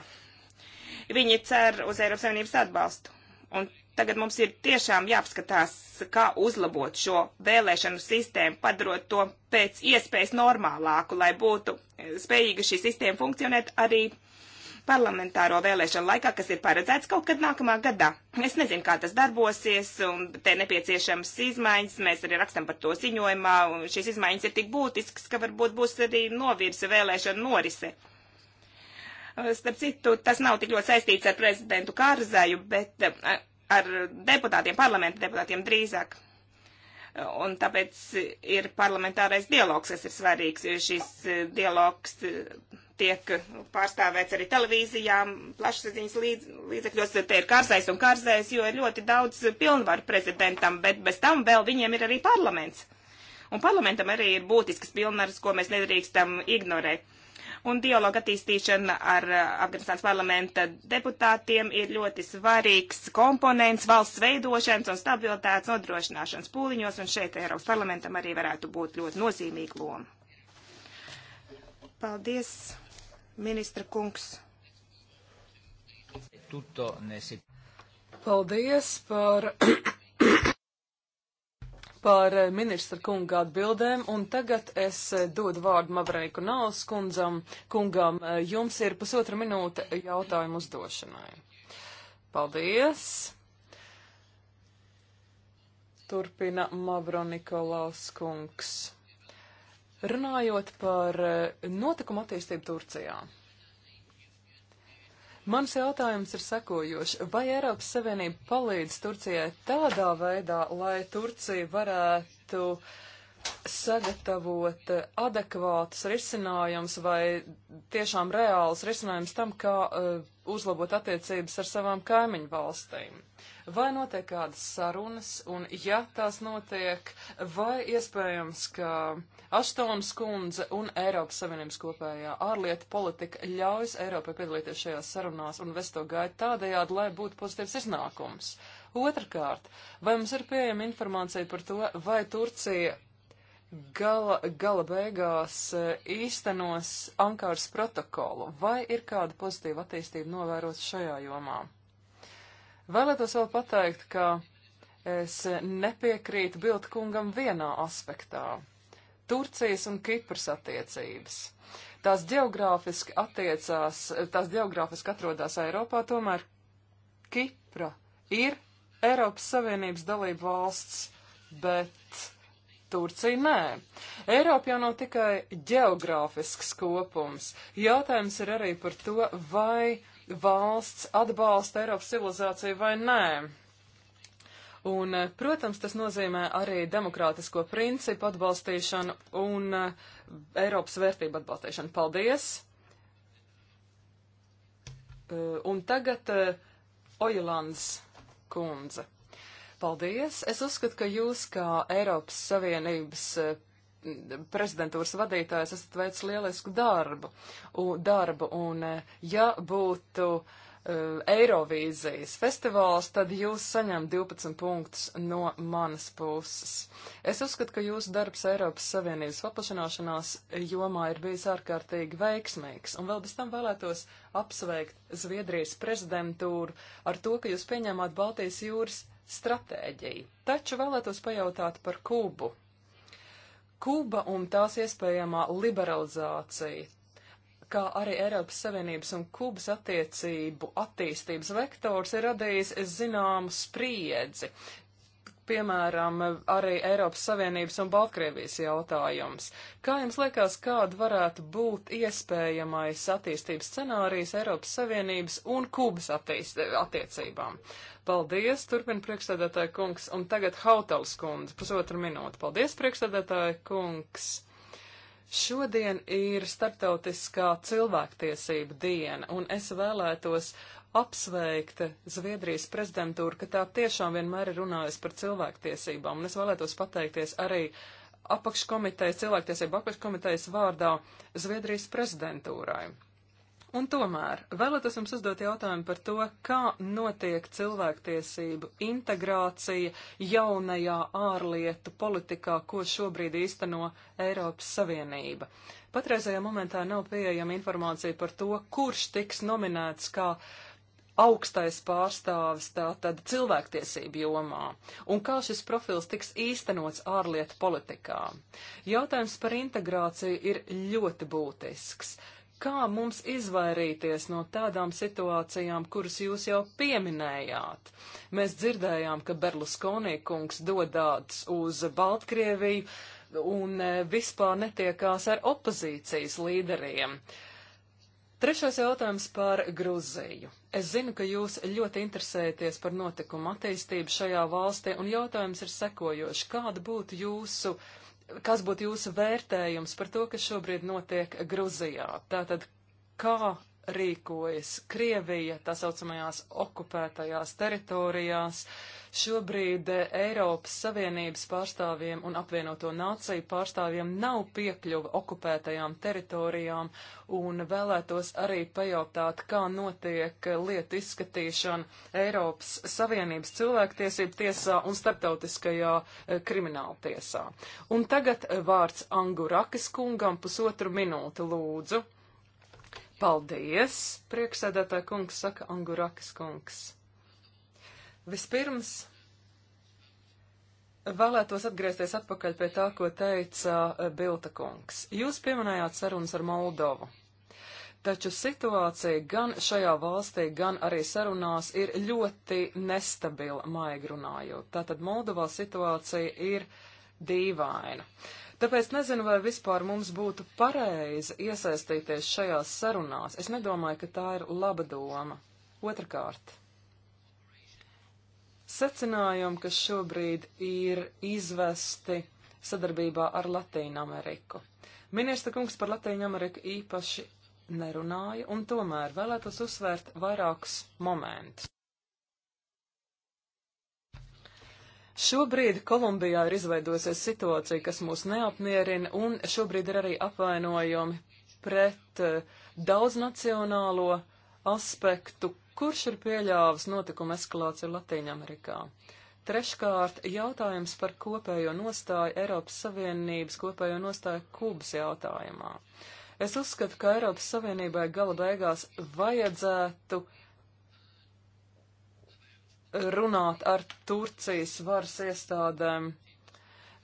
Viņi cer uz Eiropas Savienības atbalstu. Un Tagad mums ir tiešām jāapskatās, kā uzlabot šo vēlēšanu sistēmu, padarot to pēc iespējas normālāku, lai būtu spējīga šī sistēma funkcionēt arī parlamentāro vēlēšanu laikā, kas ir paredzēts kaut kad nākamā gadā. Es nezinu, kā tas darbosies, un te nepieciešams izmaiņas, mēs arī rakstam par to ziņojumā, un šīs izmaiņas ir tik būtiskas, ka varbūt būs arī novirse vēlēšana norise. Starp citu, tas nav tik ļoti saistīts ar prezidentu Kārzaju, bet ar deputātiem, parlamenta deputātiem drīzāk. Un tāpēc ir parlamentārais dialogs, kas ir svarīgs, jo šis e, dialogs e, tiek pārstāvēts arī televīzijām, plašsaziņas līdz, līdzekļos, te ir kārsais un kārsais, jo ir ļoti daudz pilnvaru prezidentam, bet bez tam vēl viņiem ir arī parlaments. Un parlamentam arī ir būtiskas pilnvaras, ko mēs nedrīkstam ignorēt un dialoga attīstīšana ar eh, Afganistānas parlamenta deputātiem ir ļoti svarīgs komponents valsts veidošanas un stabilitātes nodrošināšanas pūliņos, un šeit Eiropas parlamentam arī varētu būt ļoti nozīmīga loma. Paldies, ministra kungs. Paldies par par eh, ministra kunga atbildēm, un tagad es eh, dodu vārdu Mavreiku Nāls kundzam, kungam, eh, jums ir pusotra minūte jautājumu uzdošanai. Paldies! Turpina Mavro Nikolaus kungs. Runājot par notikumu attīstību Turcijā. Mans jautājums ir sekojošs. Vai Eiropas Savienība palīdz Turcijai tādā veidā, lai Turcija varētu uh, sagatavot eh, adekvātus risinājumus vai tiešām reālus risinājumus tam, kā uh, uzlabot attiecības ar savām kaimiņu valstīm. Vai notiek kādas sarunas, un ja tās notiek, vai iespējams, ka Aštonas kundze un Eiropas Savienības kopējā ārlietu politika ļaus Eiropai piedalīties šajās sarunās un vesto gaidu tādējādi, lai būtu pozitīvs iznākums? Otrakārt, vai mums ir pieejama informācija par to, vai Turcija gala, gala beigās eh, īstenos Ankaras protokolu. Vai ir kāda pozitīva attīstība novērot šajā jomā? Vēlētos vēl pateikt, ka es nepiekrītu Biltkungam vienā aspektā - Turcijas un Kipras attiecības. Tās geogrāfiski attiecās, tās geogrāfiski atrodas Eiropā, tomēr Kipra ir Eiropas Savienības dalība valsts, bet Turcija nē. Eiropa jau nav tikai geogrāfisks kopums. Jautājums ir arī par to, vai valsts atbalsta Eiropas civilizāciju vai nē. Un, eh, protams, tas nozīmē arī demokrātisko principu atbalstīšanu un eh, Eiropas vērtību atbalstīšanu. Paldies! Eh, un tagad Oilands kundze. Paldies! Es uzskatu, ka jūs kā Eiropas Savienības eh, prezidentūras vadītājs esat veicis lielisku darbu, un, darbu, un eh, ja būtu uh, Eirovīzijas festivāls, tad jūs saņemat 12 punktus no manas puses. Es uzskatu, ka jūsu darbs Eiropas Savienības paplašanāšanās jomā ir bijis ārkārtīgi veiksmīgs, un vēl bez tam vēlētos apsveikt Zviedrijas prezidentūru ar to, ka jūs pieņēmāt Baltijas jūras stratēģiju. Taču vēlētos pajautāt par Kubu. Kuba un tās iespējamā liberalizācija, kā arī Eiropas Savienības un Kubas attiecību attīstības vektors ir radījis zināmu spriedzi, piemēram, arī Eiropas Savienības un Baltkrievijas jautājums. Kā jums liekas, kāda varētu būt iespējamais attīstības scenārijs Eiropas Savienības un Kubas attiecībām? Paldies, turpina priekšstādātāja kungs, un tagad Hautals kundze, pusotru minūti. Paldies, priekšstādātāja kungs! Šodien ir starptautiskā cilvēktiesība diena, un es vēlētos apsveikt Zviedrijas prezidentūru, ka tā tiešām vienmēr ir runājusi par cilvēktiesībām, un es vēlētos pateikties arī apakškomitejas, cilvēktiesību apakškomitejas vārdā Zviedrijas prezidentūrai. Un tomēr vēlētos jums uzdot jautājumu par to, kā notiek cilvēktiesību integrācija jaunajā ārlietu politikā, ko šobrīd īsteno Eiropas Savienība. Patreizajā momentā nav pieejama informācija par to, kurš tiks nominēts kā augstais pārstāvis tātad cilvēktiesību jomā un kā šis profils tiks īstenots ārlietu politikā. Jautājums par integrāciju ir ļoti būtisks. Kā mums izvairīties no tādām situācijām, kuras jūs jau pieminējāt? Mēs dzirdējām, ka Berluskonī kungs dodāts uz Baltkrieviju un e, vispār netiekās ar opozīcijas līderiem. Uh, Trešais jautājums par Gruziju. Es zinu, ka jūs ļoti interesēties par notikumu attīstību šajā valstī, un jautājums ir sekojoši. Kāda būtu jūsu, kas būtu jūsu vērtējums par to, kas šobrīd notiek Gruzijā? Tātad, kā rīkojas Krievija tā saucamajās okupētajās teritorijās. Šobrīd eh, Eiropas Savienības pārstāvjiem un apvienoto nāciju pārstāvjiem nav piekļuva okupētajām teritorijām un vēlētos arī pajautāt, kā notiek eh, lietu izskatīšana Eiropas Savienības cilvēktiesību tiesā un starptautiskajā eh, krimināla tiesā. Un tagad vārds Angurakis kungam pusotru minūti lūdzu. Paldies, prieksēdētāja kungs, saka Angurakas kungs. Vispirms vēlētos atgriezties atpakaļ pie tā, ko teica eh, Bilta kungs. Jūs pieminējāt sarunas ar Moldovu. Taču situācija gan šajā valstī, gan arī sarunās ir ļoti nestabila, maigi runājot. Tātad Moldovā situācija ir dīvaina. Tāpēc nezinu, vai vispār mums būtu pareizi iesaistīties šajās sarunās. Es nedomāju, ka tā ir laba doma. Otrakārt, secinājumi, kas šobrīd ir izvesti sadarbībā ar Latīnu Ameriku. Ministra kungs par Latīnu Ameriku īpaši nerunāja, un tomēr vēlētos uzsvērt vairākus momentus. Šobrīd Kolumbijā ir izveidojusies situācija, kas mūs neapmierina, un šobrīd ir arī apvainojumi pret eh, daudznacionālo aspektu, kurš ir pieļāvis notikumu eskalāciju Latīņamerikā. Treškārt, jautājums par kopējo nostāju Eiropas Savienības kopējo nostāju Kubas jautājumā. Es uzskatu, ka Eiropas Savienībai gala beigās vajadzētu uh, runāt ar Turcijas varas iestādēm.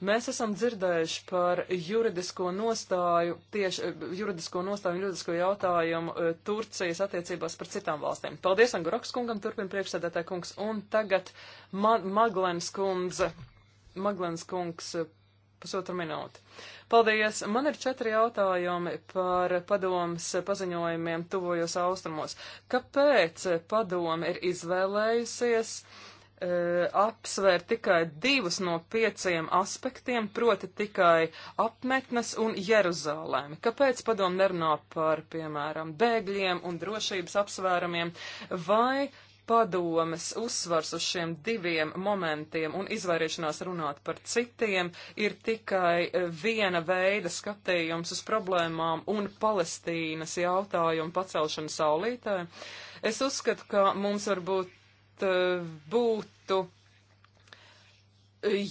Mēs esam dzirdējuši par juridisko nostāju, tieši eh, juridisko nostāju un juridisko jautājumu eh, Turcijas attiecībās par citām valstīm. Paldies Anguroks kungam, turpina priekšsēdētāja kungs, un tagad Ma Maglens kundze, Maglens kungs pusotru minūti. Paldies! Man ir četri jautājumi par padomas paziņojumiem tuvojos austrumos. Kāpēc padoma ir izvēlējusies e, apsvērt tikai divus no pieciem aspektiem, proti tikai apmetnes un Jeruzālēmi? Kāpēc padoma nerunā par, piemēram, bēgļiem un drošības apsvērumiem? Vai padomes uzsvars uz šiem diviem momentiem un izvairīšanās runāt par citiem ir tikai e, viena veida skatījums uz problēmām un Palestīnas jautājumu pacelšanu saulītē. Es uzskatu, ka mums varbūt e, būtu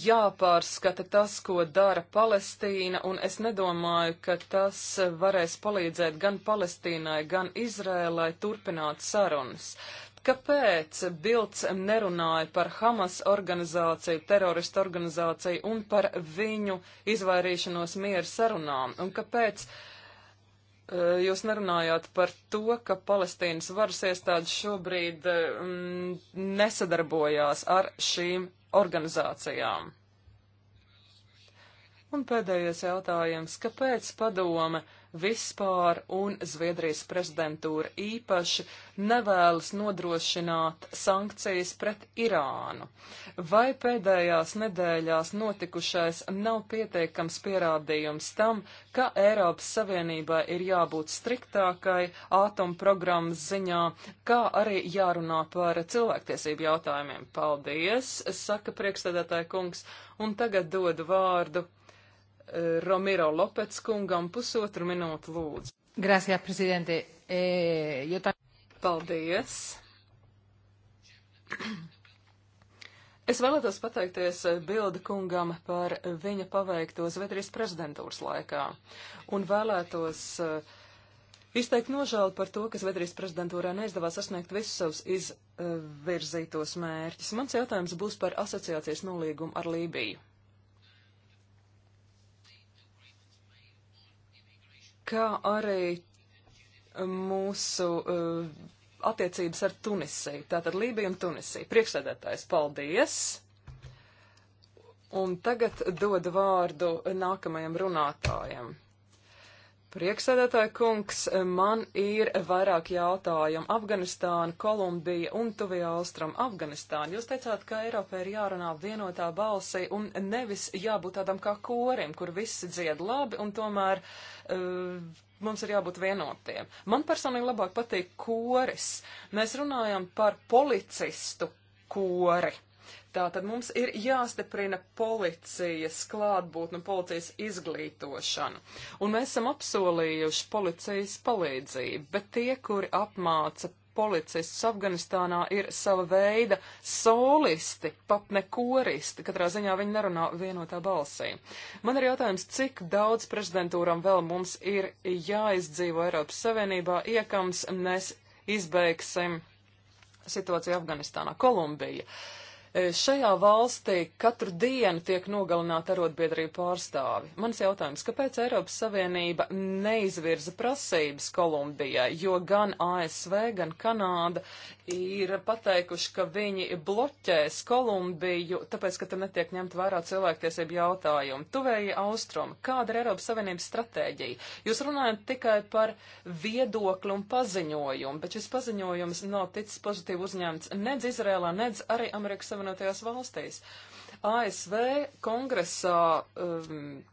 jāpārskata tas, ko dara Palestīna, un es nedomāju, ka tas varēs palīdzēt gan Palestīnai, gan Izrēlai turpināt sarunas. Kāpēc Bilds nerunāja par Hamas organizāciju, teroristu organizāciju un par viņu izvairīšanos mieru sarunām? Un kāpēc uh, jūs nerunājāt par to, ka Palestīnas varas iestādes šobrīd mm, nesadarbojās ar šīm organizācijām? Un pēdējais jautājums, kāpēc padome vispār un Zviedrijas prezidentūra īpaši nevēlas nodrošināt sankcijas pret Irānu? Vai pēdējās nedēļās notikušais nav pietiekams pierādījums tam, ka Eiropas Savienībai ir jābūt striktākai atomprogrammas ziņā, kā arī jārunā par cilvēktiesību jautājumiem? Paldies, saka priekšstādātāja kungs, un tagad dodu vārdu Romero Lopets kungam pusotru minūtu lūdzu. Gracias, prezidente. E, eh, jo tā... Paldies. Es vēlētos pateikties Bilda kungam par viņa paveikto Zviedrijas prezidentūras laikā un vēlētos uh, Izteikt nožēlu par to, ka Zviedrijas prezidentūrā neizdevās sasniegt visus savus izvirzītos mērķus. Mans jautājums būs par asociācijas nolīgumu ar Lībiju. kā arī uh, mūsu uh, attiecības ar Tunisiju. Tātad Lībija un Tunisija. Priekšsēdētājs, paldies! Un tagad dodu vārdu nākamajam runātājam. Prieksēdētāji kungs, man ir vairāk jautājumu. Afganistāna, Kolumbija un Tuvija Austram. Afganistāna, jūs teicāt, ka Eiropā ir jārunā vienotā balsī un nevis jābūt tādam kā korim, kur visi dzied labi un tomēr uh, mums ir jābūt vienotiem. Man personīgi labāk patīk koris. Mēs runājam par policistu kori. Tātad mums ir jāstiprina policijas klātbūtne, policijas izglītošana. Un mēs esam apsolījuši policijas palīdzību, bet tie, kuri apmāca policistus Afganistānā, ir sava veida solisti, pat ne koristi. Katrā ziņā viņi nerunā vienotā balsī. Man ir jautājums, cik daudz prezidentūram vēl mums ir jāizdzīvo Eiropas Savienībā, iekams mēs izbeigsim situāciju Afganistānā, Kolumbija. Uh, Šajā valstī katru dienu tiek nogalināti arotbiedrību pārstāvi. Mans jautājums, kāpēc Eiropas Savienība neizvirza prasības Kolumbijai, jo gan ASV, gan Kanāda ir pateikuši, ka viņi bloķēs Kolumbiju, tāpēc, ka tur netiek ņemt vērā cilvēktiesību jautājumu. Tuvēja Austruma, kāda ir Eiropas Savienības stratēģija? Jūs runājat tikai par viedokli un paziņojumu, bet šis paziņojums nav ticis pozitīvi uzņemts nedz Izrēlā, nedz arī Amerikas Savienības. Savienotajās valstīs. ASV kongresā um,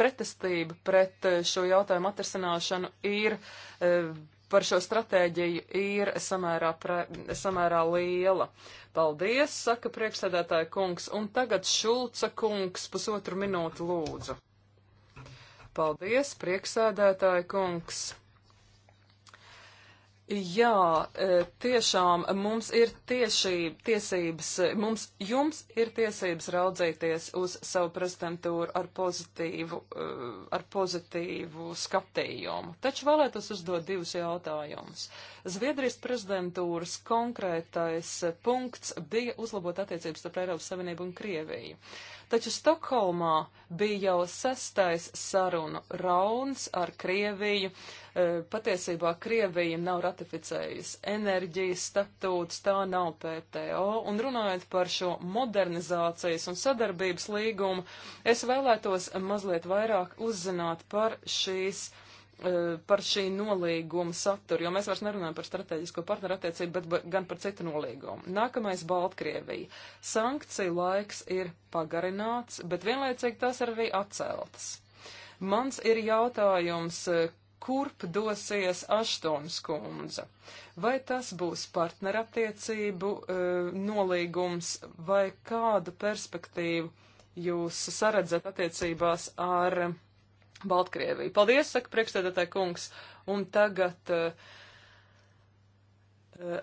pretestība pret uh, šo jautājumu atrisināšanu ir, um, par šo stratēģiju ir samērā, pre, samērā liela. Paldies, saka priekšsēdētāja kungs, un tagad Šulca kungs pusotru minūtu lūdzu. Paldies, priekšsēdētāja kungs. Jā, e, tiešām mums ir tiešība, tiesības, mums jums ir tiesības raudzīties uz savu prezidentūru ar pozitīvu, e, ar pozitīvu skatījumu. Taču vēlētos uzdot divus jautājumus. Zviedrijas prezidentūras konkrētais punkts bija uzlabot attiecības starp Eiropas Savienību un Krieviju taču Stokholmā bija jau sestais sarunu rauns ar Krieviju. E, patiesībā Krievija nav ratificējusi enerģijas statūts, tā nav PTO, un runājot par šo modernizācijas un sadarbības līgumu, es vēlētos mazliet vairāk uzzināt par šīs Eh, par šī nolīguma saturu, jo mēs vairs nerunājam par strateģisko partnerattiecību, bet gan par citu nolīgumu. Nākamais - Baltkrievija. Sankciju laiks ir pagarināts, bet vienlaicīgi tās ir arī atceltas. Mans ir jautājums, eh, kurp dosies Aštons kundze? Vai tas būs partnerattiecību e, nolīgums vai kādu perspektīvu jūs saredzat attiecībās ar. E, Baltkrieviju. Paldies, saka priekšstādātāja kungs. Un tagad uh, eh, uh,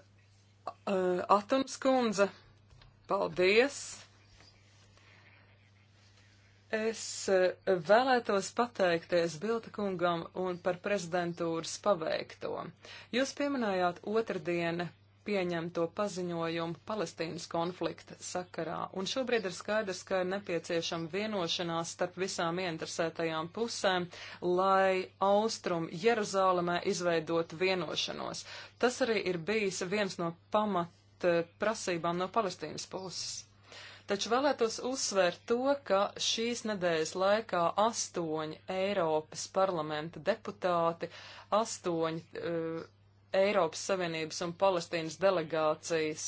eh, Atums kundze. Paldies. Es eh, vēlētos pateikties Bilta kungam un par prezidentūras paveikto. Jūs pieminējāt otrdien pieņemto paziņojumu Palestīnas konflikta sakarā, un šobrīd ir skaidrs, ka ir nepieciešama vienošanās starp visām ieinteresētajām pusēm, lai Austrum Jeruzālēmē izveidot vienošanos. Tas arī ir bijis viens no pamat eh, prasībām no Palestīnas puses. Taču vēlētos uzsvērt to, ka šīs nedēļas laikā astoņi Eiropas parlamenta deputāti, astoņi uh, Eiropas Savienības un Palestīnas delegācijas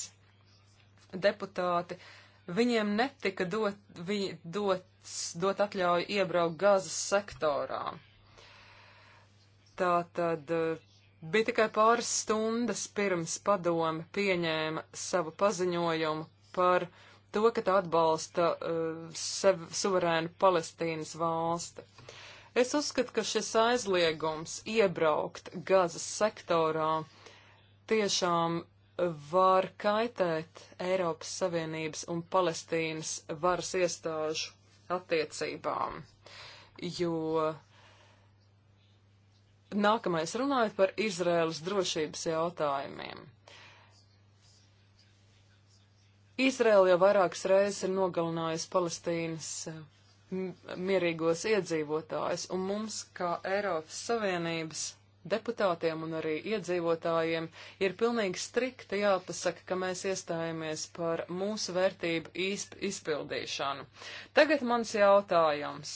deputāti, viņiem netika dot, vi, dots, dot atļauju iebraukt gazas sektorā. Tā tad eh, bija tikai pāris stundas pirms padome pieņēma savu paziņojumu par to, ka tā atbalsta uh, sev, suverēnu Palestīnas valsti. Es uzskatu, ka šis aizliegums iebraukt gazas sektorā tiešām var kaitēt Eiropas Savienības un Palestīnas varas iestāžu attiecībām, jo nākamais runājot par Izraēlas drošības jautājumiem. Izraēla jau vairākas reizes ir nogalinājusi Palestīnas mierīgos iedzīvotājus, un mums, kā Eiropas Savienības deputātiem un arī iedzīvotājiem, ir pilnīgi strikti jāpasaka, ka mēs iestājamies par mūsu vērtību īsp, izpildīšanu. Tagad mans jautājums.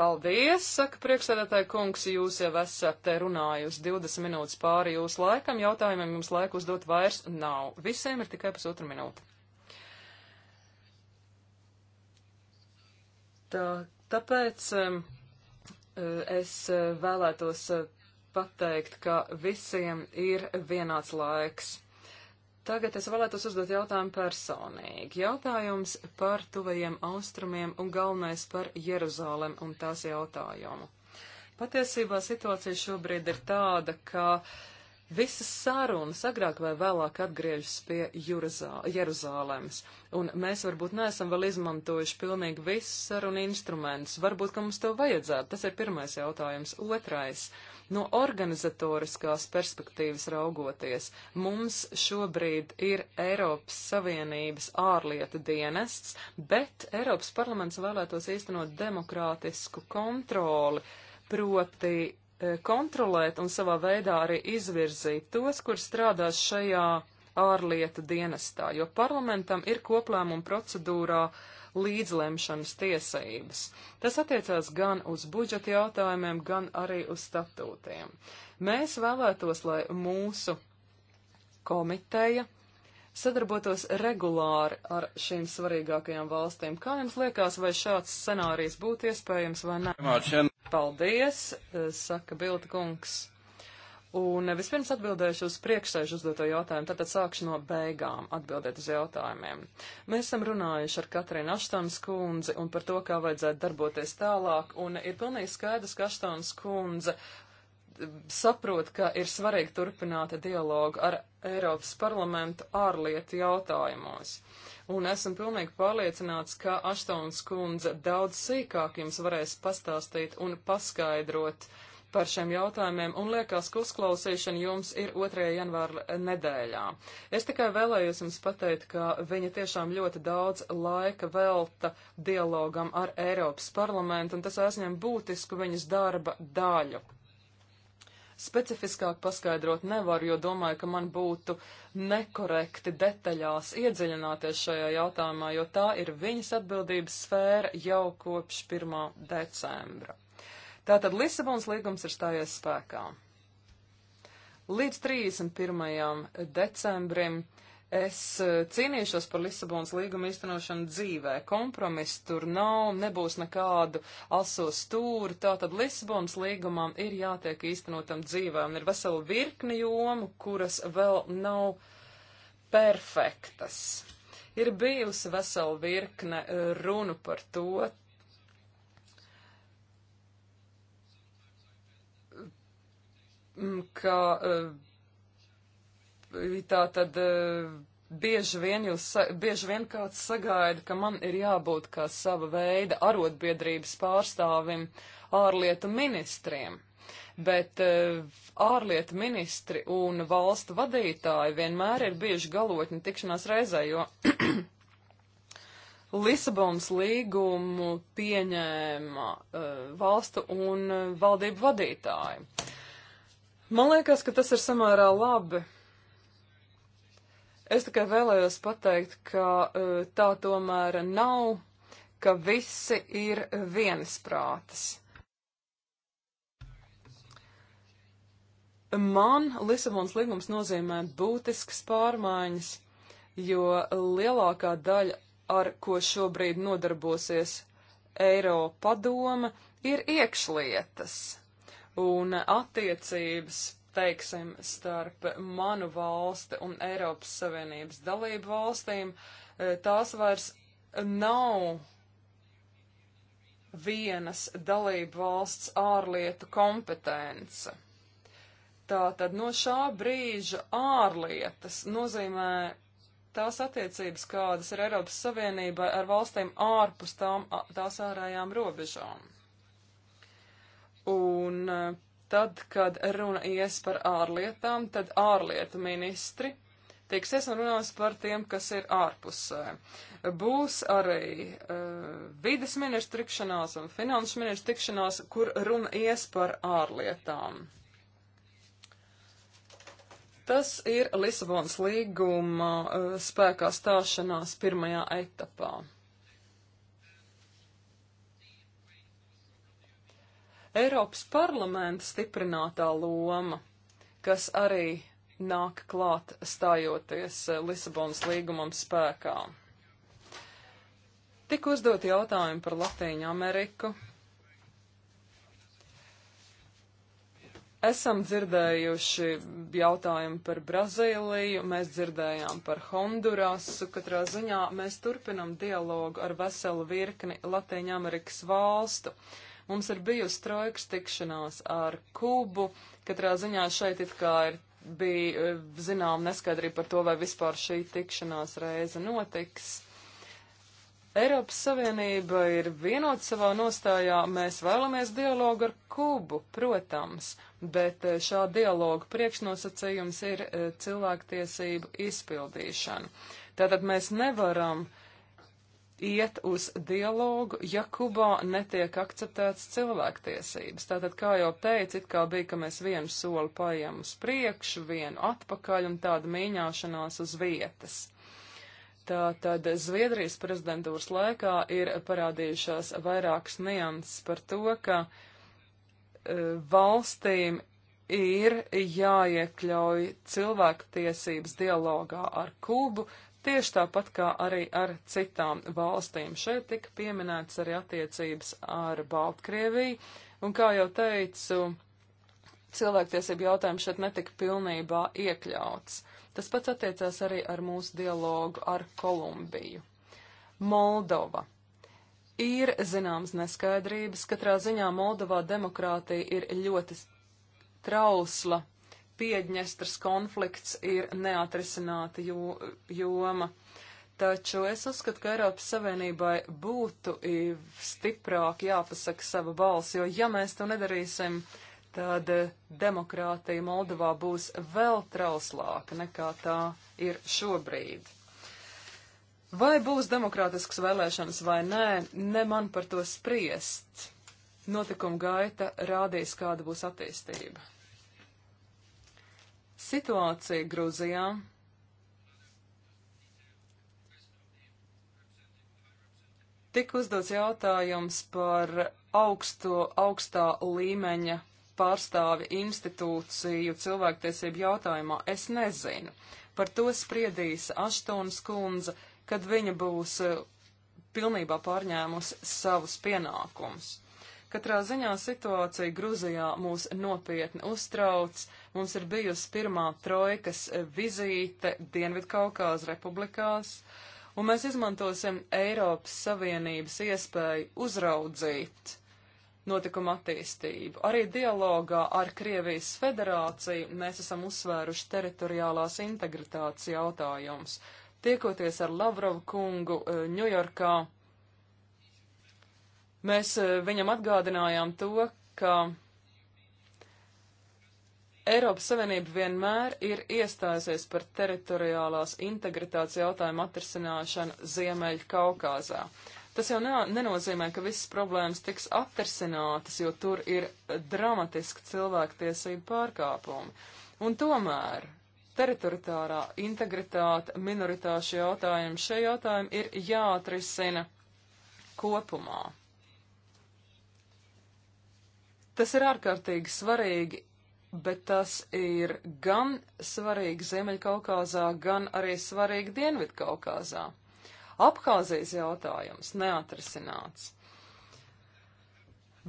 Paldies, saka priekšsēdētāji kungs, jūs jau esat te runājusi 20 minūtes pāri jūsu laikam, jautājumiem jums laiku uzdot vairs nav. Visiem ir tikai pusotra minūte. Tā, tāpēc es vēlētos pateikt, ka visiem ir vienāds laiks. Tagad es vēlētos uzdot jautājumu personīgi. Jautājums par tuvajiem austrumiem un galvenais par Jeruzālem un tās jautājumu. Patiesībā situācija šobrīd ir tāda, ka uh, Visas sārunas agrāk vai vēlāk atgriežas pie Jurazā, Jeruzālēmas, un mēs varbūt neesam vēl izmantojuši pilnīgi visus sarunu instrumentus. Varbūt, ka mums to vajadzētu. Tas ir pirmais jautājums. Otrais. No organizatoriskās perspektīvas raugoties, mums šobrīd ir Eiropas Savienības ārlietu dienests, bet Eiropas parlaments vēlētos īstenot demokrātisku kontroli, proti E, kontrolēt un savā veidā arī izvirzīt tos, kur strādās šajā ārlietu dienestā, jo parlamentam ir koplēmuma procedūrā līdzlemšanas tiesības. Tas attiecās gan uz budžeta jautājumiem, gan arī uz statūtiem. Mēs vēlētos, lai mūsu komiteja sadarbotos regulāri ar šīm svarīgākajām valstīm. Kā jums liekas, vai šāds scenārijs būtu iespējams vai nē? Paldies, eh, saka Bilda kungs. Un eh, vispirms atbildēšu uz priekšsēžu uzdoto jautājumu, tātad sākšu no beigām atbildēt uz jautājumiem. Mēs esam runājuši ar Katrīnu Aštons kundzi un par to, kā vajadzētu darboties tālāk, un ir pilnīgi skaidrs, ka Aštons kundze saprot, ka ir svarīgi turpināt dialogu ar Eiropas parlamentu ārlietu jautājumos. Un esam pilnīgi pārliecināts, ka Aštons kundze daudz sīkāk jums varēs pastāstīt un paskaidrot par šiem jautājumiem, un liekas, ka uzklausīšana jums ir 2. janvāra nedēļā. Es tikai vēlējos jums pateikt, ka viņa tiešām ļoti daudz laika velta dialogam ar Eiropas parlamentu, un tas aizņem būtisku viņas darba daļu. Specifiskāk paskaidrot nevaru, jo domāju, ka man būtu nekorekti detaļās iedziļināties šajā jautājumā, jo tā ir viņas atbildības sfēra jau kopš 1. decembra. Tātad Lisabons līgums ir stājies spēkā. Līdz 31. decembrim uh, Es eh, cīnīšos par Lisabonas līguma īstenošanu dzīvē. Kompromiss tur nav, nebūs nekādu aso stūri. Tātad Lisabonas līgumam ir jātiek īstenotam dzīvē, un ir vesela virkni jomu, kuras vēl nav perfektas. Ir bijusi vesela virkne eh, runu par to, ka uh, tā tad eh, bieži vien, jūs, bieži vien kāds sagaida, ka man ir jābūt kā sava veida arotbiedrības pārstāvim ārlietu ministriem. Bet eh, ārlietu ministri un valstu vadītāji vienmēr ir bieži galotņi tikšanās reizē, jo Lisabonas līgumu pieņēma uh, valstu un valdību vadītāji. Man liekas, ka tas ir samērā labi Es tikai vēlējos pateikt, ka e, tā tomēr nav, ka visi ir viensprātis. Man Lisabonas līgums nozīmē būtiskas pārmaiņas, jo lielākā daļa, ar ko šobrīd nodarbosies Eiropa padome, ir iekšlietas un attiecības teiksim, starp manu valsti un Eiropas Savienības dalību valstīm, e, tās vairs nav vienas dalību valsts ārlietu kompetence. Tātad no šā brīža ārlietas nozīmē tās attiecības, kādas ir Eiropas Savienībai ar valstīm ārpus tām, tās ārējām robežām. Un e, tad, kad runa ies par ārlietām, tad ārlietu ministri tieksies un runās par tiem, kas ir ārpusē. Būs arī uh, vides ministra tikšanās un finanšu ministra tikšanās, kur runa ies par ārlietām. Tas ir Lisabonas līguma uh, spēkā stāšanās pirmajā etapā. Eiropas parlamenta stiprinātā loma, kas arī nāk klāt stājoties eh, Lisabonas līgumam spēkā. Tik uzdot jautājumu par Latīņu Ameriku. Esam dzirdējuši jautājumu par Brazīliju, mēs dzirdējām par Hondurasu. Katrā ziņā mēs turpinam dialogu ar veselu virkni Latīņu Amerikas valstu. Uh, Mums ir bijusi trojkas tikšanās ar Kubu. Katrā ziņā šeit it kā ir bija e, zinām neskaidrība par to, vai vispār šī tikšanās reize notiks. Eiropas Savienība ir vienota savā nostājā, mēs vēlamies dialogu ar Kubu, protams, bet e, šā dialoga priekšnosacījums ir e, cilvēktiesību izpildīšana. Tātad mēs nevaram uh, iet uz dialogu, ja Kubā netiek akceptēts cilvēktiesības. Tātad, kā jau teicu, it kā bija, ka mēs vienu soli paiem uz priekšu, vienu atpakaļ un tāda mīņāšanās uz vietas. Tātad Zviedrijas prezidentūras laikā ir parādījušās vairākas nianses par to, ka e, valstīm ir jāiekļauj cilvēktiesības dialogā ar Kubu, tieši tāpat kā arī ar citām valstīm. Šeit tika pieminēts arī attiecības ar Baltkrieviju, un kā jau teicu, cilvēktiesību jautājums šeit netika pilnībā iekļauts. Tas pats attiecās arī ar mūsu dialogu ar Kolumbiju. Moldova. Ir zināmas neskaidrības, katrā ziņā Moldovā demokrātija ir ļoti trausla Piedņestras konflikts ir neatrisināta joma. Taču es uzskatu, ka Eiropas Savienībai būtu stiprāk jāpasaka sava balss, jo ja mēs to nedarīsim, tad eh, demokrātija Moldovā būs vēl trauslāka nekā tā ir šobrīd. Vai būs demokrātiskas vēlēšanas vai nē, ne man par to spriest. Notikuma gaita rādīs, kāda būs attīstība. Situācija Gruzijā. Tik uzdots jautājums par augsto, augstā līmeņa pārstāvi institūciju cilvēktiesību jautājumā. Es nezinu. Par to spriedīs Aštons kundze, kad viņa būs eh, pilnībā pārņēmusi savus pienākumus. Katrā ziņā situācija Gruzijā mūs nopietni uztrauc. Mums ir bijusi pirmā trojkas vizīte Dienvidkaukās republikās, un mēs izmantosim Eiropas Savienības iespēju uzraudzīt notikuma attīstību. Arī dialogā ar Krievijas federāciju mēs esam uzsvēruši teritoriālās integritātes jautājumus. Tiekoties ar Lavrovu kungu eh, Ņujorkā, Mēs eh, viņam atgādinājām to, ka Eiropas Savienība vienmēr ir iestājusies par teritoriālās integritātes jautājumu atrisināšanu Ziemeļa Kaukāzā. Tas jau nenozīmē, ka visas problēmas tiks atrisinātas, jo tur ir dramatiski cilvēktiesību pārkāpumi. Un tomēr teritoritārā integritāte, minoritāšu jautājumi, šie jautājumi ir jāatrisina kopumā. Tas ir ārkārtīgi svarīgi, bet tas ir gan svarīgi Ziemeļkaukāzā, gan arī svarīgi Dienvidkaukāzā. Abhāzijas jautājums neatrisināts.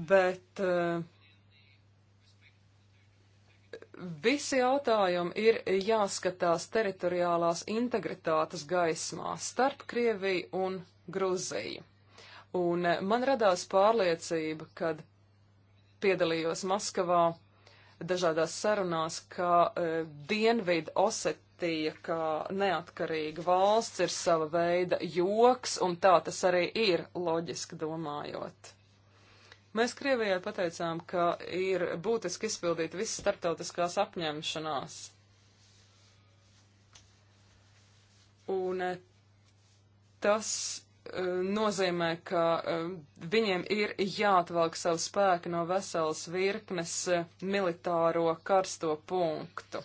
Bet uh, visi jautājumi ir jāskatās teritoriālās integritātes gaismā starp Krieviju un Gruziju. Un eh, man radās pārliecība, kad piedalījos Maskavā dažādās sarunās, ka e, Dienvidu Osetija, kā neatkarīga valsts, ir sava veida joks, un tā tas arī ir, loģiski domājot. Mēs Krievijai pateicām, ka ir būtiski izpildīt visas starptautiskās apņemšanās. Un e, tas Eh, nozīmē, ka eh, viņiem ir jāatvelk savu spēku no veselas virknes eh, militāro karsto punktu.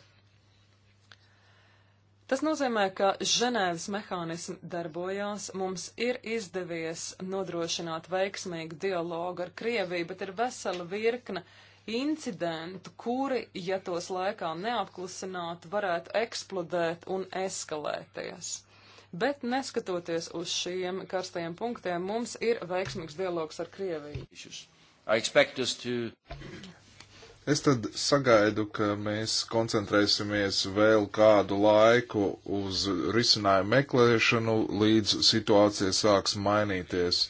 Tas nozīmē, ka Ženēvas mehānismi darbojās, mums ir izdevies nodrošināt veiksmīgu dialogu ar Krieviju, bet ir vesela virkne incidentu, kuri, ja tos laikā neapklusinātu, varētu eksplodēt un eskalēties bet neskatoties uz šiem karstajiem punktiem, mums ir veiksmīgs dialogs ar Krieviju. To... Es tad sagaidu, ka mēs koncentrēsimies vēl kādu laiku uz risinājumu meklēšanu, līdz situācija sāks mainīties.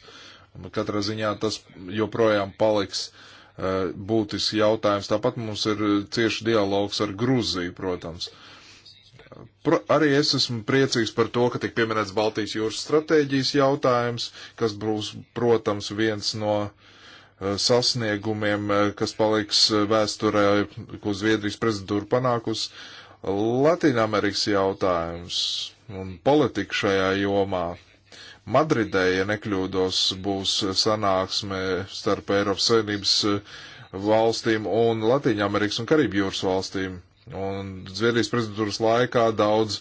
Katrā ziņā tas joprojām paliks eh, būtisks jautājums. Tāpat mums ir cieši dialogs ar Gruziju, protams. Uh, Arī es esmu priecīgs par to, ka tik pieminēts Baltijas jūras stratēģijas jautājums, kas būs, protams, viens no eh, sasniegumiem, eh, kas paliks eh, vēsturē, ko Zviedrijas prezidentūra panākus. Latīnamerikas jautājums un politika šajā jomā. Madridē, ja nekļūdos, būs sanāksme starp Eiropas Savienības valstīm un Latīņamerikas un Karību jūras valstīm. Un Zviedrijas prezidentūras laikā daudz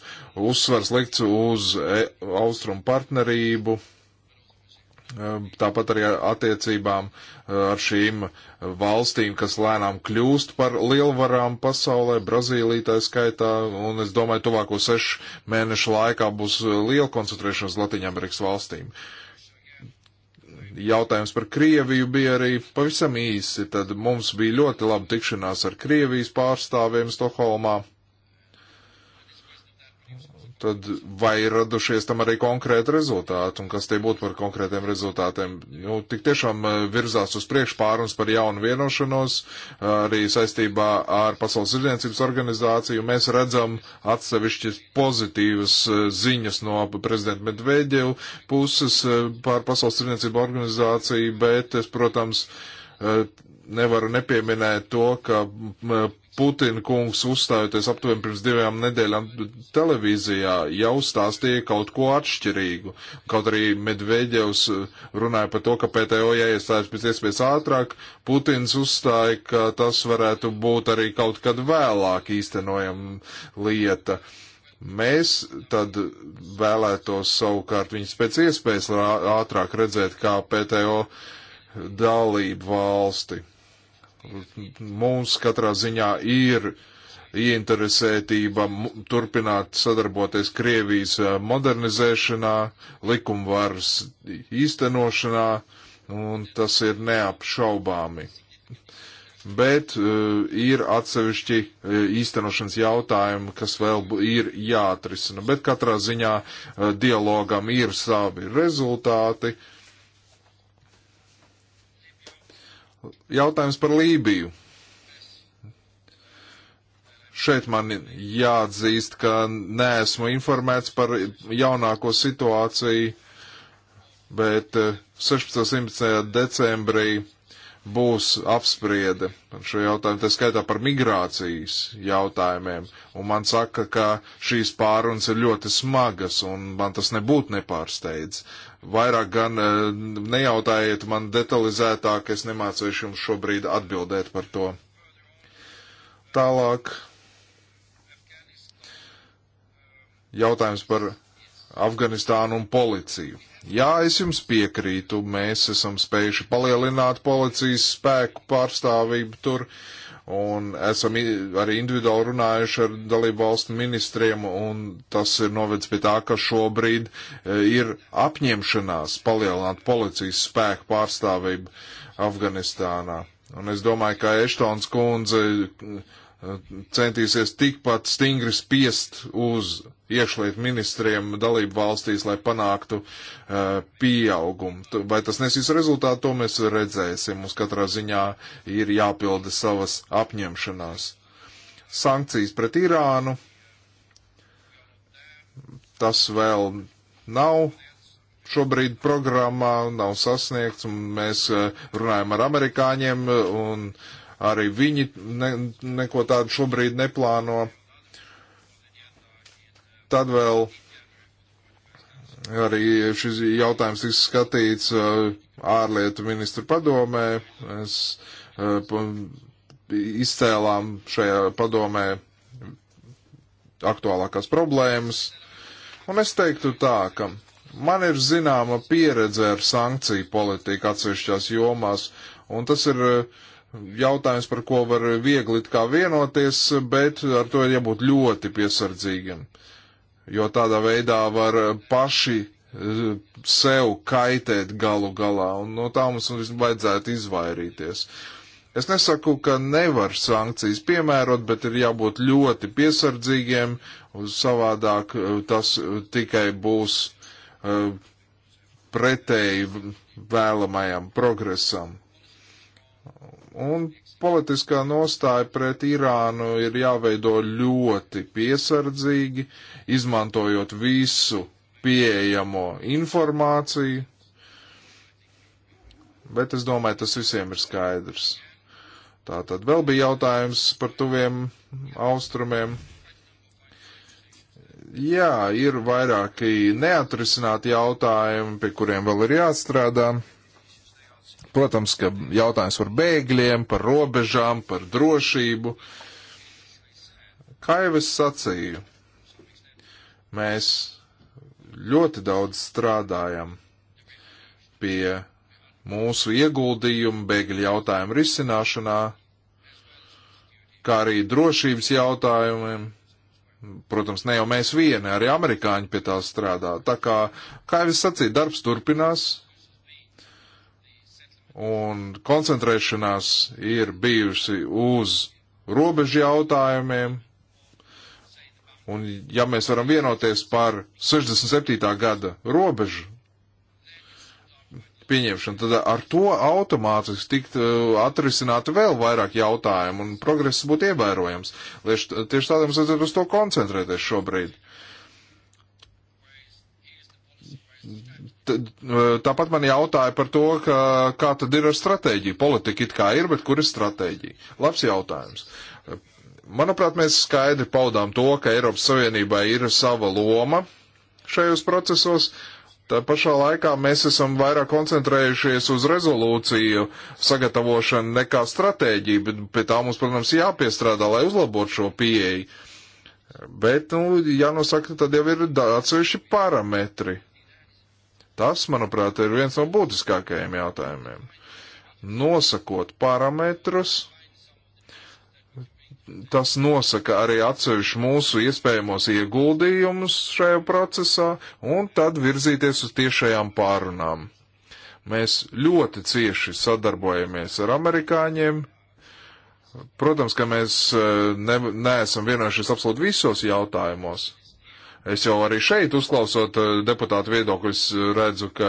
uzsvars likts uz e, austrumu partnerību, e, tāpat arī attiecībām e, ar šīm valstīm, kas lēnām kļūst par lielvarām pasaulē, Brazīlija tā skaitā, un es domāju, tuvāko sešu mēnešu laikā būs liela koncentrēšanās Latvijas Amerikas valstīm. Uh, jautājums par Krieviju bija arī pavisam īsi, tad mums bija ļoti laba tikšanās ar Krievijas pārstāvjiem Stokholmā tad vai ir radušies tam arī konkrēti rezultāti, un kas tie būtu par konkrētiem rezultātiem. Nu, tik tiešām eh, virzās uz priekšu pārunas par jaunu vienošanos, eh, arī saistībā ar Pasaules zirdniecības organizāciju. Mēs redzam atsevišķas pozitīvas eh, ziņas no prezidenta Medvedev puses par Pasaules zirdniecību organizāciju, bet es, protams, nevaru nepieminēt to, ka Putina kungs uzstājoties aptuveni pirms divām nedēļām televīzijā jau stāstīja kaut ko atšķirīgu. Kaut arī Medveģevs eh, runāja par to, ka PTO jāiestājas pēc iespējas ātrāk, Putins uzstāja, ka tas varētu būt arī kaut kad vēlāk īstenojama lieta. Mēs tad vēlētos savukārt viņus pēc iespējas ātrāk redzēt kā PTO dalību valsti Mums katrā ziņā ir ieinteresētība turpināt sadarboties Krievijas eh, modernizēšanā, likumvaras īstenošanā, un tas ir neapšaubāmi. Bet uh, ir atsevišķi uh, īstenošanas jautājumi, kas vēl ir jāatrisina. Bet katrā ziņā uh, dialogam ir savi rezultāti. Uh, Jautājums par Lībiju. Šeit man jāatzīst, ka neesmu informēts par jaunāko situāciju, bet 16. Eh, decembrī būs apspriede par šo jautājumu, tā skaitā par migrācijas jautājumiem. Un man saka, ka šīs pārunas ir ļoti smagas, un man tas nebūtu nepārsteidz. Vairāk gan eh, nejautājiet man detalizētāk, es nemācīšu jums šobrīd atbildēt par to. Tālāk jautājums par Afganistānu un policiju. Jā, es jums piekrītu, mēs esam spējuši palielināt policijas spēku pārstāvību tur. Uh, un esam arī individuāli runājuši ar dalību valstu ministriem, un tas ir novedis pie tā, ka šobrīd e, ir apņemšanās palielināt policijas spēku pārstāvību Afganistānā. Un es domāju, ka Eštons kundze centīsies tikpat stingri spiest uz iekšlietu ministriem dalību valstīs, lai panāktu uh, pieaugumu. Vai tas nesīs rezultātu, to mēs redzēsim. Mums katrā ziņā ir jāpilda savas apņemšanās. Sankcijas pret Irānu. Tas vēl nav šobrīd programmā, nav sasniegts, un mēs uh, runājam ar amerikāņiem, uh, un uh, Arī viņi ne, neko tādu šobrīd neplāno. Tad vēl arī šis jautājums tiks skatīts uh, ārlietu ministru padomē. Es uh, izcēlām šajā padomē aktuālākās problēmas. Un es teiktu tā, ka man ir zināma pieredze ar sankciju politiku atsevišķās jomās, un tas ir uh, jautājums, par ko var viegli kā vienoties, bet ar to ir jābūt ļoti piesardzīgiem, jo tādā veidā var paši eh, sev kaitēt galu galā, un no tā mums vajadzētu izvairīties. Es nesaku, ka nevar sankcijas piemērot, bet ir jābūt ļoti piesardzīgiem, savādāk eh, tas eh, tikai būs pretēji vēlamajam progresam. Un politiskā nostāja pret Irānu ir jāveido ļoti piesardzīgi, izmantojot visu pieejamo informāciju. Bet es domāju, tas visiem ir skaidrs. Tā tad vēl bija jautājums par tuviem austrumiem. Jā, ir vairāki neatrisināti jautājumi, pie kuriem vēl ir jāstrādā. Protams, ka jautājums par bēgļiem, par robežām, par drošību. Kā jau es sacīju, mēs ļoti daudz strādājam pie mūsu ieguldījumu bēgļu jautājumu risināšanā, kā arī drošības jautājumiem. Protams, ne jau mēs vieni, arī amerikāņi pie tā strādā. Tā kā, kā jau es sacīju, darbs turpinās, un koncentrēšanās ir bijusi uz robežu jautājumiem. Un ja mēs varam vienoties par 67. gada robežu pieņemšanu, tad ar to automātiski tikt uh, atrisināti vēl vairāk jautājumu un progress būtu ievērojams. Tieši tādēļ mums vajadzētu uz to koncentrēties šobrīd. Uh, Tāpat man jautāja par to, ka, kā tad ir ar stratēģiju. Politika it kā ir, bet kur ir stratēģija? Labs jautājums. Manuprāt, mēs skaidri paudām to, ka Eiropas Savienībai ir sava loma šajos procesos. Tā pašā laikā mēs esam vairāk koncentrējušies uz rezolūciju sagatavošanu nekā stratēģiju, bet pie tā mums, protams, jāpiestrādā, lai uzlabotu šo pieeju. Bet, nu, jānosaka, tad jau ir atsevišķi parametri Tas, manuprāt, ir viens no būtiskākajiem jautājumiem. Nosakot parametrus, tas nosaka arī atsevišķi mūsu iespējamos ieguldījumus šajā procesā, un tad virzīties uz tiešajām pārunām. Mēs ļoti cieši sadarbojamies ar amerikāņiem. Protams, ka mēs eh, ne, neesam vienojušies absolūti visos jautājumos, Es jau arī šeit, uzklausot eh, deputātu viedokļus, redzu, ka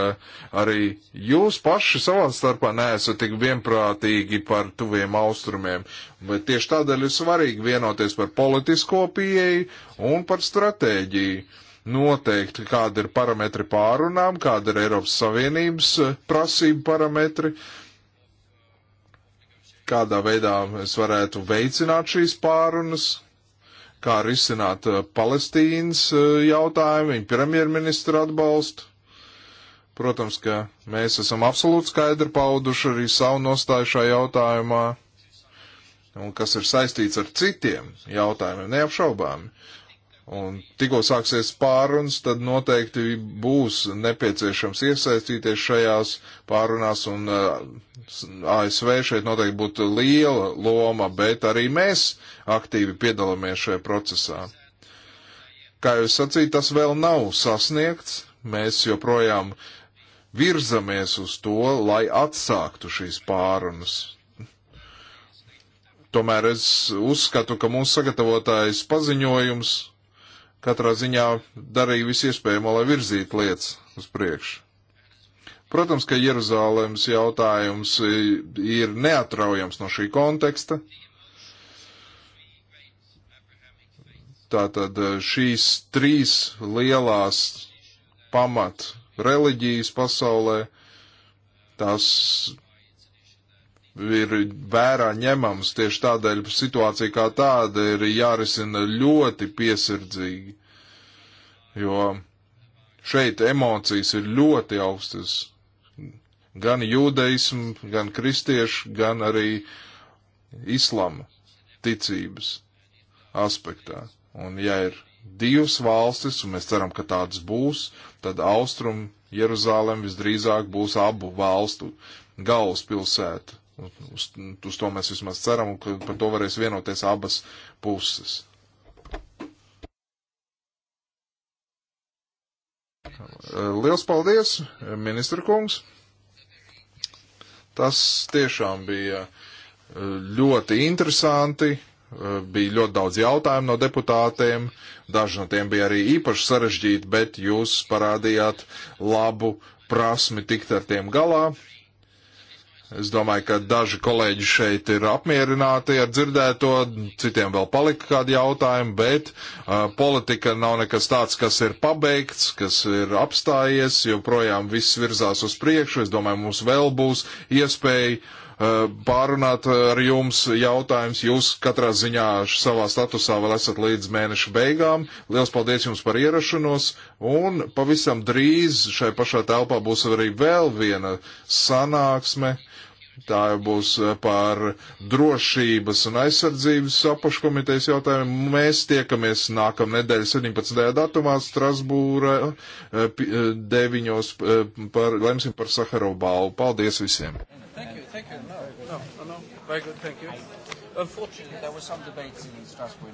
arī jūs paši savā starpā neesat tik vienprātīgi par tuviem austrumiem. Bet tieši tādēļ ir svarīgi vienoties par politisko pieeju un par stratēģiju. Noteikti, kāda ir parametri pārunām, kāda ir Eiropas Savienības eh, prasība parametri, kādā veidā mēs varētu veicināt šīs pārunas, kā risināt eh, Palestīnas eh, jautājumu, viņa premjerministra atbalstu. Protams, ka mēs esam absolūti skaidri pauduši arī savu nostāju šajā jautājumā, un kas ir saistīts ar citiem jautājumiem, neapšaubāmi. Un tikko sāksies pārunas, tad noteikti būs nepieciešams iesaistīties šajās pārunās, un uh, ASV šeit noteikti būtu liela loma, bet arī mēs aktīvi piedalāmies šajā procesā. Kā jau es sacīju, tas vēl nav sasniegts, mēs joprojām virzamies uz to, lai atsāktu šīs pārunas. Tomēr es uzskatu, ka mūsu sagatavotājs paziņojums katrā ziņā darīja visu iespējamo, lai virzītu lietas uz priekšu. Protams, ka Jeruzalemes jautājums ir neatraujams no šī konteksta. Tātad eh, šīs trīs lielās pamat reliģijas pasaulē, tās ir vērā ņemams. Tieši tādēļ situācija kā tāda ir jārisina ļoti piesardzīgi, jo šeit emocijas ir ļoti augstas. Gan jūdeismu, gan kristiešu, gan arī islama ticības aspektā. Un ja ir divas valstis, un mēs ceram, ka tādas būs, tad austrum Jeruzālēm visdrīzāk būs abu valstu galvaspilsēta. Uz, uz to mēs vismaz ceram, ka par to varēs vienoties abas puses. Liels paldies, ministra kungs! Tas tiešām bija eh, ļoti interesanti. Eh, bija ļoti daudz jautājumu no deputātiem. Daži no tiem bija arī īpaši sarežģīti, bet jūs parādījāt labu prasmi tikt ar tiem galā. Es domāju, ka daži kolēģi šeit ir apmierināti ar dzirdēto, citiem vēl palika kādi jautājumi, bet uh, politika nav nekas tāds, kas ir pabeigts, kas ir apstājies, joprojām viss virzās uz priekšu. Es domāju, mums vēl būs iespēja uh, pārunāt ar jums jautājums. Jūs katrā ziņā savā statusā vēl esat līdz mēneša beigām. Lielas paldies jums par ierašanos un pavisam drīz šai pašā telpā būs arī vēl viena sanāksme. Tā būs eh, par drošības un aizsardzības apakškomitejas jautājumu. Mēs tiekamies nākamā nedēļa 17. datumā Strasbūrā 9. Eh, eh, par, lemsim par Saharovu balvu. Paldies visiem! Thank you, thank you. No, no, no. Very good, thank you. Unfortunately, there were some debates in Strasbourg.